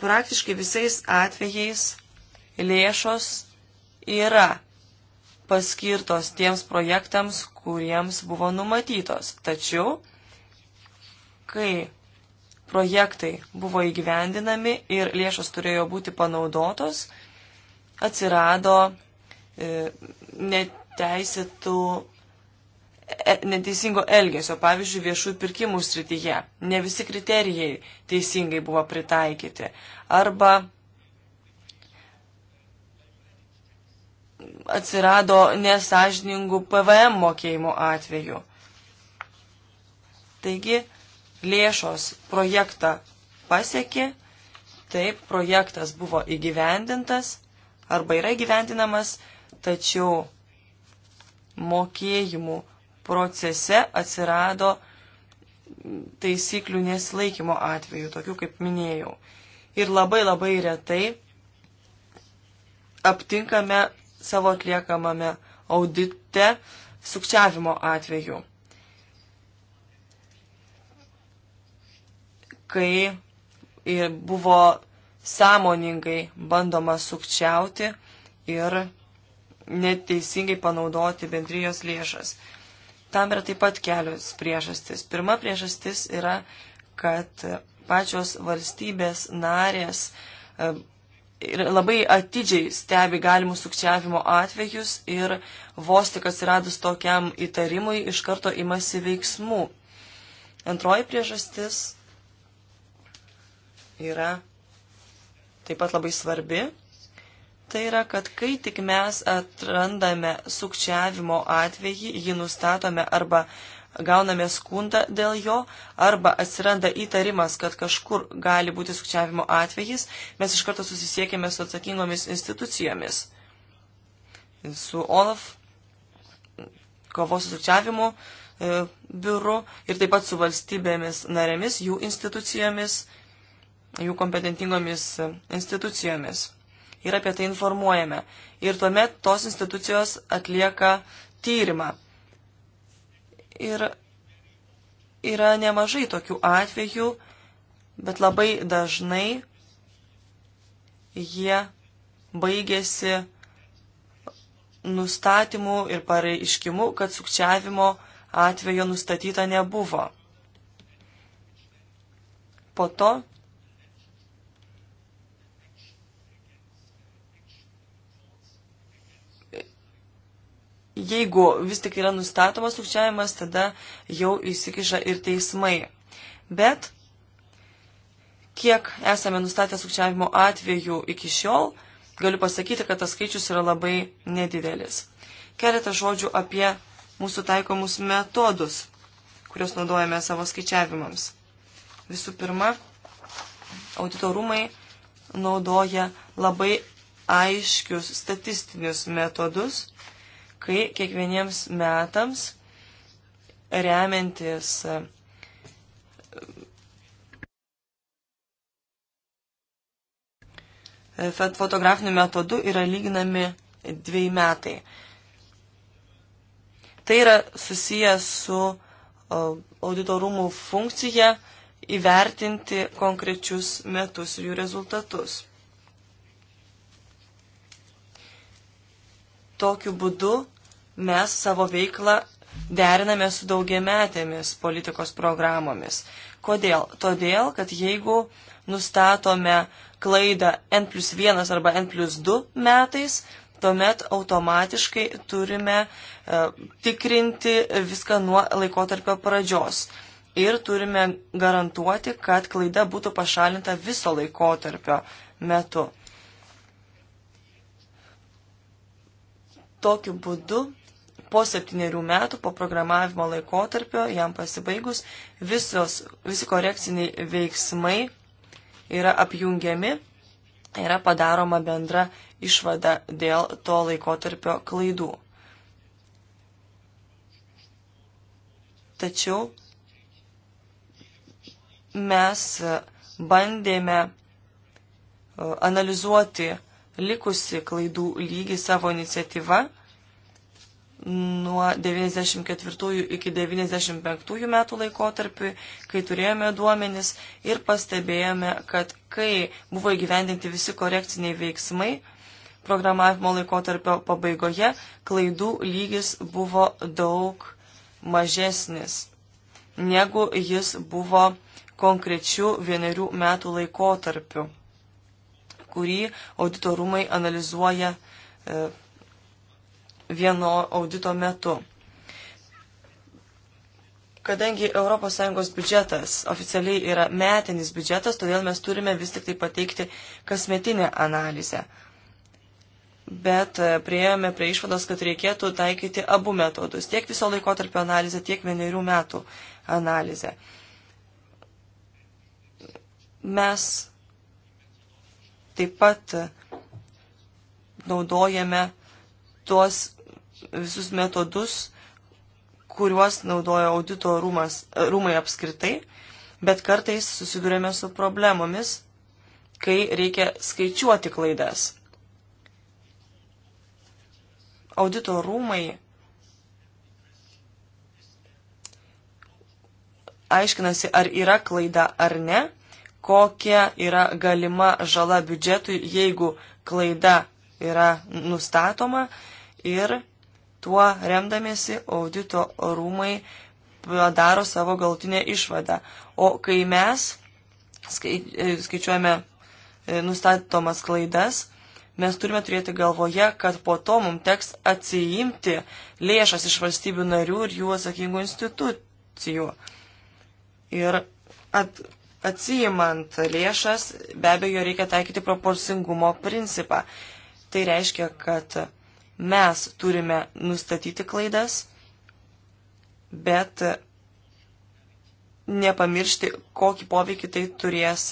Praktiškai visais atvejais lėšos yra paskirtos tiems projektams, kuriems buvo numatytos. Tačiau, kai projektai buvo įgyvendinami ir lėšos turėjo būti panaudotos, atsirado e, neteisėtų, e, neteisingo elgesio, pavyzdžiui, viešųjų pirkimų srityje. Ne visi kriterijai teisingai buvo pritaikyti. Arba atsirado nesažiningų PVM mokėjimų atveju. Taigi, lėšos projektą pasiekė, taip, projektas buvo įgyvendintas arba yra įgyvendinamas, tačiau mokėjimų procese atsirado taisyklių nesilaikymo atveju, tokių kaip minėjau. Ir labai labai retai aptinkame savo atliekamame audite sukčiavimo atveju. Kai buvo sąmoningai bandoma sukčiauti ir neteisingai panaudoti bendrijos lėšas. Tam yra taip pat kelios priežastis. Pirma priežastis yra, kad pačios valstybės narės e, ir labai atidžiai stebi galimus sukčiavimo atvejus ir vos tik atsiradus tokiam įtarimui iš karto imasi veiksmų. Antroji priežastis yra taip pat labai svarbi. Tai yra, kad kai tik mes atrandame sukčiavimo atvejį, jį nustatome arba gauname skundą dėl jo arba atsiranda įtarimas, kad kažkur gali būti sukčiavimo atvejis, mes iš karto susisiekėme su atsakingomis institucijomis. Su OLAF kovos su sukčiavimu e, biuru ir taip pat su valstybėmis narėmis, jų institucijomis, jų kompetentingomis e, institucijomis. Ir apie tai informuojame. Ir tuomet tos institucijos atlieka tyrimą Ir yra nemažai tokių atvejų, bet labai dažnai jie baigėsi nustatymų ir pareiškimų, kad sukčiavimo atvejo nustatyta nebuvo. Po to Jeigu vis tik yra nustatomas sukčiavimas, tada jau įsikiša ir teismai. Bet kiek esame nustatę sukčiavimo atvejų iki šiol, galiu pasakyti, kad tas skaičius yra labai nedidelis. Keletą žodžių apie mūsų taikomus metodus, kuriuos naudojame savo skaičiavimams. Visų pirma, auditorumai naudoja labai aiškius statistinius metodus, kai kiekvieniems metams remiantis e, fotografiniu metodu yra lyginami dviejai metai. Tai yra susijęs su e, auditorumų funkcija įvertinti konkrečius metus ir jų rezultatus. Tokiu būdu mes savo veiklą deriname su daugiametėmis politikos programomis. Kodėl? Todėl, kad jeigu nustatome klaidą N plus 1 arba N plus 2 metais, tuomet automatiškai turime uh, tikrinti viską nuo laikotarpio pradžios. Ir turime garantuoti, kad klaida būtų pašalinta viso laikotarpio metu. Tokiu būdu po septyniarių metų, po programavimo laikotarpio, jam pasibaigus, visos, visi korekciniai veiksmai yra apjungiami, yra padaroma bendra išvada dėl to laikotarpio klaidų. Tačiau mes bandėme uh, analizuoti likusi klaidų lygį savo iniciatyva nuo 94 iki 95 metų laikotarpį, kai turėjome duomenis ir pastebėjome, kad kai buvo įgyvendinti visi korekciniai veiksmai, programavimo laikotarpio pabaigoje klaidų lygis buvo daug mažesnis, negu jis buvo konkrečių vienerių metų laikotarpiu kurį auditorumai analizuoja e, vieno audito metu. Kadangi ES biudžetas oficialiai yra metinis biudžetas, todėl mes turime vis tik tai pateikti kasmetinę analizę. Bet e, prieėjome prie išvados, kad reikėtų taikyti abu metodus - tiek viso laiko tarp analizę, tiek vienerių metų analizę. Mes taip pat naudojame tuos visus metodus, kuriuos naudoja audito rūmas, rūmai apskritai, bet kartais susidurėme su problemomis, kai reikia skaičiuoti klaidas. Audito rūmai aiškinasi, ar yra klaida ar ne, kokia yra galima žala biudžetui, jeigu klaida yra nustatoma ir tuo remdamėsi audito rūmai padaro savo galtinę išvadą. O kai mes e, skaičiuojame e, nustatomas klaidas, mes turime turėti galvoje, kad po to mums teks atsiimti lėšas iš valstybių narių ir jų atsakingų institucijų. Ir at, atsijimant lėšas, be abejo, reikia taikyti proporcingumo principą. Tai reiškia, kad mes turime nustatyti klaidas, bet nepamiršti, kokį poveikį tai turės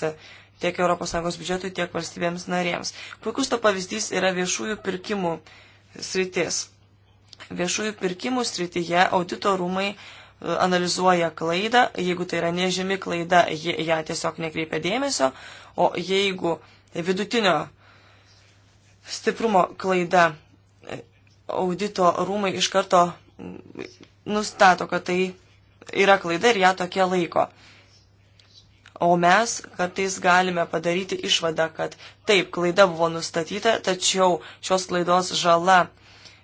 tiek ES biudžetui, tiek valstybėms narėms. Puikus to pavyzdys yra viešųjų pirkimų sritis. Viešųjų pirkimų srityje audito rūmai analizuoja klaidą, jeigu tai yra nežymi klaida, jie ją tiesiog nekreipia dėmesio, o jeigu vidutinio stiprumo klaida e, audito rūmai iš karto nustato, kad tai yra klaida ir ją tokia laiko. O mes kartais galime padaryti išvadą, kad taip, klaida buvo nustatyta, tačiau šios klaidos žala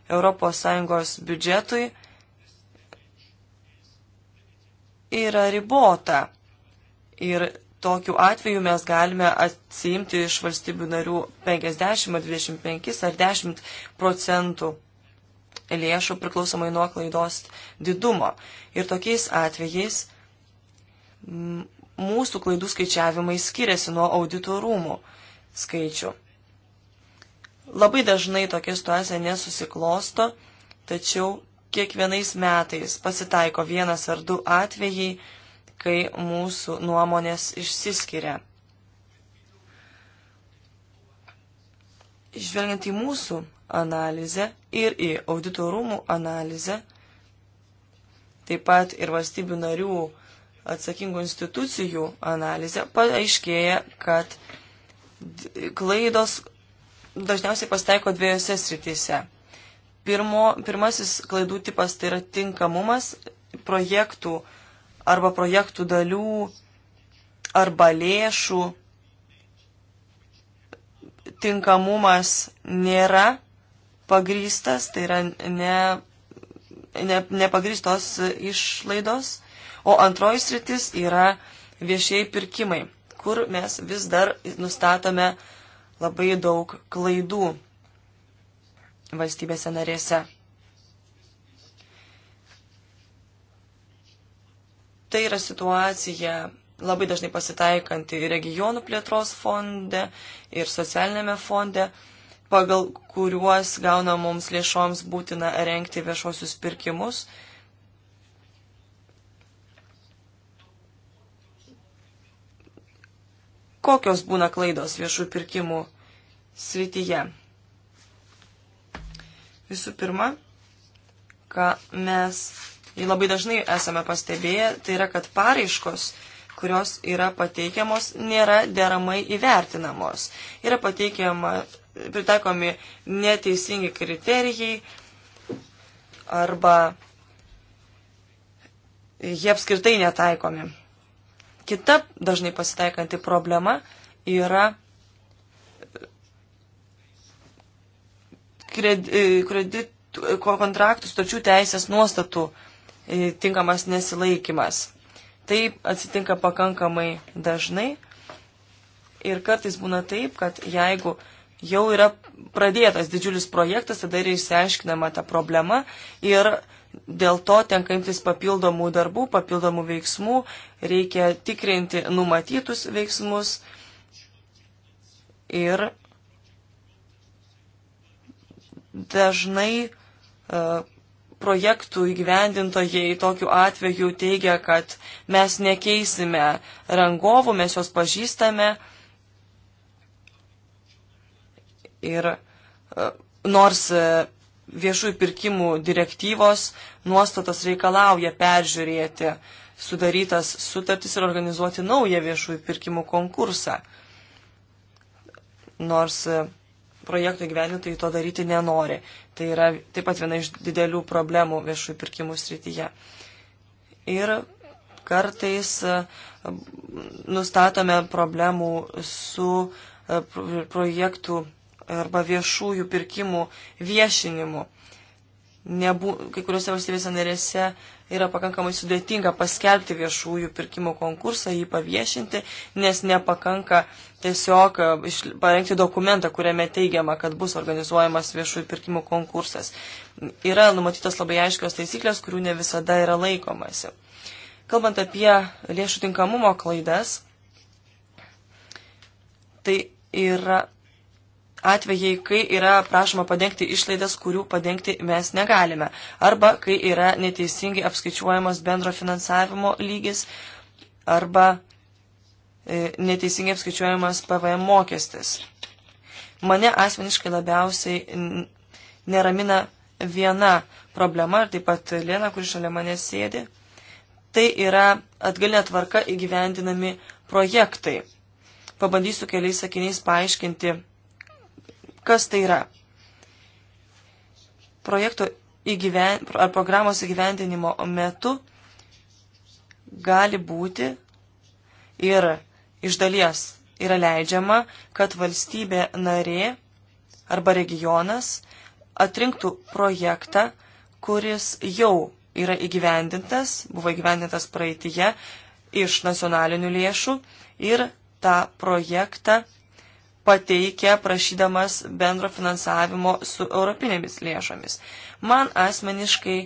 ES biudžetui yra ribota. Ir tokiu atveju mes galime atsiimti iš valstybių narių 50, 25 ar 10 procentų lėšų priklausomai nuo klaidos didumo. Ir tokiais atvejais mūsų klaidų skaičiavimai skiriasi nuo auditorumų skaičių. Labai dažnai tokia situacija nesusiklosto, tačiau kiekvienais metais pasitaiko vienas ar du atvejai, kai mūsų nuomonės išsiskiria. Žvelgiant į mūsų analizę ir į auditorumų analizę, taip pat ir valstybių narių atsakingų institucijų analizę, paaiškėja, kad klaidos dažniausiai pasitaiko dviejose srityse Pirmo, pirmasis klaidų tipas tai yra tinkamumas projektų arba projektų dalių arba lėšų tinkamumas nėra pagrystas, tai yra ne, ne, nepagrystos išlaidos. O antroji sritis yra viešieji pirkimai, kur mes vis dar nustatome labai daug klaidų valstybėse narėse. Tai yra situacija labai dažnai pasitaikanti ir regionų plėtros fonde, ir socialinėme fonde, pagal kuriuos gauna mums lėšoms būtina renkti viešuosius pirkimus. Kokios būna klaidos viešų pirkimų srityje? Visų pirma, ką mes labai dažnai esame pastebėję, tai yra, kad paraiškos, kurios yra pateikiamos, nėra deramai įvertinamos. Yra pateikiama, pritaikomi neteisingi kriterijai arba jie apskritai netaikomi. Kita dažnai pasitaikanti problema yra E, kredit, kontraktų stočių teisės nuostatų e, tinkamas nesilaikimas. Tai atsitinka pakankamai dažnai ir kartais būna taip, kad jeigu jau yra pradėtas didžiulis projektas, tada yra išsiaiškinama ta problema ir dėl to tenka imtis papildomų darbų, papildomų veiksmų, reikia tikrinti numatytus veiksmus ir Dažnai e, projektų įgyvendintojai tokiu atveju teigia, kad mes nekeisime rangovų, mes juos pažįstame. Ir e, nors e, viešųjų pirkimų direktyvos nuostatas reikalauja peržiūrėti sudarytas sutartis ir organizuoti naują viešųjų pirkimų konkursą. Nors projektų gyvenintojai to daryti nenori. Tai yra taip pat viena iš didelių problemų viešųjų pirkimų srityje. Ir kartais e, nustatome problemų su e, projektų arba viešųjų pirkimų viešinimu nebu, kai kuriuose valstybėse narėse yra pakankamai sudėtinga paskelbti viešųjų pirkimų konkursą, jį paviešinti, nes nepakanka tiesiog e, parengti dokumentą, kuriame teigiama, kad bus organizuojamas viešųjų pirkimų konkursas. Yra numatytos labai aiškios taisyklės, kurių ne visada yra laikomasi. Kalbant apie lėšų tinkamumo klaidas, tai yra atvejai, kai yra prašoma padengti išlaidas, kurių padengti mes negalime, arba kai yra neteisingai apskaičiuojamas bendro finansavimo lygis, arba e, neteisingai apskaičiuojamas PVM mokestis. Mane asmeniškai labiausiai neramina viena problema, ir taip pat Lena, kuri šalia manęs sėdi, tai yra atgalinė tvarka įgyvendinami projektai. Pabandysiu keliais sakiniais paaiškinti Kas tai yra? Projekto įgyven, ar programos įgyvendinimo metu gali būti ir iš dalies yra leidžiama, kad valstybė narė arba regionas atrinktų projektą, kuris jau yra įgyvendintas, buvo įgyvendintas praeitie iš nacionalinių lėšų ir tą projektą pateikia prašydamas bendro finansavimo su europinėmis lėšomis. Man asmeniškai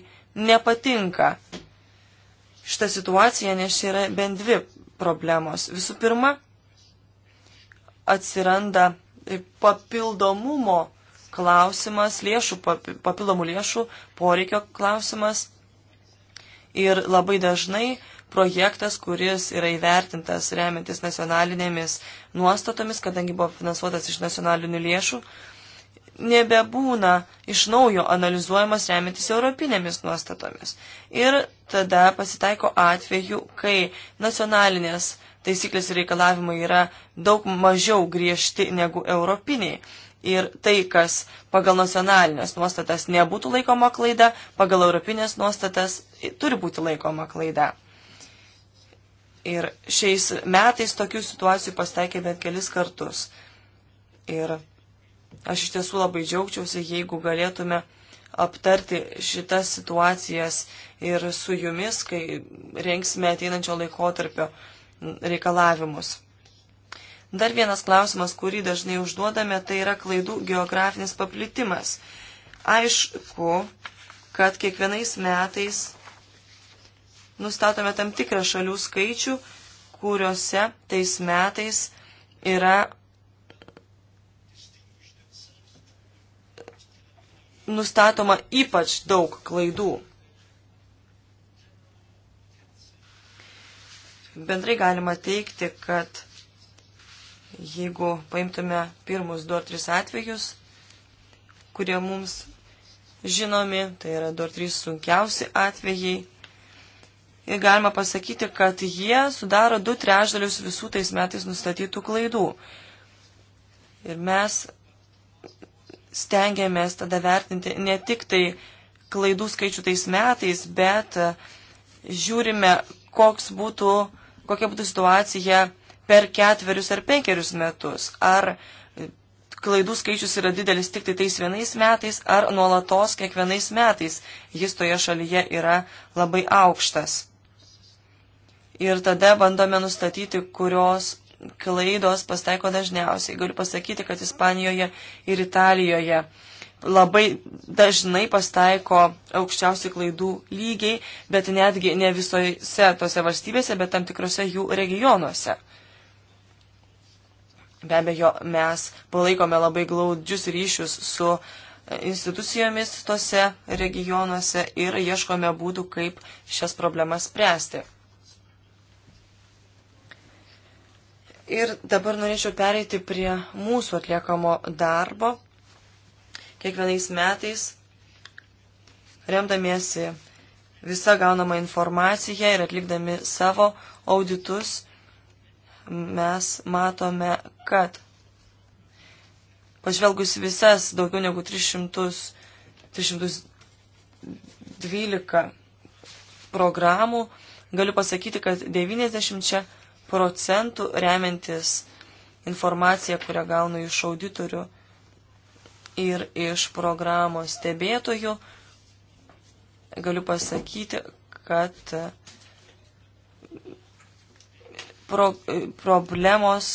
nepatinka šitą situaciją, nes čia yra bent dvi problemos. Visų pirma, atsiranda papildomumo klausimas, lėšų, papildomų lėšų poreikio klausimas ir labai dažnai projektas, kuris yra įvertintas remiantis nacionalinėmis nuostatomis, kadangi buvo finansuotas iš nacionalinių lėšų, nebebūna iš naujo analizuojamas remiantis europinėmis nuostatomis. Ir tada pasitaiko atveju, kai nacionalinės taisyklės ir reikalavimai yra daug mažiau griežti negu europiniai. Ir tai, kas pagal nacionalinės nuostatas nebūtų laikoma klaida, pagal europinės nuostatas turi būti laikoma klaida. Ir šiais metais tokių situacijų pasitaikė bent kelis kartus. Ir aš iš tiesų labai džiaugčiausi, jeigu galėtume aptarti šitas situacijas ir su jumis, kai rengsime ateinančio laikotarpio reikalavimus. Dar vienas klausimas, kurį dažnai užduodame, tai yra klaidų geografinis paplitimas. Aišku, kad kiekvienais metais nustatome tam tikrą šalių skaičių, kuriuose tais metais yra nustatoma ypač daug klaidų. Bendrai galima teikti, kad jeigu paimtume pirmus du ar tris atvejus, kurie mums žinomi, tai yra du ar trys sunkiausi atvejai, ir galima pasakyti, kad jie sudaro du trešdalius visų tais metais nustatytų klaidų. Ir mes stengiamės tada vertinti ne tik tai klaidų skaičių tais metais, bet e, žiūrime, koks būtų, kokia būtų situacija per ketverius ar penkerius metus. Ar klaidų skaičius yra didelis tik tai tais vienais metais, ar nuolatos kiekvienais metais jis toje šalyje yra labai aukštas ir tada bandome nustatyti, kurios klaidos pastaiko dažniausiai. Galiu pasakyti, kad Ispanijoje ir Italijoje labai dažnai pastaiko aukščiausi klaidų lygiai, bet netgi ne visose tose valstybėse, bet tam tikrose jų regionuose. Be abejo, mes palaikome labai glaudžius ryšius su institucijomis tose regionuose ir ieškome būdų, kaip šias problemas spręsti. Ir dabar norėčiau pereiti prie mūsų atliekamo darbo. Kiekvienais metais, remdamiesi visą gaunamą informaciją ir atlikdami savo auditus, mes matome, kad pažvelgus visas daugiau negu 300, 312 programų, galiu pasakyti, kad 90 čia procentų remiantis informaciją, kurią gaunu iš auditorių ir iš programos stebėtojų, galiu pasakyti, kad e, pro, e, problemos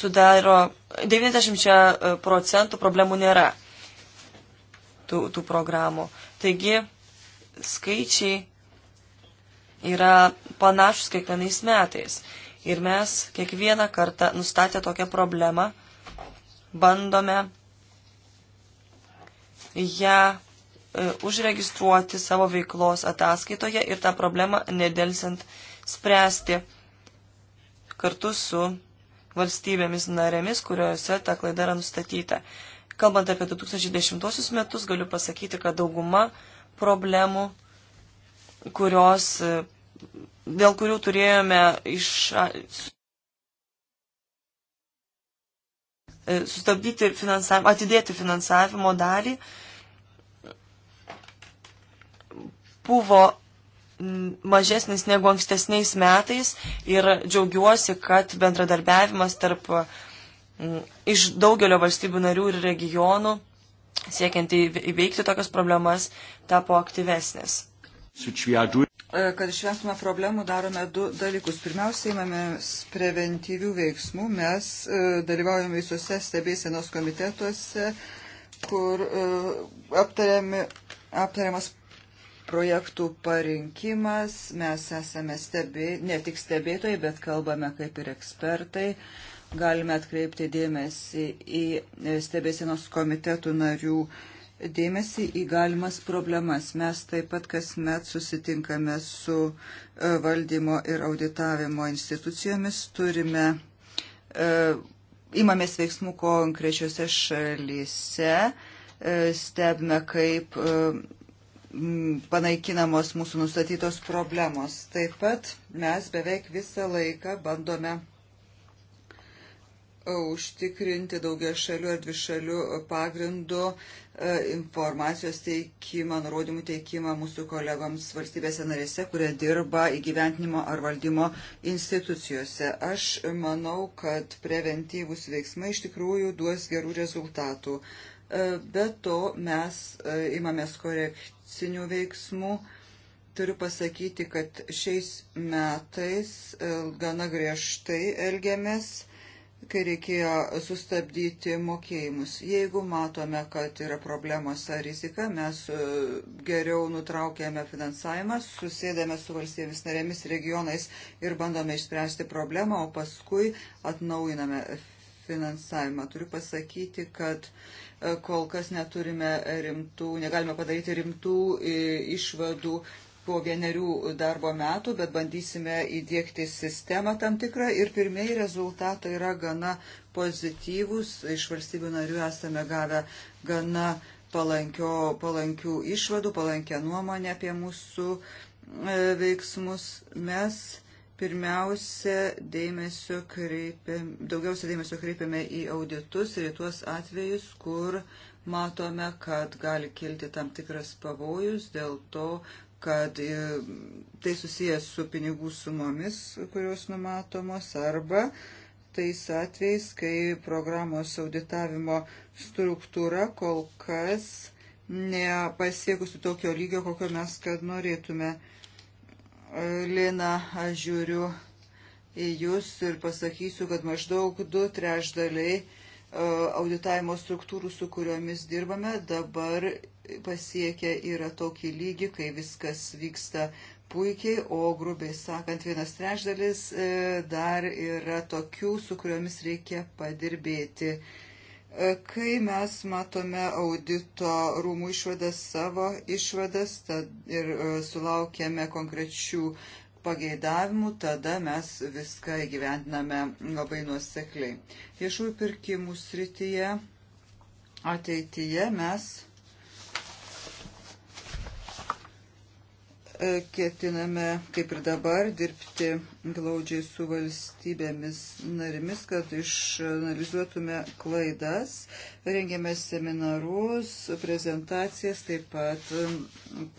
sudaro 90 e, procentų problemų nėra tų, tų programų. Taigi skaičiai yra panašus kiekvienais metais. Ir mes kiekvieną kartą nustatę tokią problemą, bandome ją e, užregistruoti savo veiklos ataskaitoje ir tą problemą nedelsiant spręsti kartu su valstybėmis narėmis, kuriuose ta klaida yra nustatyta. Kalbant apie 2010 metus, galiu pasakyti, kad dauguma problemų kurios, e, dėl kurių turėjome iš, e, sustabdyti finansavimą, atidėti finansavimo dalį, buvo mažesnis negu ankstesniais metais ir džiaugiuosi, kad bendradarbiavimas tarp iš daugelio valstybių narių ir regionų siekiant įveikti tokias problemas tapo aktyvesnis. E, kad išvengtume problemų, darome du dalykus. Pirmiausia, imamės preventyvių veiksmų. Mes e, dalyvaujame visose stebėsienos komitetuose, kur e, aptariami, aptariamas projektų parinkimas. Mes esame stebė, ne tik stebėtojai, bet kalbame kaip ir ekspertai. Galime atkreipti dėmesį į stebėsienos komitetų narių uh, dėmesį į galimas problemas. Mes taip pat kasmet susitinkame su e, valdymo ir auditavimo institucijomis, turime, e, imamės veiksmų konkrečiose šalyse, e, stebime, kaip e, panaikinamos mūsų nustatytos problemos. Taip pat mes beveik visą laiką bandome užtikrinti daugia šalių ar dvišalių pagrindų e, informacijos teikimą, nurodymų teikimą mūsų kolegoms valstybėse narėse, kurie dirba įgyventinimo ar valdymo institucijose. Aš manau, kad preventyvus veiksmai iš tikrųjų duos gerų rezultatų. E, be to mes e, imamės korekcinių veiksmų turiu pasakyti, kad šiais metais gana griežtai elgiamės kai reikėjo sustabdyti mokėjimus. Jeigu matome, kad yra problemos ar rizika, mes e, geriau nutraukėme finansavimą, susėdame su valstybėmis narėmis regionais ir bandome išspręsti problemą, o paskui atnaujiname finansavimą. Turiu pasakyti, kad e, kol kas neturime rimtų, negalime padaryti rimtų e, išvadų po vienerių darbo metų, bet bandysime įdėkti sistemą tam tikrą ir pirmieji rezultatai yra gana pozityvūs. Iš valstybių narių esame gavę gana palankio, palankių išvadų, palankę nuomonę apie mūsų e, veiksmus. Mes pirmiausia dėmesio kreipiam, daugiausia dėmesio kreipiame į auditus ir į tuos atvejus, kur matome, kad gali kilti tam tikras pavojus, dėl to kad e, tai susijęs su pinigų sumomis, kurios numatomos, arba tais atvejais, kai programos auditavimo struktūra kol kas nepasiekusi tokio lygio, kokio mes kad norėtume. E, Lina, aš žiūriu į jūs ir pasakysiu, kad maždaug du trešdaliai e, auditavimo struktūrų, su kuriomis dirbame, dabar pasiekę yra tokį lygį, kai viskas vyksta puikiai, o grubiai sakant, vienas trečdalis e, dar yra tokių, su kuriomis reikia padirbėti. E, kai mes matome audito rūmų išvadas, savo išvadas ir e, sulaukėme konkrečių pageidavimų, tada mes viską įgyvendiname labai nuosekliai. Viešųjų pirkimų srityje ateityje mes ketiname, kaip ir dabar, dirbti glaudžiai su valstybėmis narimis, kad išanalizuotume klaidas. Rengėme seminarus, prezentacijas, taip pat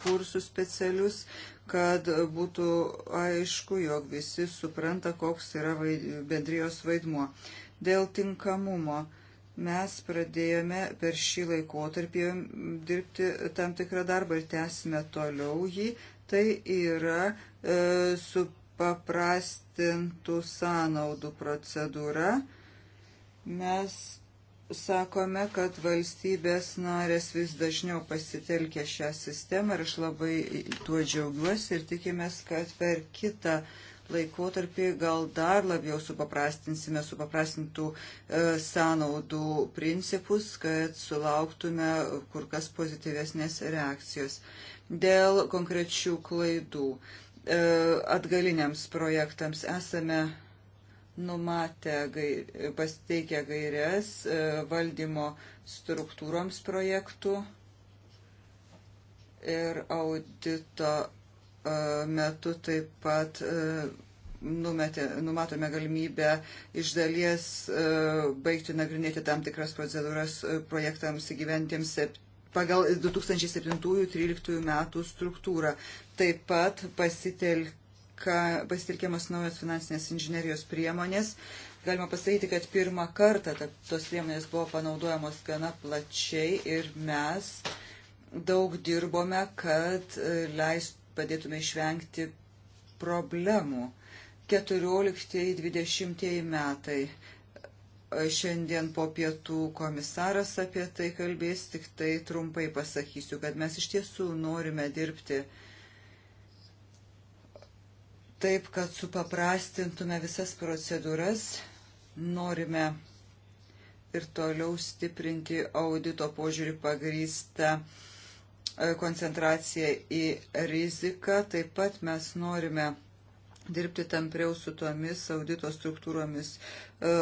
kursus specialius, kad būtų aišku, jog visi supranta, koks yra vaid... bendrijos vaidmuo. Dėl tinkamumo mes pradėjome per šį laikotarpį dirbti tam tikrą darbą ir tęsime toliau jį tai yra e, supaprastintų sąnaudų procedūra. Mes sakome, kad valstybės narės vis dažniau pasitelkia šią sistemą ir aš labai tuo džiaugiuosi ir tikimės, kad per kitą laikotarpį gal dar labiau supaprastinsime, supaprastintų e, sąnaudų principus, kad sulauktume kur kas pozityvesnės reakcijos. E, dėl konkrečių klaidų. E, atgaliniams projektams esame numatę, pasteikę gairias e, valdymo struktūroms projektų ir audito e, metu taip pat numetė, numatome galimybę iš dalies baigti nagrinėti tam tikras procedūras projektams įgyventiems septyniams pagal 2007-2013 metų struktūrą. Taip pat pasitelkiamas naujos finansinės inžinerijos priemonės. Galima pasakyti, kad pirmą kartą tos priemonės buvo panaudojamos gana plačiai ir mes daug dirbome, kad e, leist, padėtume išvengti problemų. 14-20 metai Šiandien po pietų komisaras apie tai kalbės, tik tai trumpai pasakysiu, kad mes iš tiesų norime dirbti taip, kad supaprastintume visas procedūras, norime ir toliau stiprinti audito požiūrį pagrįstą e, koncentraciją į riziką. Taip pat mes norime dirbti tampriau su tomis audito struktūromis, e,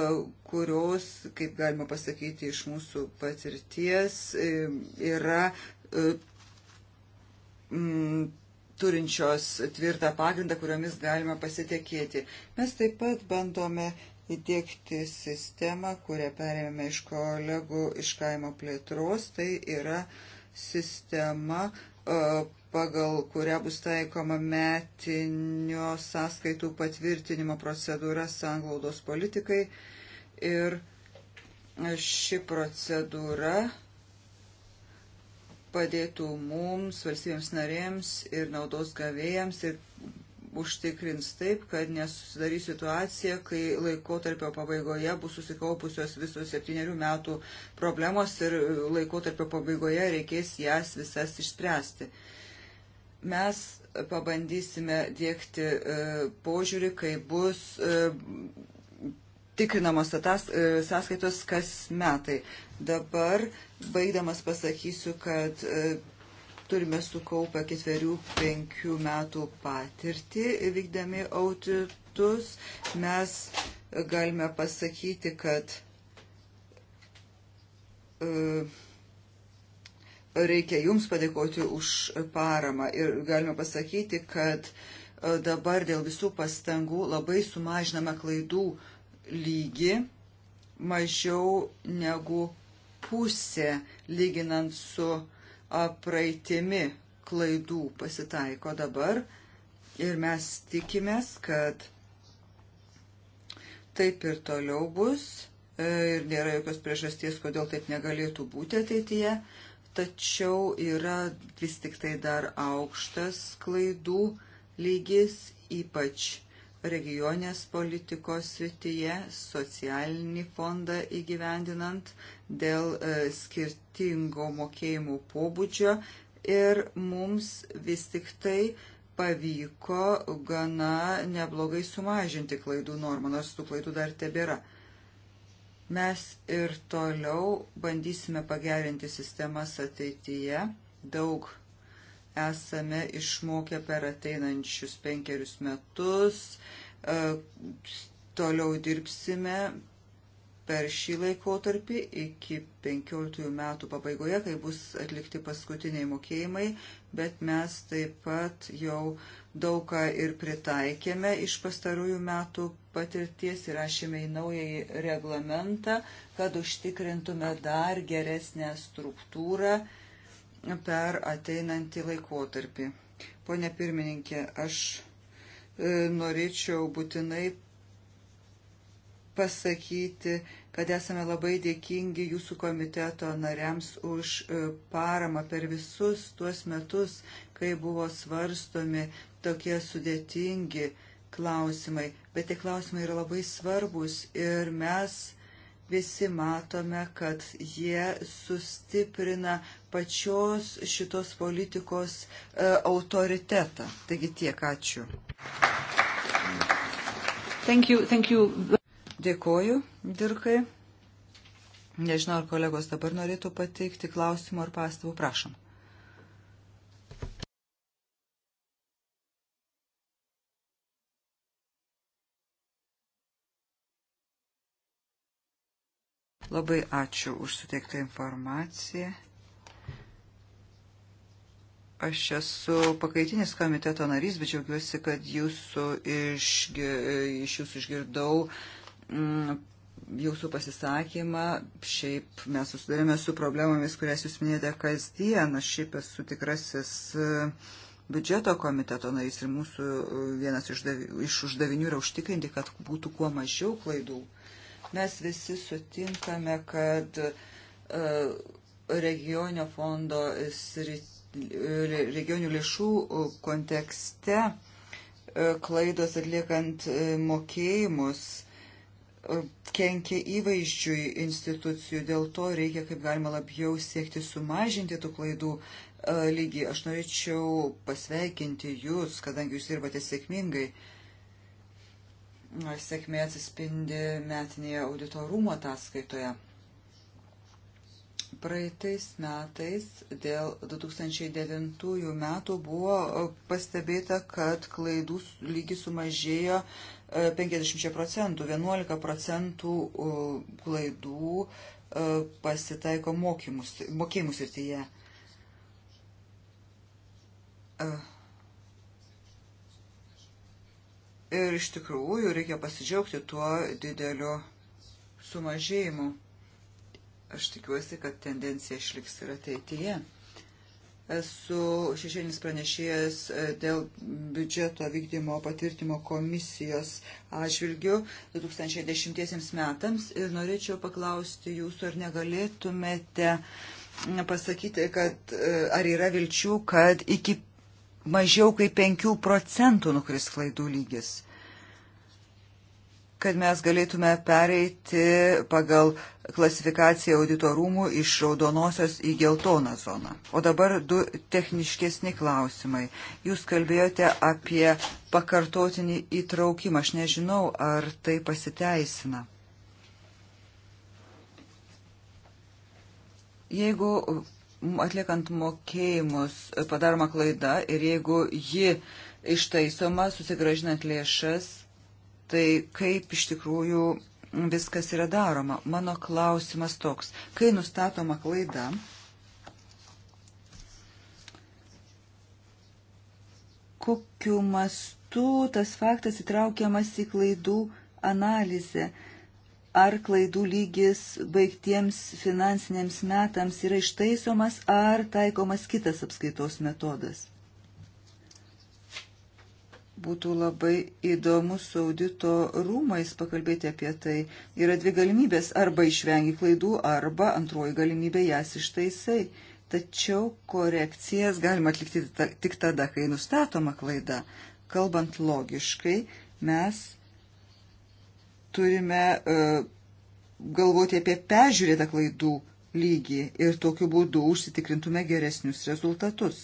kurios, kaip galima pasakyti, iš mūsų patirties e, yra e, turinčios tvirtą pagrindą, kuriomis galima pasitekėti. Mes taip pat bandome įdėkti sistemą, kurią perėmėme iš kolegų iš kaimo plėtros. Tai yra sistema pagal kurią bus taikoma metinio sąskaitų patvirtinimo procedūra sanglaudos politikai. Ir ši procedūra padėtų mums, valstybėms narėms ir naudos gavėjams ir užtikrins taip, kad nesusidarys situacija, kai laikotarpio pabaigoje bus susikaupusios visos septyniarių metų problemos ir laikotarpio pabaigoje reikės jas visas išspręsti. Mes pabandysime dėkti e, požiūrį, kai bus e, tikrinamos atas, e, sąskaitos kas metai. Dabar, baigdamas, pasakysiu, kad turime sukaupę ketverių, penkių metų patirtį vykdami auditus. Mes galime pasakyti, kad uh, reikia Jums padėkoti už paramą ir galime pasakyti, kad e, dabar dėl visų pastangų labai sumažiname klaidų lygį mažiau negu pusė lyginant su praeitimi klaidų pasitaiko dabar ir mes tikimės, kad taip ir toliau bus e, ir nėra jokios priežasties, kodėl taip negalėtų būti ateityje tačiau yra vis tik tai dar aukštas klaidų lygis, ypač regionės politikos srityje, socialinį fondą įgyvendinant dėl e, skirtingo mokėjimų pobūdžio ir mums vis tik tai pavyko gana neblogai sumažinti klaidų normą, nors tų klaidų dar tebėra. Mes ir toliau bandysime pagerinti sistemas ateityje. Daug esame išmokę per ateinančius penkerius metus. E, toliau dirbsime per šį laikotarpį iki 15 metų pabaigoje, kai bus atlikti paskutiniai mokėjimai, bet mes taip pat jau uh, daug ką ir pritaikėme iš pastarųjų metų patirties ir rašėme į naująjį reglamentą, kad užtikrintume dar geresnę struktūrą per ateinantį laikotarpį. Pone pirmininkė, aš e, norėčiau būtinai pasakyti, kad esame labai dėkingi jūsų komiteto nariams už e, paramą per visus tuos metus, kai buvo svarstomi tokie sudėtingi klausimai, bet tie klausimai yra labai svarbus ir mes visi matome, kad jie sustiprina pačios šitos politikos e, autoritetą. Taigi tiek, ačiū. Thank you, thank you. Dėkoju, Dirkai. Nežinau, ar kolegos dabar norėtų pateikti klausimų ar pastabų. Prašom. Labai ačiū už suteiktą informaciją. Aš esu pakaitinis komiteto narys, bet džiaugiuosi, kad jūsų išgi, iš jūsų išgirdau mm, jūsų pasisakymą. Šiaip mes susidarėme su problemomis, kurias jūs minėjote kasdien. Aš šiaip esu tikrasis e, biudžeto komiteto narys ir mūsų e, vienas iš, davi, iš uždavinių yra užtikrinti, kad būtų kuo mažiau klaidų. Mes visi sutinkame, kad e, regioninio fondo regionių lėšų kontekste e, klaidos atliekant e, mokėjimus kenkia įvaizdžiui institucijų, dėl to reikia kaip galima labiau siekti sumažinti tų klaidų lygį. Aš norėčiau pasveikinti Jūs, kadangi Jūs dirbate sėkmingai. Uh, sėkmė atsispindi metinėje auditorumo ataskaitoje. Praeitais metais dėl 2009 metų buvo e, pastebėta, kad klaidų lygis sumažėjo 50 e, procentų, 11 procentų e, klaidų pasitaiko mokymus, mokymus ir tie. Uh Ir iš tikrųjų reikia pasidžiaugti tuo dideliu sumažėjimu. Aš tikiuosi, kad tendencija išliks ir ateityje. Esu šešėlinis pranešėjas e, dėl biudžeto vykdymo patvirtimo komisijos atžvilgių 2010 metams ir norėčiau paklausti jūsų, ar negalėtumėte pasakyti, kad e, ar yra vilčių, kad iki mažiau kaip 5 procentų nukris klaidų lygis kad mes galėtume pereiti pagal klasifikaciją auditorumų iš raudonosios į geltoną zoną. O dabar du techniškesni klausimai. Jūs kalbėjote apie pakartotinį įtraukimą. Aš nežinau, ar tai pasiteisina. Jeigu atliekant mokėjimus e, padaroma klaida ir jeigu ji ištaisoma, susigražinant lėšas, tai kaip iš tikrųjų viskas yra daroma. Mano klausimas toks. Kai nustatoma klaida, kokiu mastu tas faktas įtraukiamas į klaidų analizę? ar klaidų lygis baigtiems finansiniams metams yra ištaisomas, ar taikomas kitas apskaitos metodas. Būtų labai įdomu su audito rūmais pakalbėti apie tai. Yra dvi galimybės - arba išvengi klaidų, arba antroji galimybė jas ištaisai. Tačiau korekcijas galima atlikti tik tada, kai nustatoma klaida. Kalbant logiškai, mes turime e, galvoti apie peržiūrėtą klaidų lygį ir tokiu būdu užsitikrintume geresnius rezultatus.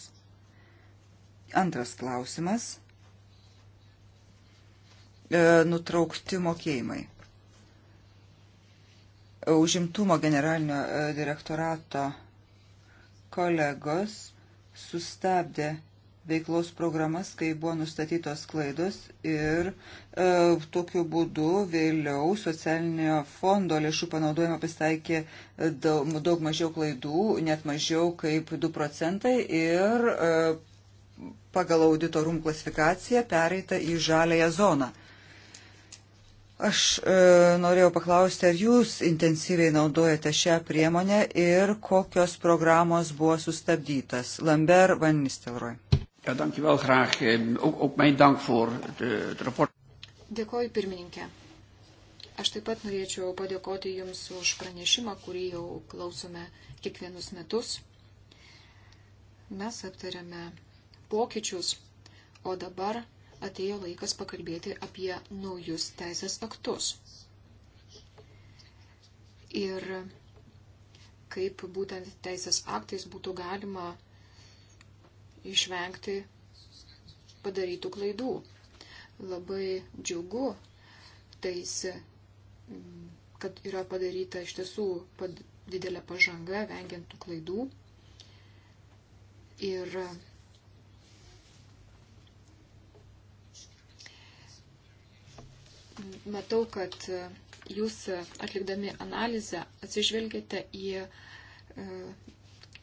Antras klausimas. E, nutraukti mokėjimai. Užimtumo generalinio e, direktorato kolegos sustabdė veiklos programas, kai buvo nustatytos klaidos ir e, tokiu būdu vėliau socialinio fondo lėšų panaudojimo pasitaikė e, daug, daug mažiau klaidų, net mažiau kaip 2 procentai ir e, pagal auditorum klasifikaciją pereita į žalėją zoną. Aš e, norėjau paklausti, ar jūs intensyviai naudojate šią priemonę ir kokios programos buvo sustabdytas. Lambert Van Nistelrooy. Ja, dankjewel graag. Ook, ook mijn dank voor het rapport. Dėkoju pirmininkė. Aš taip pat norėčiau padėkoti Jums už pranešimą, kurį jau klausome kiekvienus metus. Mes aptarėme pokyčius, o dabar atėjo laikas pakalbėti apie naujus teisės aktus. Ir kaip būtent teisės aktais būtų galima uh, išvengti padarytų klaidų. Labai džiugu tais, mm, kad yra padaryta iš tiesų pad, didelė pažanga, vengiant tų klaidų. Ir mm, matau, kad jūs atlikdami analizę atsižvelgėte į e,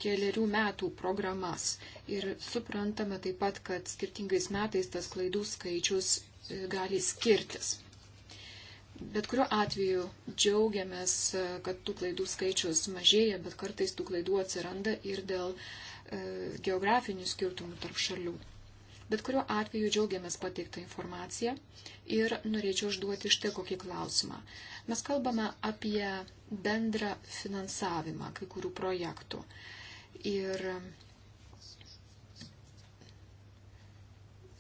keliarių metų programas. Ir suprantame taip pat, kad skirtingais metais tas klaidų skaičius e, gali skirtis. Bet kuriuo atveju džiaugiamės, e, kad tų klaidų skaičius mažėja, bet kartais tų klaidų atsiranda ir dėl e, geografinių skirtumų tarp šalių. Bet kuriuo atveju džiaugiamės pateiktą informaciją ir norėčiau užduoti štai kokį klausimą. Mes kalbame apie bendrą finansavimą kai kurių projektų ir um,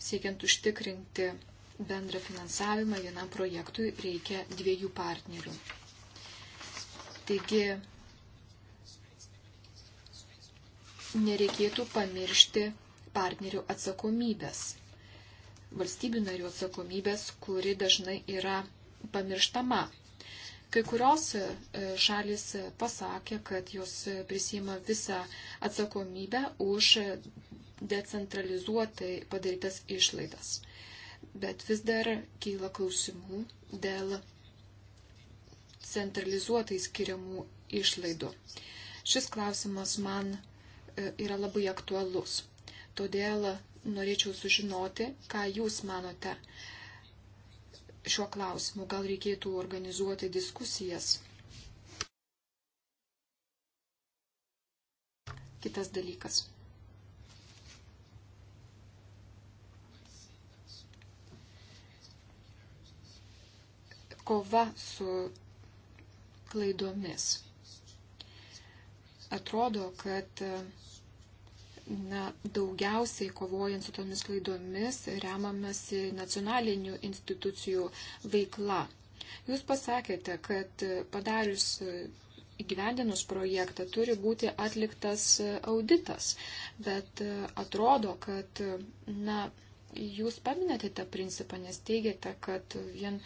siekiant užtikrinti bendrą finansavimą vienam projektui reikia dviejų partnerių. Taigi nereikėtų pamiršti partnerių atsakomybės, valstybių narių atsakomybės, kuri dažnai yra pamirštama Kai kurios e, šalis e, pasakė, kad jos e, prisima visą atsakomybę už decentralizuotai padarytas išlaidas. Bet vis dar kyla klausimų dėl centralizuotai skiriamų išlaidų. Šis klausimas man yra labai aktualus. Todėl norėčiau sužinoti, ką Jūs manote šiuo klausimu. Gal reikėtų organizuoti diskusijas. Kitas dalykas. Kova su klaidomis. Atrodo, kad na, daugiausiai kovojant su tomis klaidomis remamasi nacionalinių institucijų veikla. Jūs pasakėte, kad padarius įgyvendinus projektą turi būti atliktas auditas, bet atrodo, kad na, jūs paminėte tą principą, nes teigiate, kad vien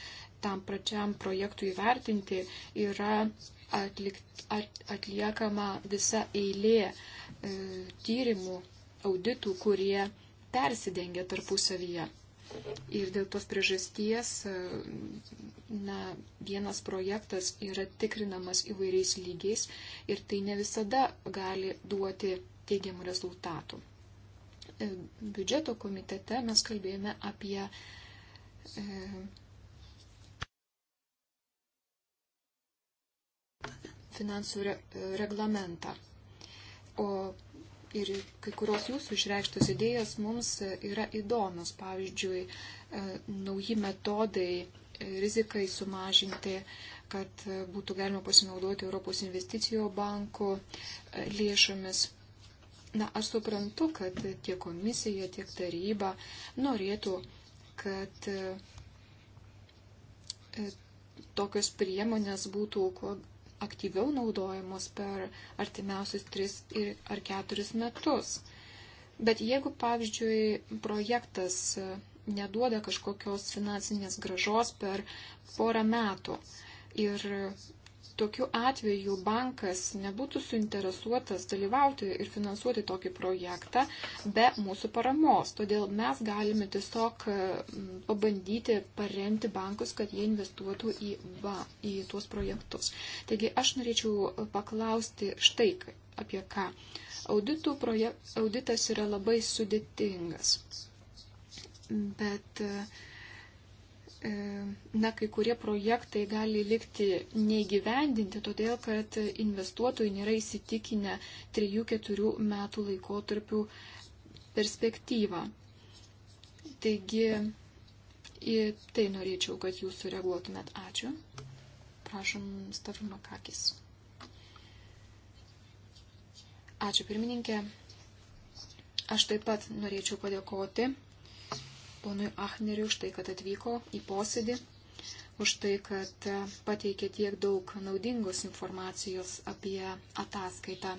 tam pačiam projektui vertinti yra atlikt, at, atliekama visa eilė e, tyrimų, auditų, kurie persidengia tarpusavyje. Ir dėl tos priežasties e, na, vienas projektas yra tikrinamas įvairiais lygiais ir tai ne visada gali duoti teigiamų rezultatų. E, biudžeto komitete mes kalbėjome apie e, finansų re, reglamentą. O ir kai kurios jūsų išreikštos idėjas mums yra įdomios. Pavyzdžiui, e, nauji metodai e, rizikai sumažinti, kad e, būtų galima pasinaudoti Europos investicijo banko lėšomis. Na, aš suprantu, kad tiek komisija, tiek taryba norėtų, kad tokios priemonės būtų aktyviau naudojamos per artimiausius 3 ar 4 metus. Bet jeigu, pavyzdžiui, projektas e, neduoda kažkokios finansinės gražos per porą metų ir tokiu atveju bankas nebūtų suinteresuotas dalyvauti ir finansuoti tokį projektą be mūsų paramos. Todėl mes galime tiesiog mm, pabandyti paremti bankus, kad jie investuotų į, va, į tuos projektus. Taigi aš norėčiau paklausti štai apie ką. Auditų projek... Auditas yra labai sudėtingas. Bet uh, E, na, kai kurie projektai gali likti neįgyvendinti, todėl kad investuotojai nėra įsitikinę 3-4 metų laikotarpių perspektyvą. Taigi, į tai norėčiau, kad jūs sureaguotumėt. Ačiū. Prašom, Stavrumakakis. Ačiū pirmininkė. Aš taip pat norėčiau padėkoti ponui Achneriui už tai, kad atvyko į posėdį, už tai, kad e, pateikė tiek daug naudingos informacijos apie ataskaitą.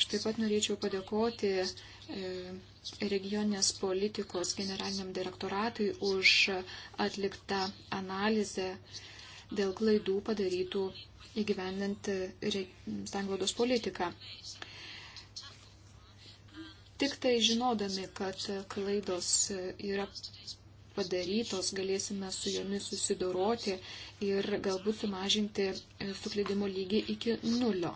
Aš taip pat norėčiau padėkoti e, regioninės politikos generaliniam direktoratui už atliktą analizę dėl klaidų padarytų įgyvendinti sanglaudos politiką. Tik tai žinodami, kad klaidos yra padarytos, galėsime su jomis susidoroti ir galbūt sumažinti suklydimo lygį iki nulio.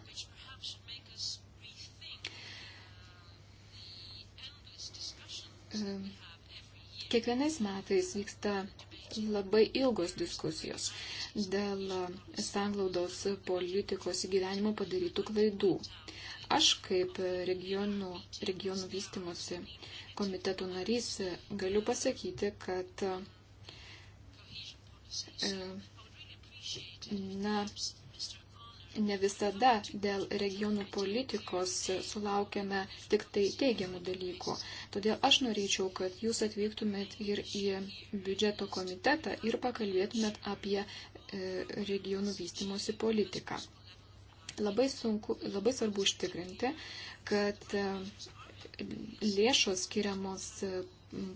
Kiekvienais metais vyksta labai ilgos diskusijos dėl sanglaudos politikos įgyvenimo padarytų klaidų. Aš kaip regionų, regionų vystimosi komiteto narys galiu pasakyti, kad e, na, ne visada dėl regionų politikos sulaukiame tik tai teigiamų dalykų. Todėl aš norėčiau, kad jūs atvyktumėt ir į biudžeto komitetą ir pakalbėtumėt apie e, regionų vystimosi politiką. Labai, sunku, labai svarbu užtikrinti, kad e, lėšos skiriamos e,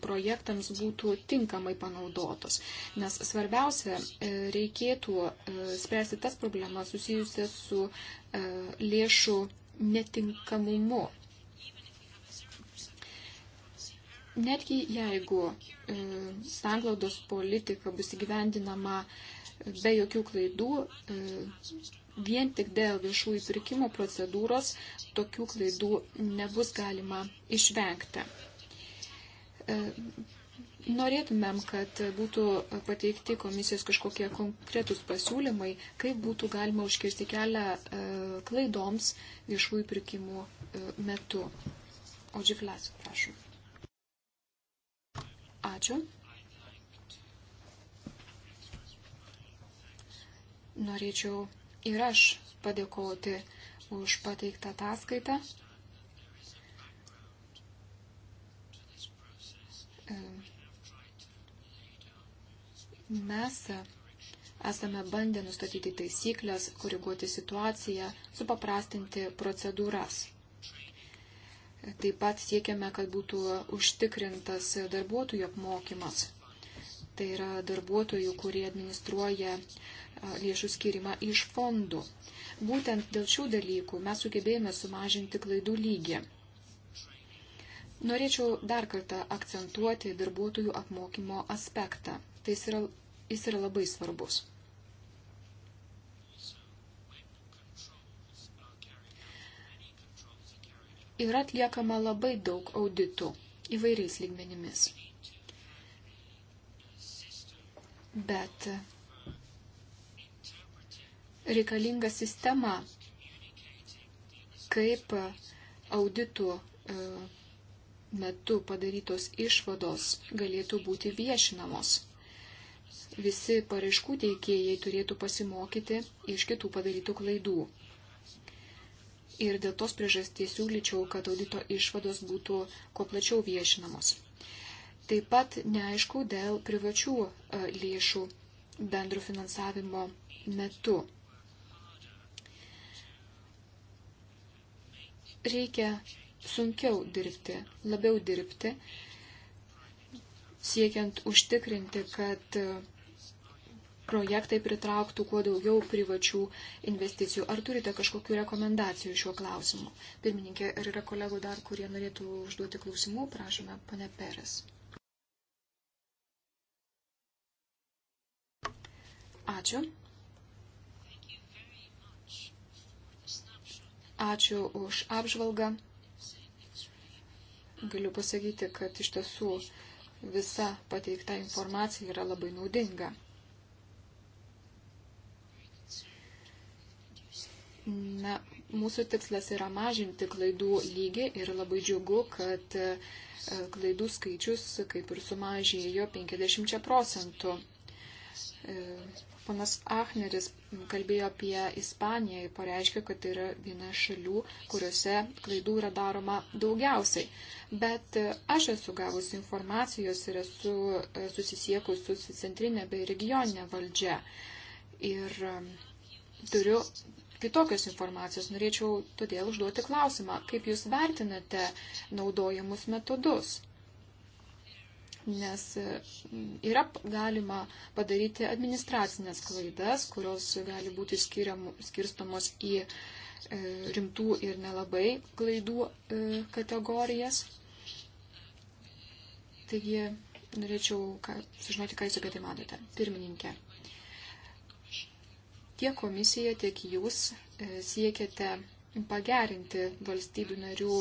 projektams būtų tinkamai panaudotos. Nes svarbiausia, e, reikėtų spręsti tas problemas susijusias su lėšų netinkamumu. Netgi jeigu sanglaudos politika bus įgyvendinama be jokių klaidų, vien tik dėl viešųjų pirkimų procedūros tokių klaidų nebus galima išvengti. E, norėtumėm, kad būtų pateikti komisijos kažkokie konkretūs pasiūlymai, kaip būtų galima užkirsti kelią e, klaidoms viešųjų pirkimų e, metu. O džiflas, prašom. Ačiū. Norėčiau ir aš padėkoti už pateiktą ataskaitą. Mes esame bandę nustatyti taisyklės, koriguoti situaciją, supaprastinti procedūras. Taip pat siekiame, kad būtų užtikrintas darbuotojų apmokymas. Tai yra darbuotojų, kurie administruoja uh, lėšų skirimą iš fondų. Būtent dėl šių dalykų mes sugebėjome sumažinti klaidų lygį. Norėčiau dar kartą akcentuoti darbuotojų apmokymo aspektą. Tai jis yra, jis yra labai svarbus. yra atliekama labai daug auditų įvairiais lygmenimis. Bet reikalinga sistema, kaip auditų e, metu padarytos išvados galėtų būti viešinamos. Visi paraiškų teikėjai turėtų pasimokyti iš kitų padarytų klaidų. Ir dėl tos priežasties siūlyčiau, kad audito išvados būtų kuo plačiau viešinamos. Taip pat neaišku dėl privačių e, lėšų bendro finansavimo metu. reikia sunkiau dirbti, labiau dirbti, siekiant užtikrinti, kad projektai pritrauktų kuo daugiau privačių investicijų. Ar turite kažkokių rekomendacijų šiuo klausimu? Pirmininkė, ar yra kolegų dar, kurie norėtų užduoti klausimų? Prašome, pane Peres. Ačiū. Ačiū už apžvalgą. Galiu pasakyti, kad iš tiesų visa pateikta informacija yra labai naudinga. Na, mūsų tikslas yra mažinti klaidų lygį ir labai džiugu, kad e, klaidų skaičius kaip ir sumažėjo 50 procentų. E, Panas Achneris kalbėjo apie Ispaniją ir pareiškė, kad tai yra viena šalių, kuriuose klaidų yra daroma daugiausiai. Bet aš esu gavusi informacijos ir esu e, susisiekus su centrinė bei regioninė valdžia. Ir e, turiu kitokios informacijos. Norėčiau todėl užduoti klausimą, kaip Jūs vertinate naudojamus metodus? nes e, yra galima padaryti administracinės klaidas, kurios gali būti skiriam, skirstamos į e, rimtų ir nelabai klaidų e, kategorijas. Taigi norėčiau ką, sužinoti, ką jūs apie tai manote. Pirmininkė, tiek komisija, tiek jūs siekiate pagerinti valstybių narių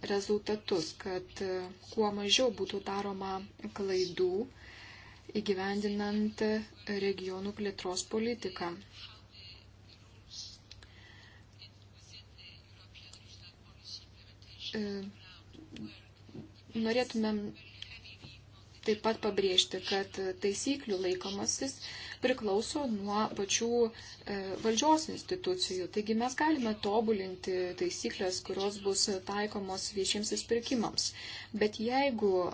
rezultatus, kad e, kuo mažiau būtų daroma klaidų įgyvendinant regionų plėtros politiką. E, norėtumėm taip pat pabrėžti, kad taisyklių laikomasis priklauso nuo pačių e, valdžios institucijų. Taigi mes galime tobulinti taisyklės, kurios bus taikomos viešiems įspirkimams. Bet jeigu e,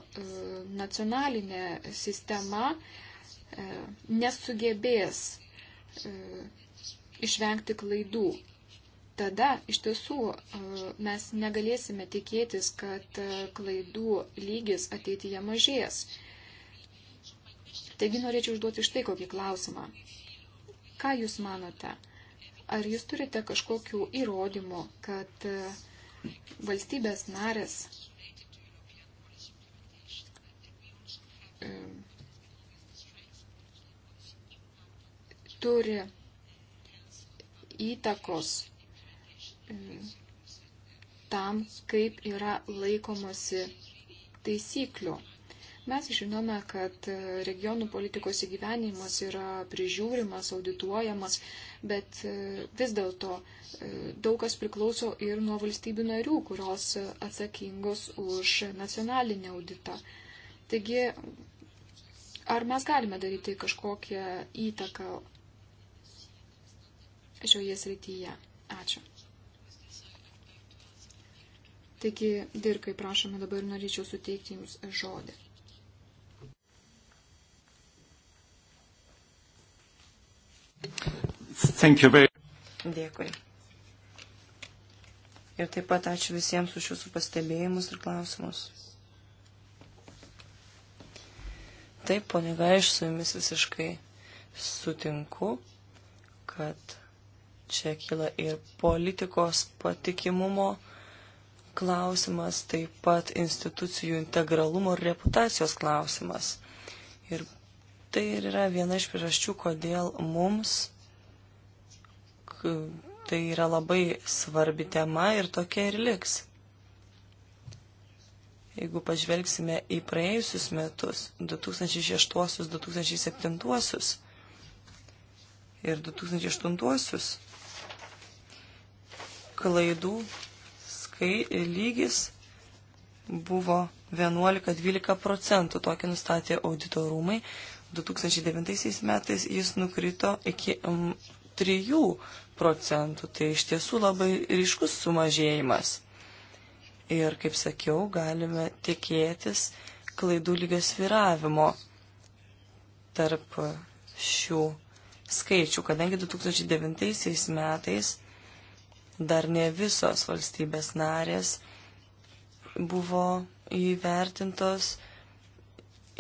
nacionalinė sistema e, nesugebės išvengti klaidų, tada iš tiesų mes negalėsime tikėtis, kad klaidų lygis ateityje mažės. Taigi norėčiau užduoti štai kokį klausimą. Ką Jūs manote? Ar Jūs turite kažkokių įrodymų, kad e, valstybės narės e, turi įtakos e, tam, kaip yra laikomasi taisyklių. Mes žinome, kad regionų politikos įgyvenimas yra prižiūrimas, audituojamas, bet e, vis dėlto e, daug kas priklauso ir nuo valstybių narių, kurios atsakingos už nacionalinį auditą. Taigi, ar mes galime daryti kažkokią įtaką šioje srityje? Ačiū. Taigi, dirkai, prašome, dabar norėčiau suteikti Jums žodį. Dėkui. Ir taip pat ačiū visiems už jūsų pastebėjimus ir klausimus. Taip, ponė Gaiš, su jumis visiškai sutinku, kad čia kyla ir politikos patikimumo klausimas, taip pat institucijų integralumo ir reputacijos klausimas. Ir Tai ir yra viena iš priežasčių, kodėl mums tai yra labai svarbi tema ir tokia ir liks. Jeigu pažvelgsime į praėjusius metus, 2006-2007 ir 2008, klaidų skai lygis buvo 11-12 procentų, tokį nustatė audito rūmai 2009 metais jis nukrito iki 3 mm, procentų. Tai iš tiesų labai ryškus sumažėjimas. Ir, kaip sakiau, galime tikėtis klaidų lygio sviravimo tarp šių skaičių, kadangi 2009 metais dar ne visos valstybės narės buvo įvertintos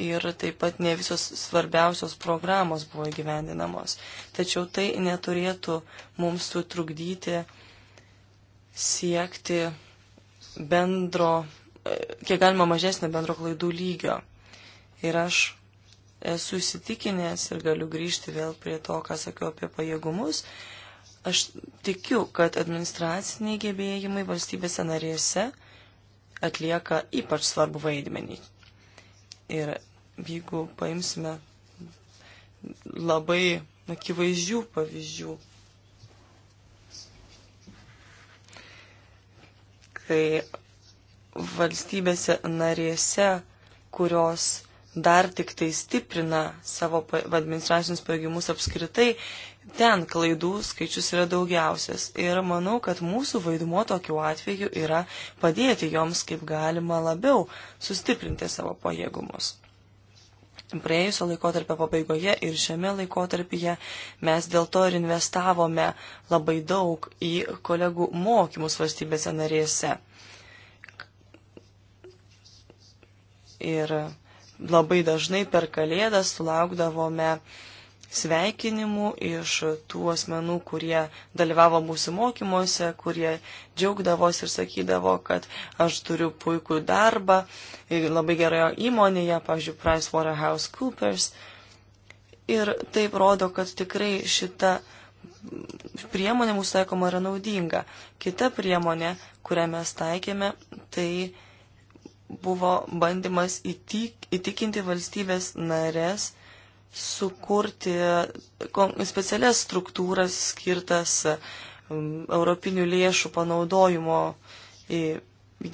ir taip pat ne visos svarbiausios programos buvo įgyvendinamos. Tačiau tai neturėtų mums sutrukdyti siekti bendro, e, kiek galima mažesnio bendro klaidų lygio. Ir aš esu įsitikinęs ir galiu grįžti vėl prie to, ką sakiau apie pajėgumus. Aš tikiu, kad administraciniai gebėjimai valstybėse narėse atlieka ypač svarbu vaidmenį. Ir jeigu paimsime labai akivaizdžių pavyzdžių, kai valstybėse narėse, kurios dar tik tai stiprina savo administracinius pajėgimus apskritai, ten klaidų skaičius yra daugiausias. Ir manau, kad mūsų vaidmuo tokiu atveju yra padėti joms kaip galima labiau sustiprinti savo pajėgumus praėjusio laikotarpio pabaigoje ir šiame laikotarpyje mes dėl to ir investavome labai daug į kolegų mokymus valstybėse narėse. Ir labai dažnai per kalėdas sulaukdavome uh, sveikinimų iš tų asmenų, kurie dalyvavo mūsų mokymuose, kurie džiaugdavos ir sakydavo, kad aš turiu puikų darbą labai geroje įmonėje, pavyzdžiui, PricewaterhouseCoopers. Ir tai rodo, kad tikrai šita priemonė mūsų taikoma yra naudinga. Kita priemonė, kurią mes taikėme, tai buvo bandymas įtik, įtikinti valstybės narės, sukurti specialias struktūras skirtas um, europinių lėšų panaudojimo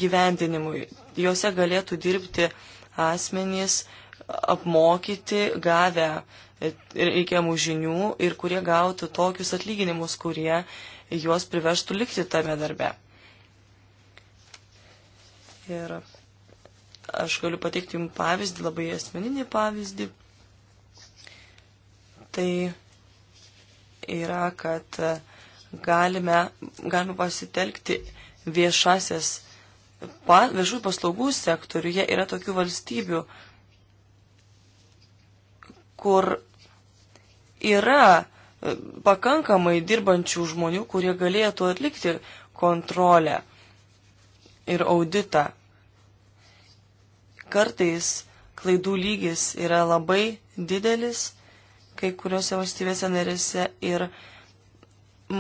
gyvendinimui. Jose galėtų dirbti asmenys apmokyti, gavę e, reikiamų žinių ir kurie gautų tokius atlyginimus, kurie juos priverstų likti tame darbe. Ir aš galiu pateikti jums pavyzdį, labai asmeninį pavyzdį tai yra, kad galime, galime pasitelkti viešasias, pa, viešųjų paslaugų sektoriuje yra tokių valstybių, kur yra pakankamai dirbančių žmonių, kurie galėtų atlikti kontrolę ir auditą. Kartais klaidų lygis yra labai didelis kai kuriuose valstybėse narėse ir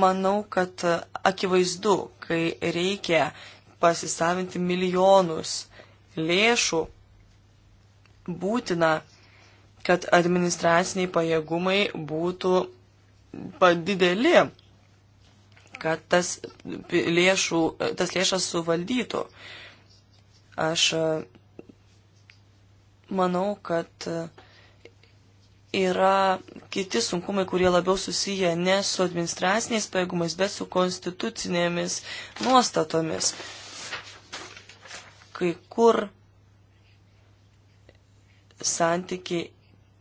manau, kad akivaizdu, kai reikia pasisavinti milijonus lėšų, būtina, kad administraciniai pajėgumai būtų padideli, kad tas, lėšų, tas lėšas suvaldytų. Aš manau, kad yra kiti sunkumai, kurie labiau susiję ne su administraciniais pajėgumais, bet su konstitucinėmis nuostatomis. Kai kur santykiai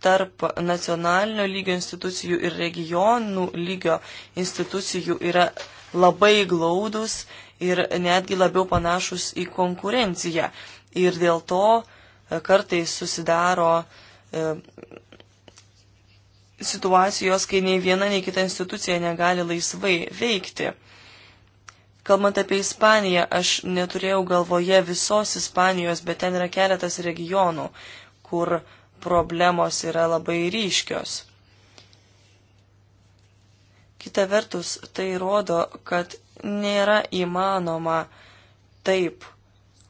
tarp nacionalinio lygio institucijų ir regionų lygio institucijų yra labai glaudus ir netgi labiau panašus į konkurenciją. Ir dėl to kartais susidaro e, situacijos, kai nei viena, nei kita institucija negali laisvai veikti. Kalbant apie Ispaniją, aš neturėjau galvoje visos Ispanijos, bet ten yra keletas regionų, kur problemos yra labai ryškios. Kita vertus, tai rodo, kad nėra įmanoma taip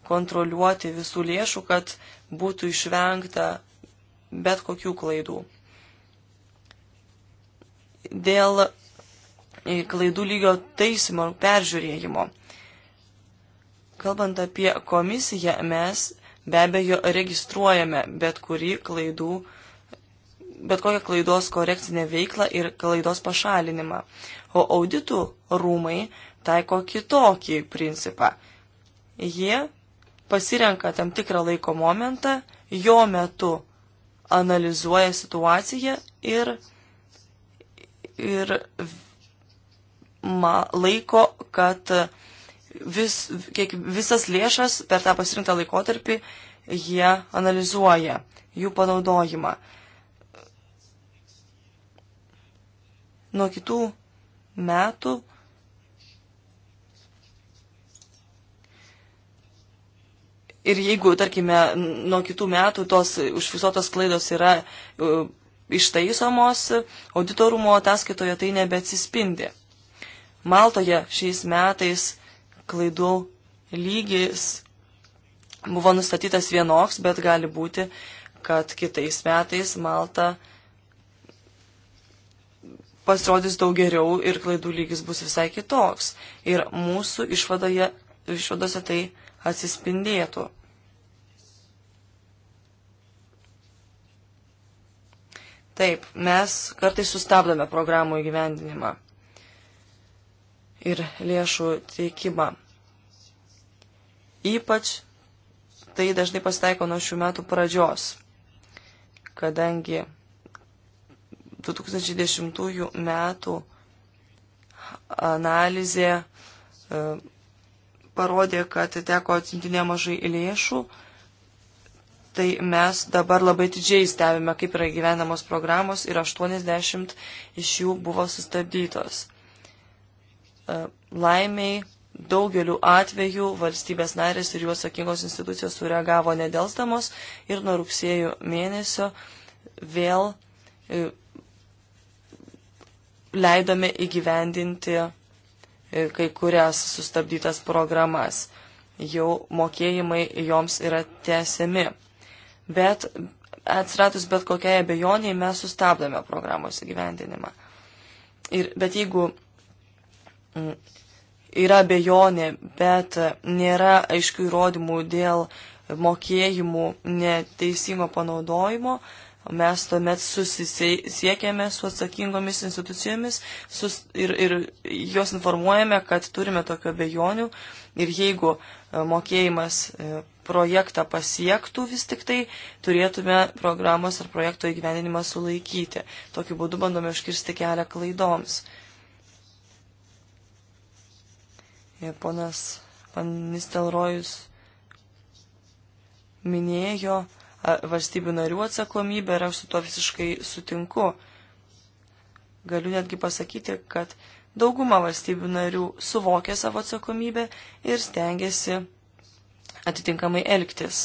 kontroliuoti visų lėšų, kad būtų išvengta bet kokių klaidų dėl e, klaidų lygio taisymo ir peržiūrėjimo. Kalbant apie komisiją, mes be abejo registruojame bet kurį klaidų, bet kokią klaidos korekcinę veiklą ir klaidos pašalinimą. O auditų rūmai taiko kitokį principą. Jie pasirenka tam tikrą laiko momentą, jo metu analizuoja situaciją ir ir ma, laiko, kad vis, kiek, visas lėšas per tą pasirinktą laikotarpį jie analizuoja jų panaudojimą. Nuo kitų metų ir jeigu, tarkime, nuo kitų metų tos užfiksuotos klaidos yra uh, ištaisomos, auditorumo ataskaitoje tai nebeatsispindi. Maltoje šiais metais klaidų lygis buvo nustatytas vienoks, bet gali būti, kad kitais metais Malta pasirodys daug geriau ir klaidų lygis bus visai kitoks. Ir mūsų išvadoje, išvadose tai atsispindėtų. Taip, mes kartais sustabdome programų įgyvendinimą ir lėšų teikimą. Ypač tai dažnai pasitaiko nuo šių metų pradžios, kadangi 2010 metų analizė e, parodė, kad teko atsinti nemažai lėšų tai mes dabar labai didžiai stebime, kaip yra gyvenamos programos ir 80 iš jų buvo sustabdytos. E, laimiai daugeliu atveju valstybės narės ir jų atsakingos institucijos sureagavo nedelsdamos ir nuo rugsėjo mėnesio vėl e, leidome įgyvendinti e, kai kurias sustabdytas programas. Jau mokėjimai joms yra tęsiami bet atsiradus bet kokiai abejoniai mes sustabdome programos įgyvendinimą. Ir, bet jeigu mm, yra abejonė, bet nėra aiškių įrodymų dėl mokėjimų neteisingo panaudojimo, Mes tuomet susisiekėme su atsakingomis institucijomis sus, ir, ir juos informuojame, kad turime tokio bejonių ir jeigu e, mokėjimas e, projektą pasiektų vis tik tai, turėtume programos ar projekto įgyvendinimą sulaikyti. Tokiu būdu bandome užkirsti kelią klaidoms. E, ponas Panistelrojus minėjo, valstybių narių atsakomybė ir aš su to visiškai sutinku. Galiu netgi pasakyti, kad dauguma valstybių narių suvokia savo atsakomybę ir stengiasi atitinkamai elgtis.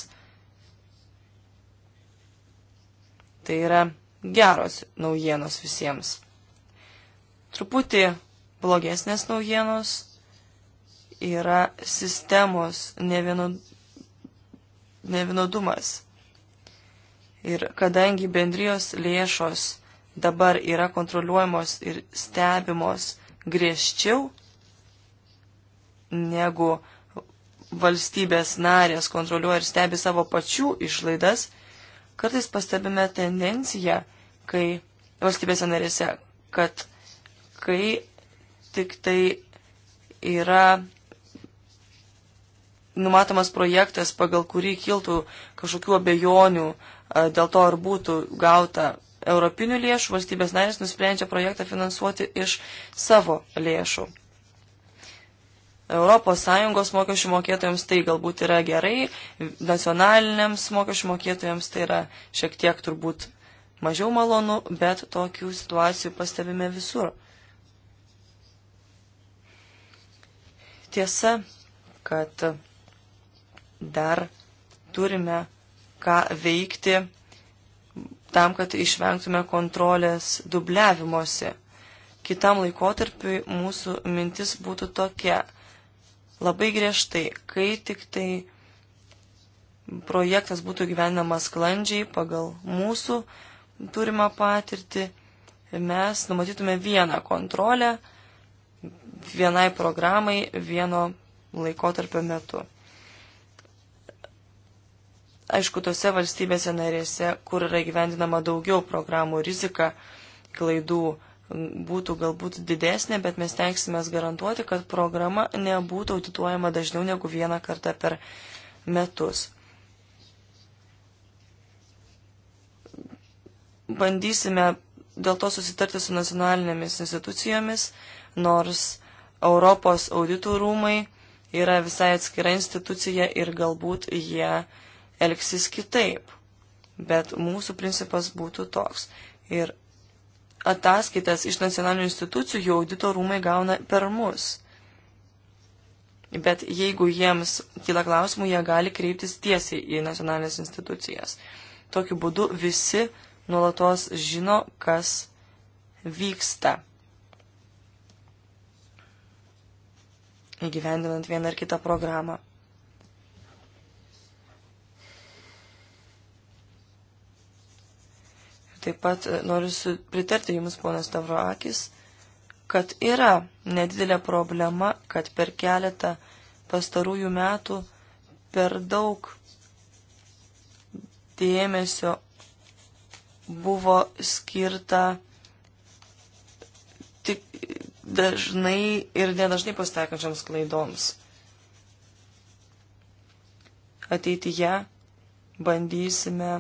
Tai yra geros naujienos visiems. Truputį blogesnės naujienos yra sistemos nevienodumas. Ir kadangi bendrijos lėšos dabar yra kontroliuojamos ir stebimos griežčiau negu valstybės narės kontroliuoja ir stebi savo pačių išlaidas, kartais pastebime tendenciją, kai valstybėse narėse, kad kai tik tai yra numatomas projektas, pagal kurį kiltų kažkokių abejonių dėl to ir būtų gauta europinių lėšų, valstybės narės nusprendžia projektą finansuoti iš savo lėšų. ES mokesčių mokėtojams tai galbūt yra gerai, nacionaliniams mokesčių mokėtojams tai yra šiek tiek turbūt mažiau malonu, bet tokių situacijų pastebime visur. Tiesa, kad dar turime ką veikti tam, kad išvengtume kontrolės dubliavimuose. Kitam laikotarpiui mūsų mintis būtų tokia labai griežtai, kai tik tai projektas būtų gyvenamas sklandžiai pagal mūsų turimą patirtį, mes numatytume vieną kontrolę vienai programai vieno laikotarpio metu. Aišku, tose valstybėse narėse, kur yra gyvendinama daugiau programų rizika klaidų būtų galbūt didesnė, bet mes tenksime garantuoti, kad programa nebūtų audituojama dažniau negu vieną kartą per metus. Bandysime dėl to susitarti su nacionalinėmis institucijomis, nors Europos auditų rūmai yra visai atskira institucija ir galbūt jie elgsis kitaip. Bet mūsų principas būtų toks. Ir ataskaitas iš nacionalinių institucijų jau audito rūmai gauna per mus. Bet jeigu jiems kyla klausimų, jie gali kreiptis tiesiai į nacionalinės institucijas. Tokiu būdu visi nuolatos žino, kas vyksta. Įgyvendinant vieną ar kitą programą. Taip pat e, noriu pritarti Jums, ponas Tavroakis, kad yra nedidelė problema, kad per keletą pastarųjų metų per daug dėmesio buvo skirta tik dažnai ir nedažnai pastekančiams klaidoms. Ateityje bandysime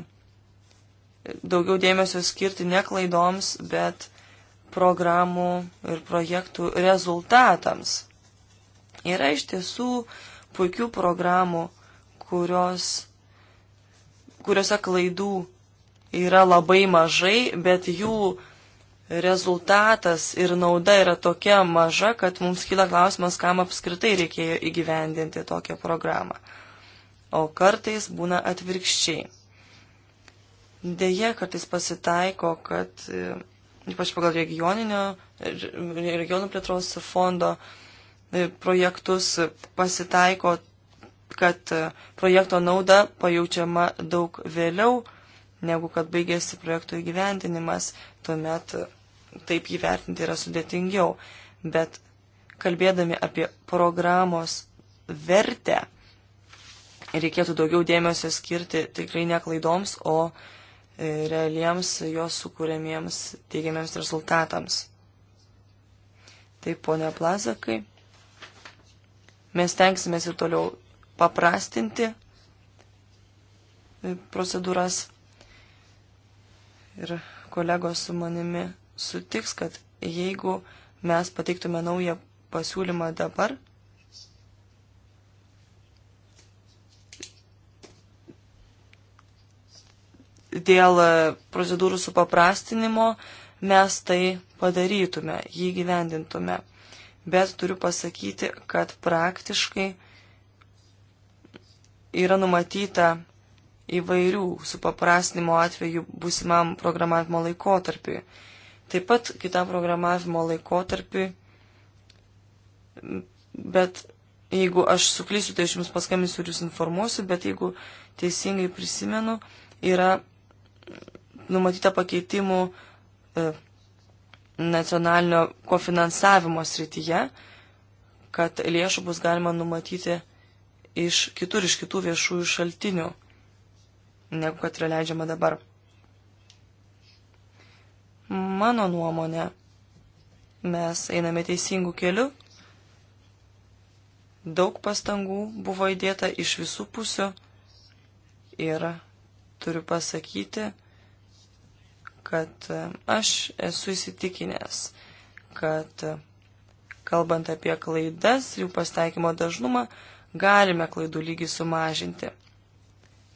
daugiau dėmesio skirti ne klaidoms, bet programų ir projektų rezultatams. Yra iš tiesų puikių programų, kurios, kuriuose klaidų yra labai mažai, bet jų rezultatas ir nauda yra tokia maža, kad mums kyla klausimas, kam apskritai reikėjo įgyvendinti tokią programą. O kartais būna atvirkščiai. Deja, kartais pasitaiko, kad e, ypač pagal regioninio, regionų plėtros fondo e, projektus pasitaiko, kad e, projekto nauda pajaučiama daug vėliau, negu kad baigėsi projekto įgyventinimas, tuomet taip įvertinti yra sudėtingiau. Bet kalbėdami apie programos vertę, reikėtų daugiau dėmesio skirti tikrai ne klaidoms, o realiems jos sukūrėmiems teigiamiems rezultatams. Taip, ponia Plazakai, mes tenksimės ir toliau paprastinti procedūras ir kolegos su manimi sutiks, kad jeigu mes pateiktume naują pasiūlymą dabar, dėl e, procedūrų supaprastinimo mes tai padarytume, jį gyvendintume. Bet turiu pasakyti, kad praktiškai yra numatyta įvairių supaprastinimo atvejų būsimam programavimo laikotarpiui. Taip pat kitam programavimo laikotarpiui, bet jeigu aš suklysiu, tai aš jums paskambinsiu ir jūs informuosiu, bet jeigu teisingai prisimenu, yra numatyta pakeitimų e, nacionalinio kofinansavimo srityje, kad lėšų bus galima numatyti iš kitur, iš kitų viešųjų šaltinių, negu kad yra leidžiama dabar. Mano nuomonė, mes einame teisingų kelių, daug pastangų buvo įdėta iš visų pusių ir turiu pasakyti, kad e, aš esu įsitikinęs, kad e, kalbant apie klaidas, jų pastaikymo dažnumą, galime klaidų lygį sumažinti.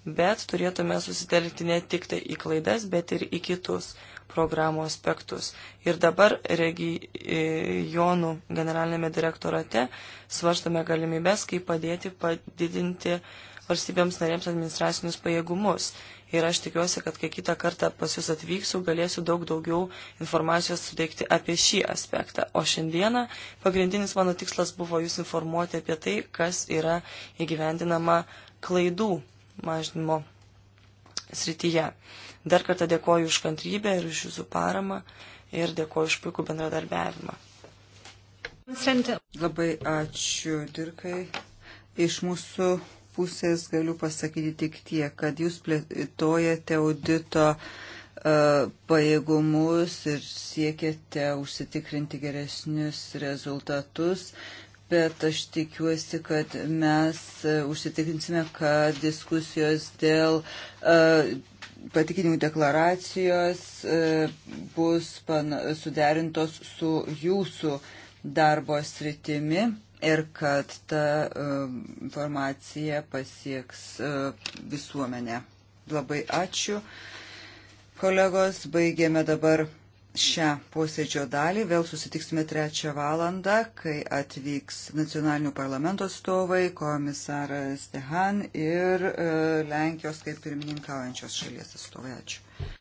Bet turėtume susitelkti ne tik tai į klaidas, bet ir į kitus programų aspektus. Ir dabar regionų e, generalinėme direktorate svarstame galimybės, kaip padėti padidinti valstybėms narėms administracinius pajėgumus ir aš tikiuosi, kad kai kitą kartą pas jūs atvyksiu, galėsiu daug daugiau informacijos suteikti apie šį aspektą. O šiandieną pagrindinis mano tikslas buvo jūs informuoti apie tai, kas yra įgyvendinama klaidų mažinimo srityje. Dar kartą dėkoju už kantrybę ir už jūsų paramą ir dėkoju už puikų bendradarbiavimą. Labai ačiū, Dirkai. Iš mūsų pusės galiu pasakyti tik tiek, kad jūs plėtojate audito e, pajėgumus ir siekiate užsitikrinti geresnius rezultatus, bet aš tikiuosi, kad mes e, užsitikrinsime, kad diskusijos dėl e, patikinimų deklaracijos bus suderintos su jūsų darbo sritimi ir kad ta e, informacija pasieks e, visuomenę. Labai ačiū. Kolegos, baigėme dabar šią posėdžio dalį. Vėl susitiksime trečią valandą, kai atvyks nacionalinių parlamento atstovai, komisaras Dehan ir e, Lenkijos kaip pirmininkaujančios šalies atstovai. Ačiū.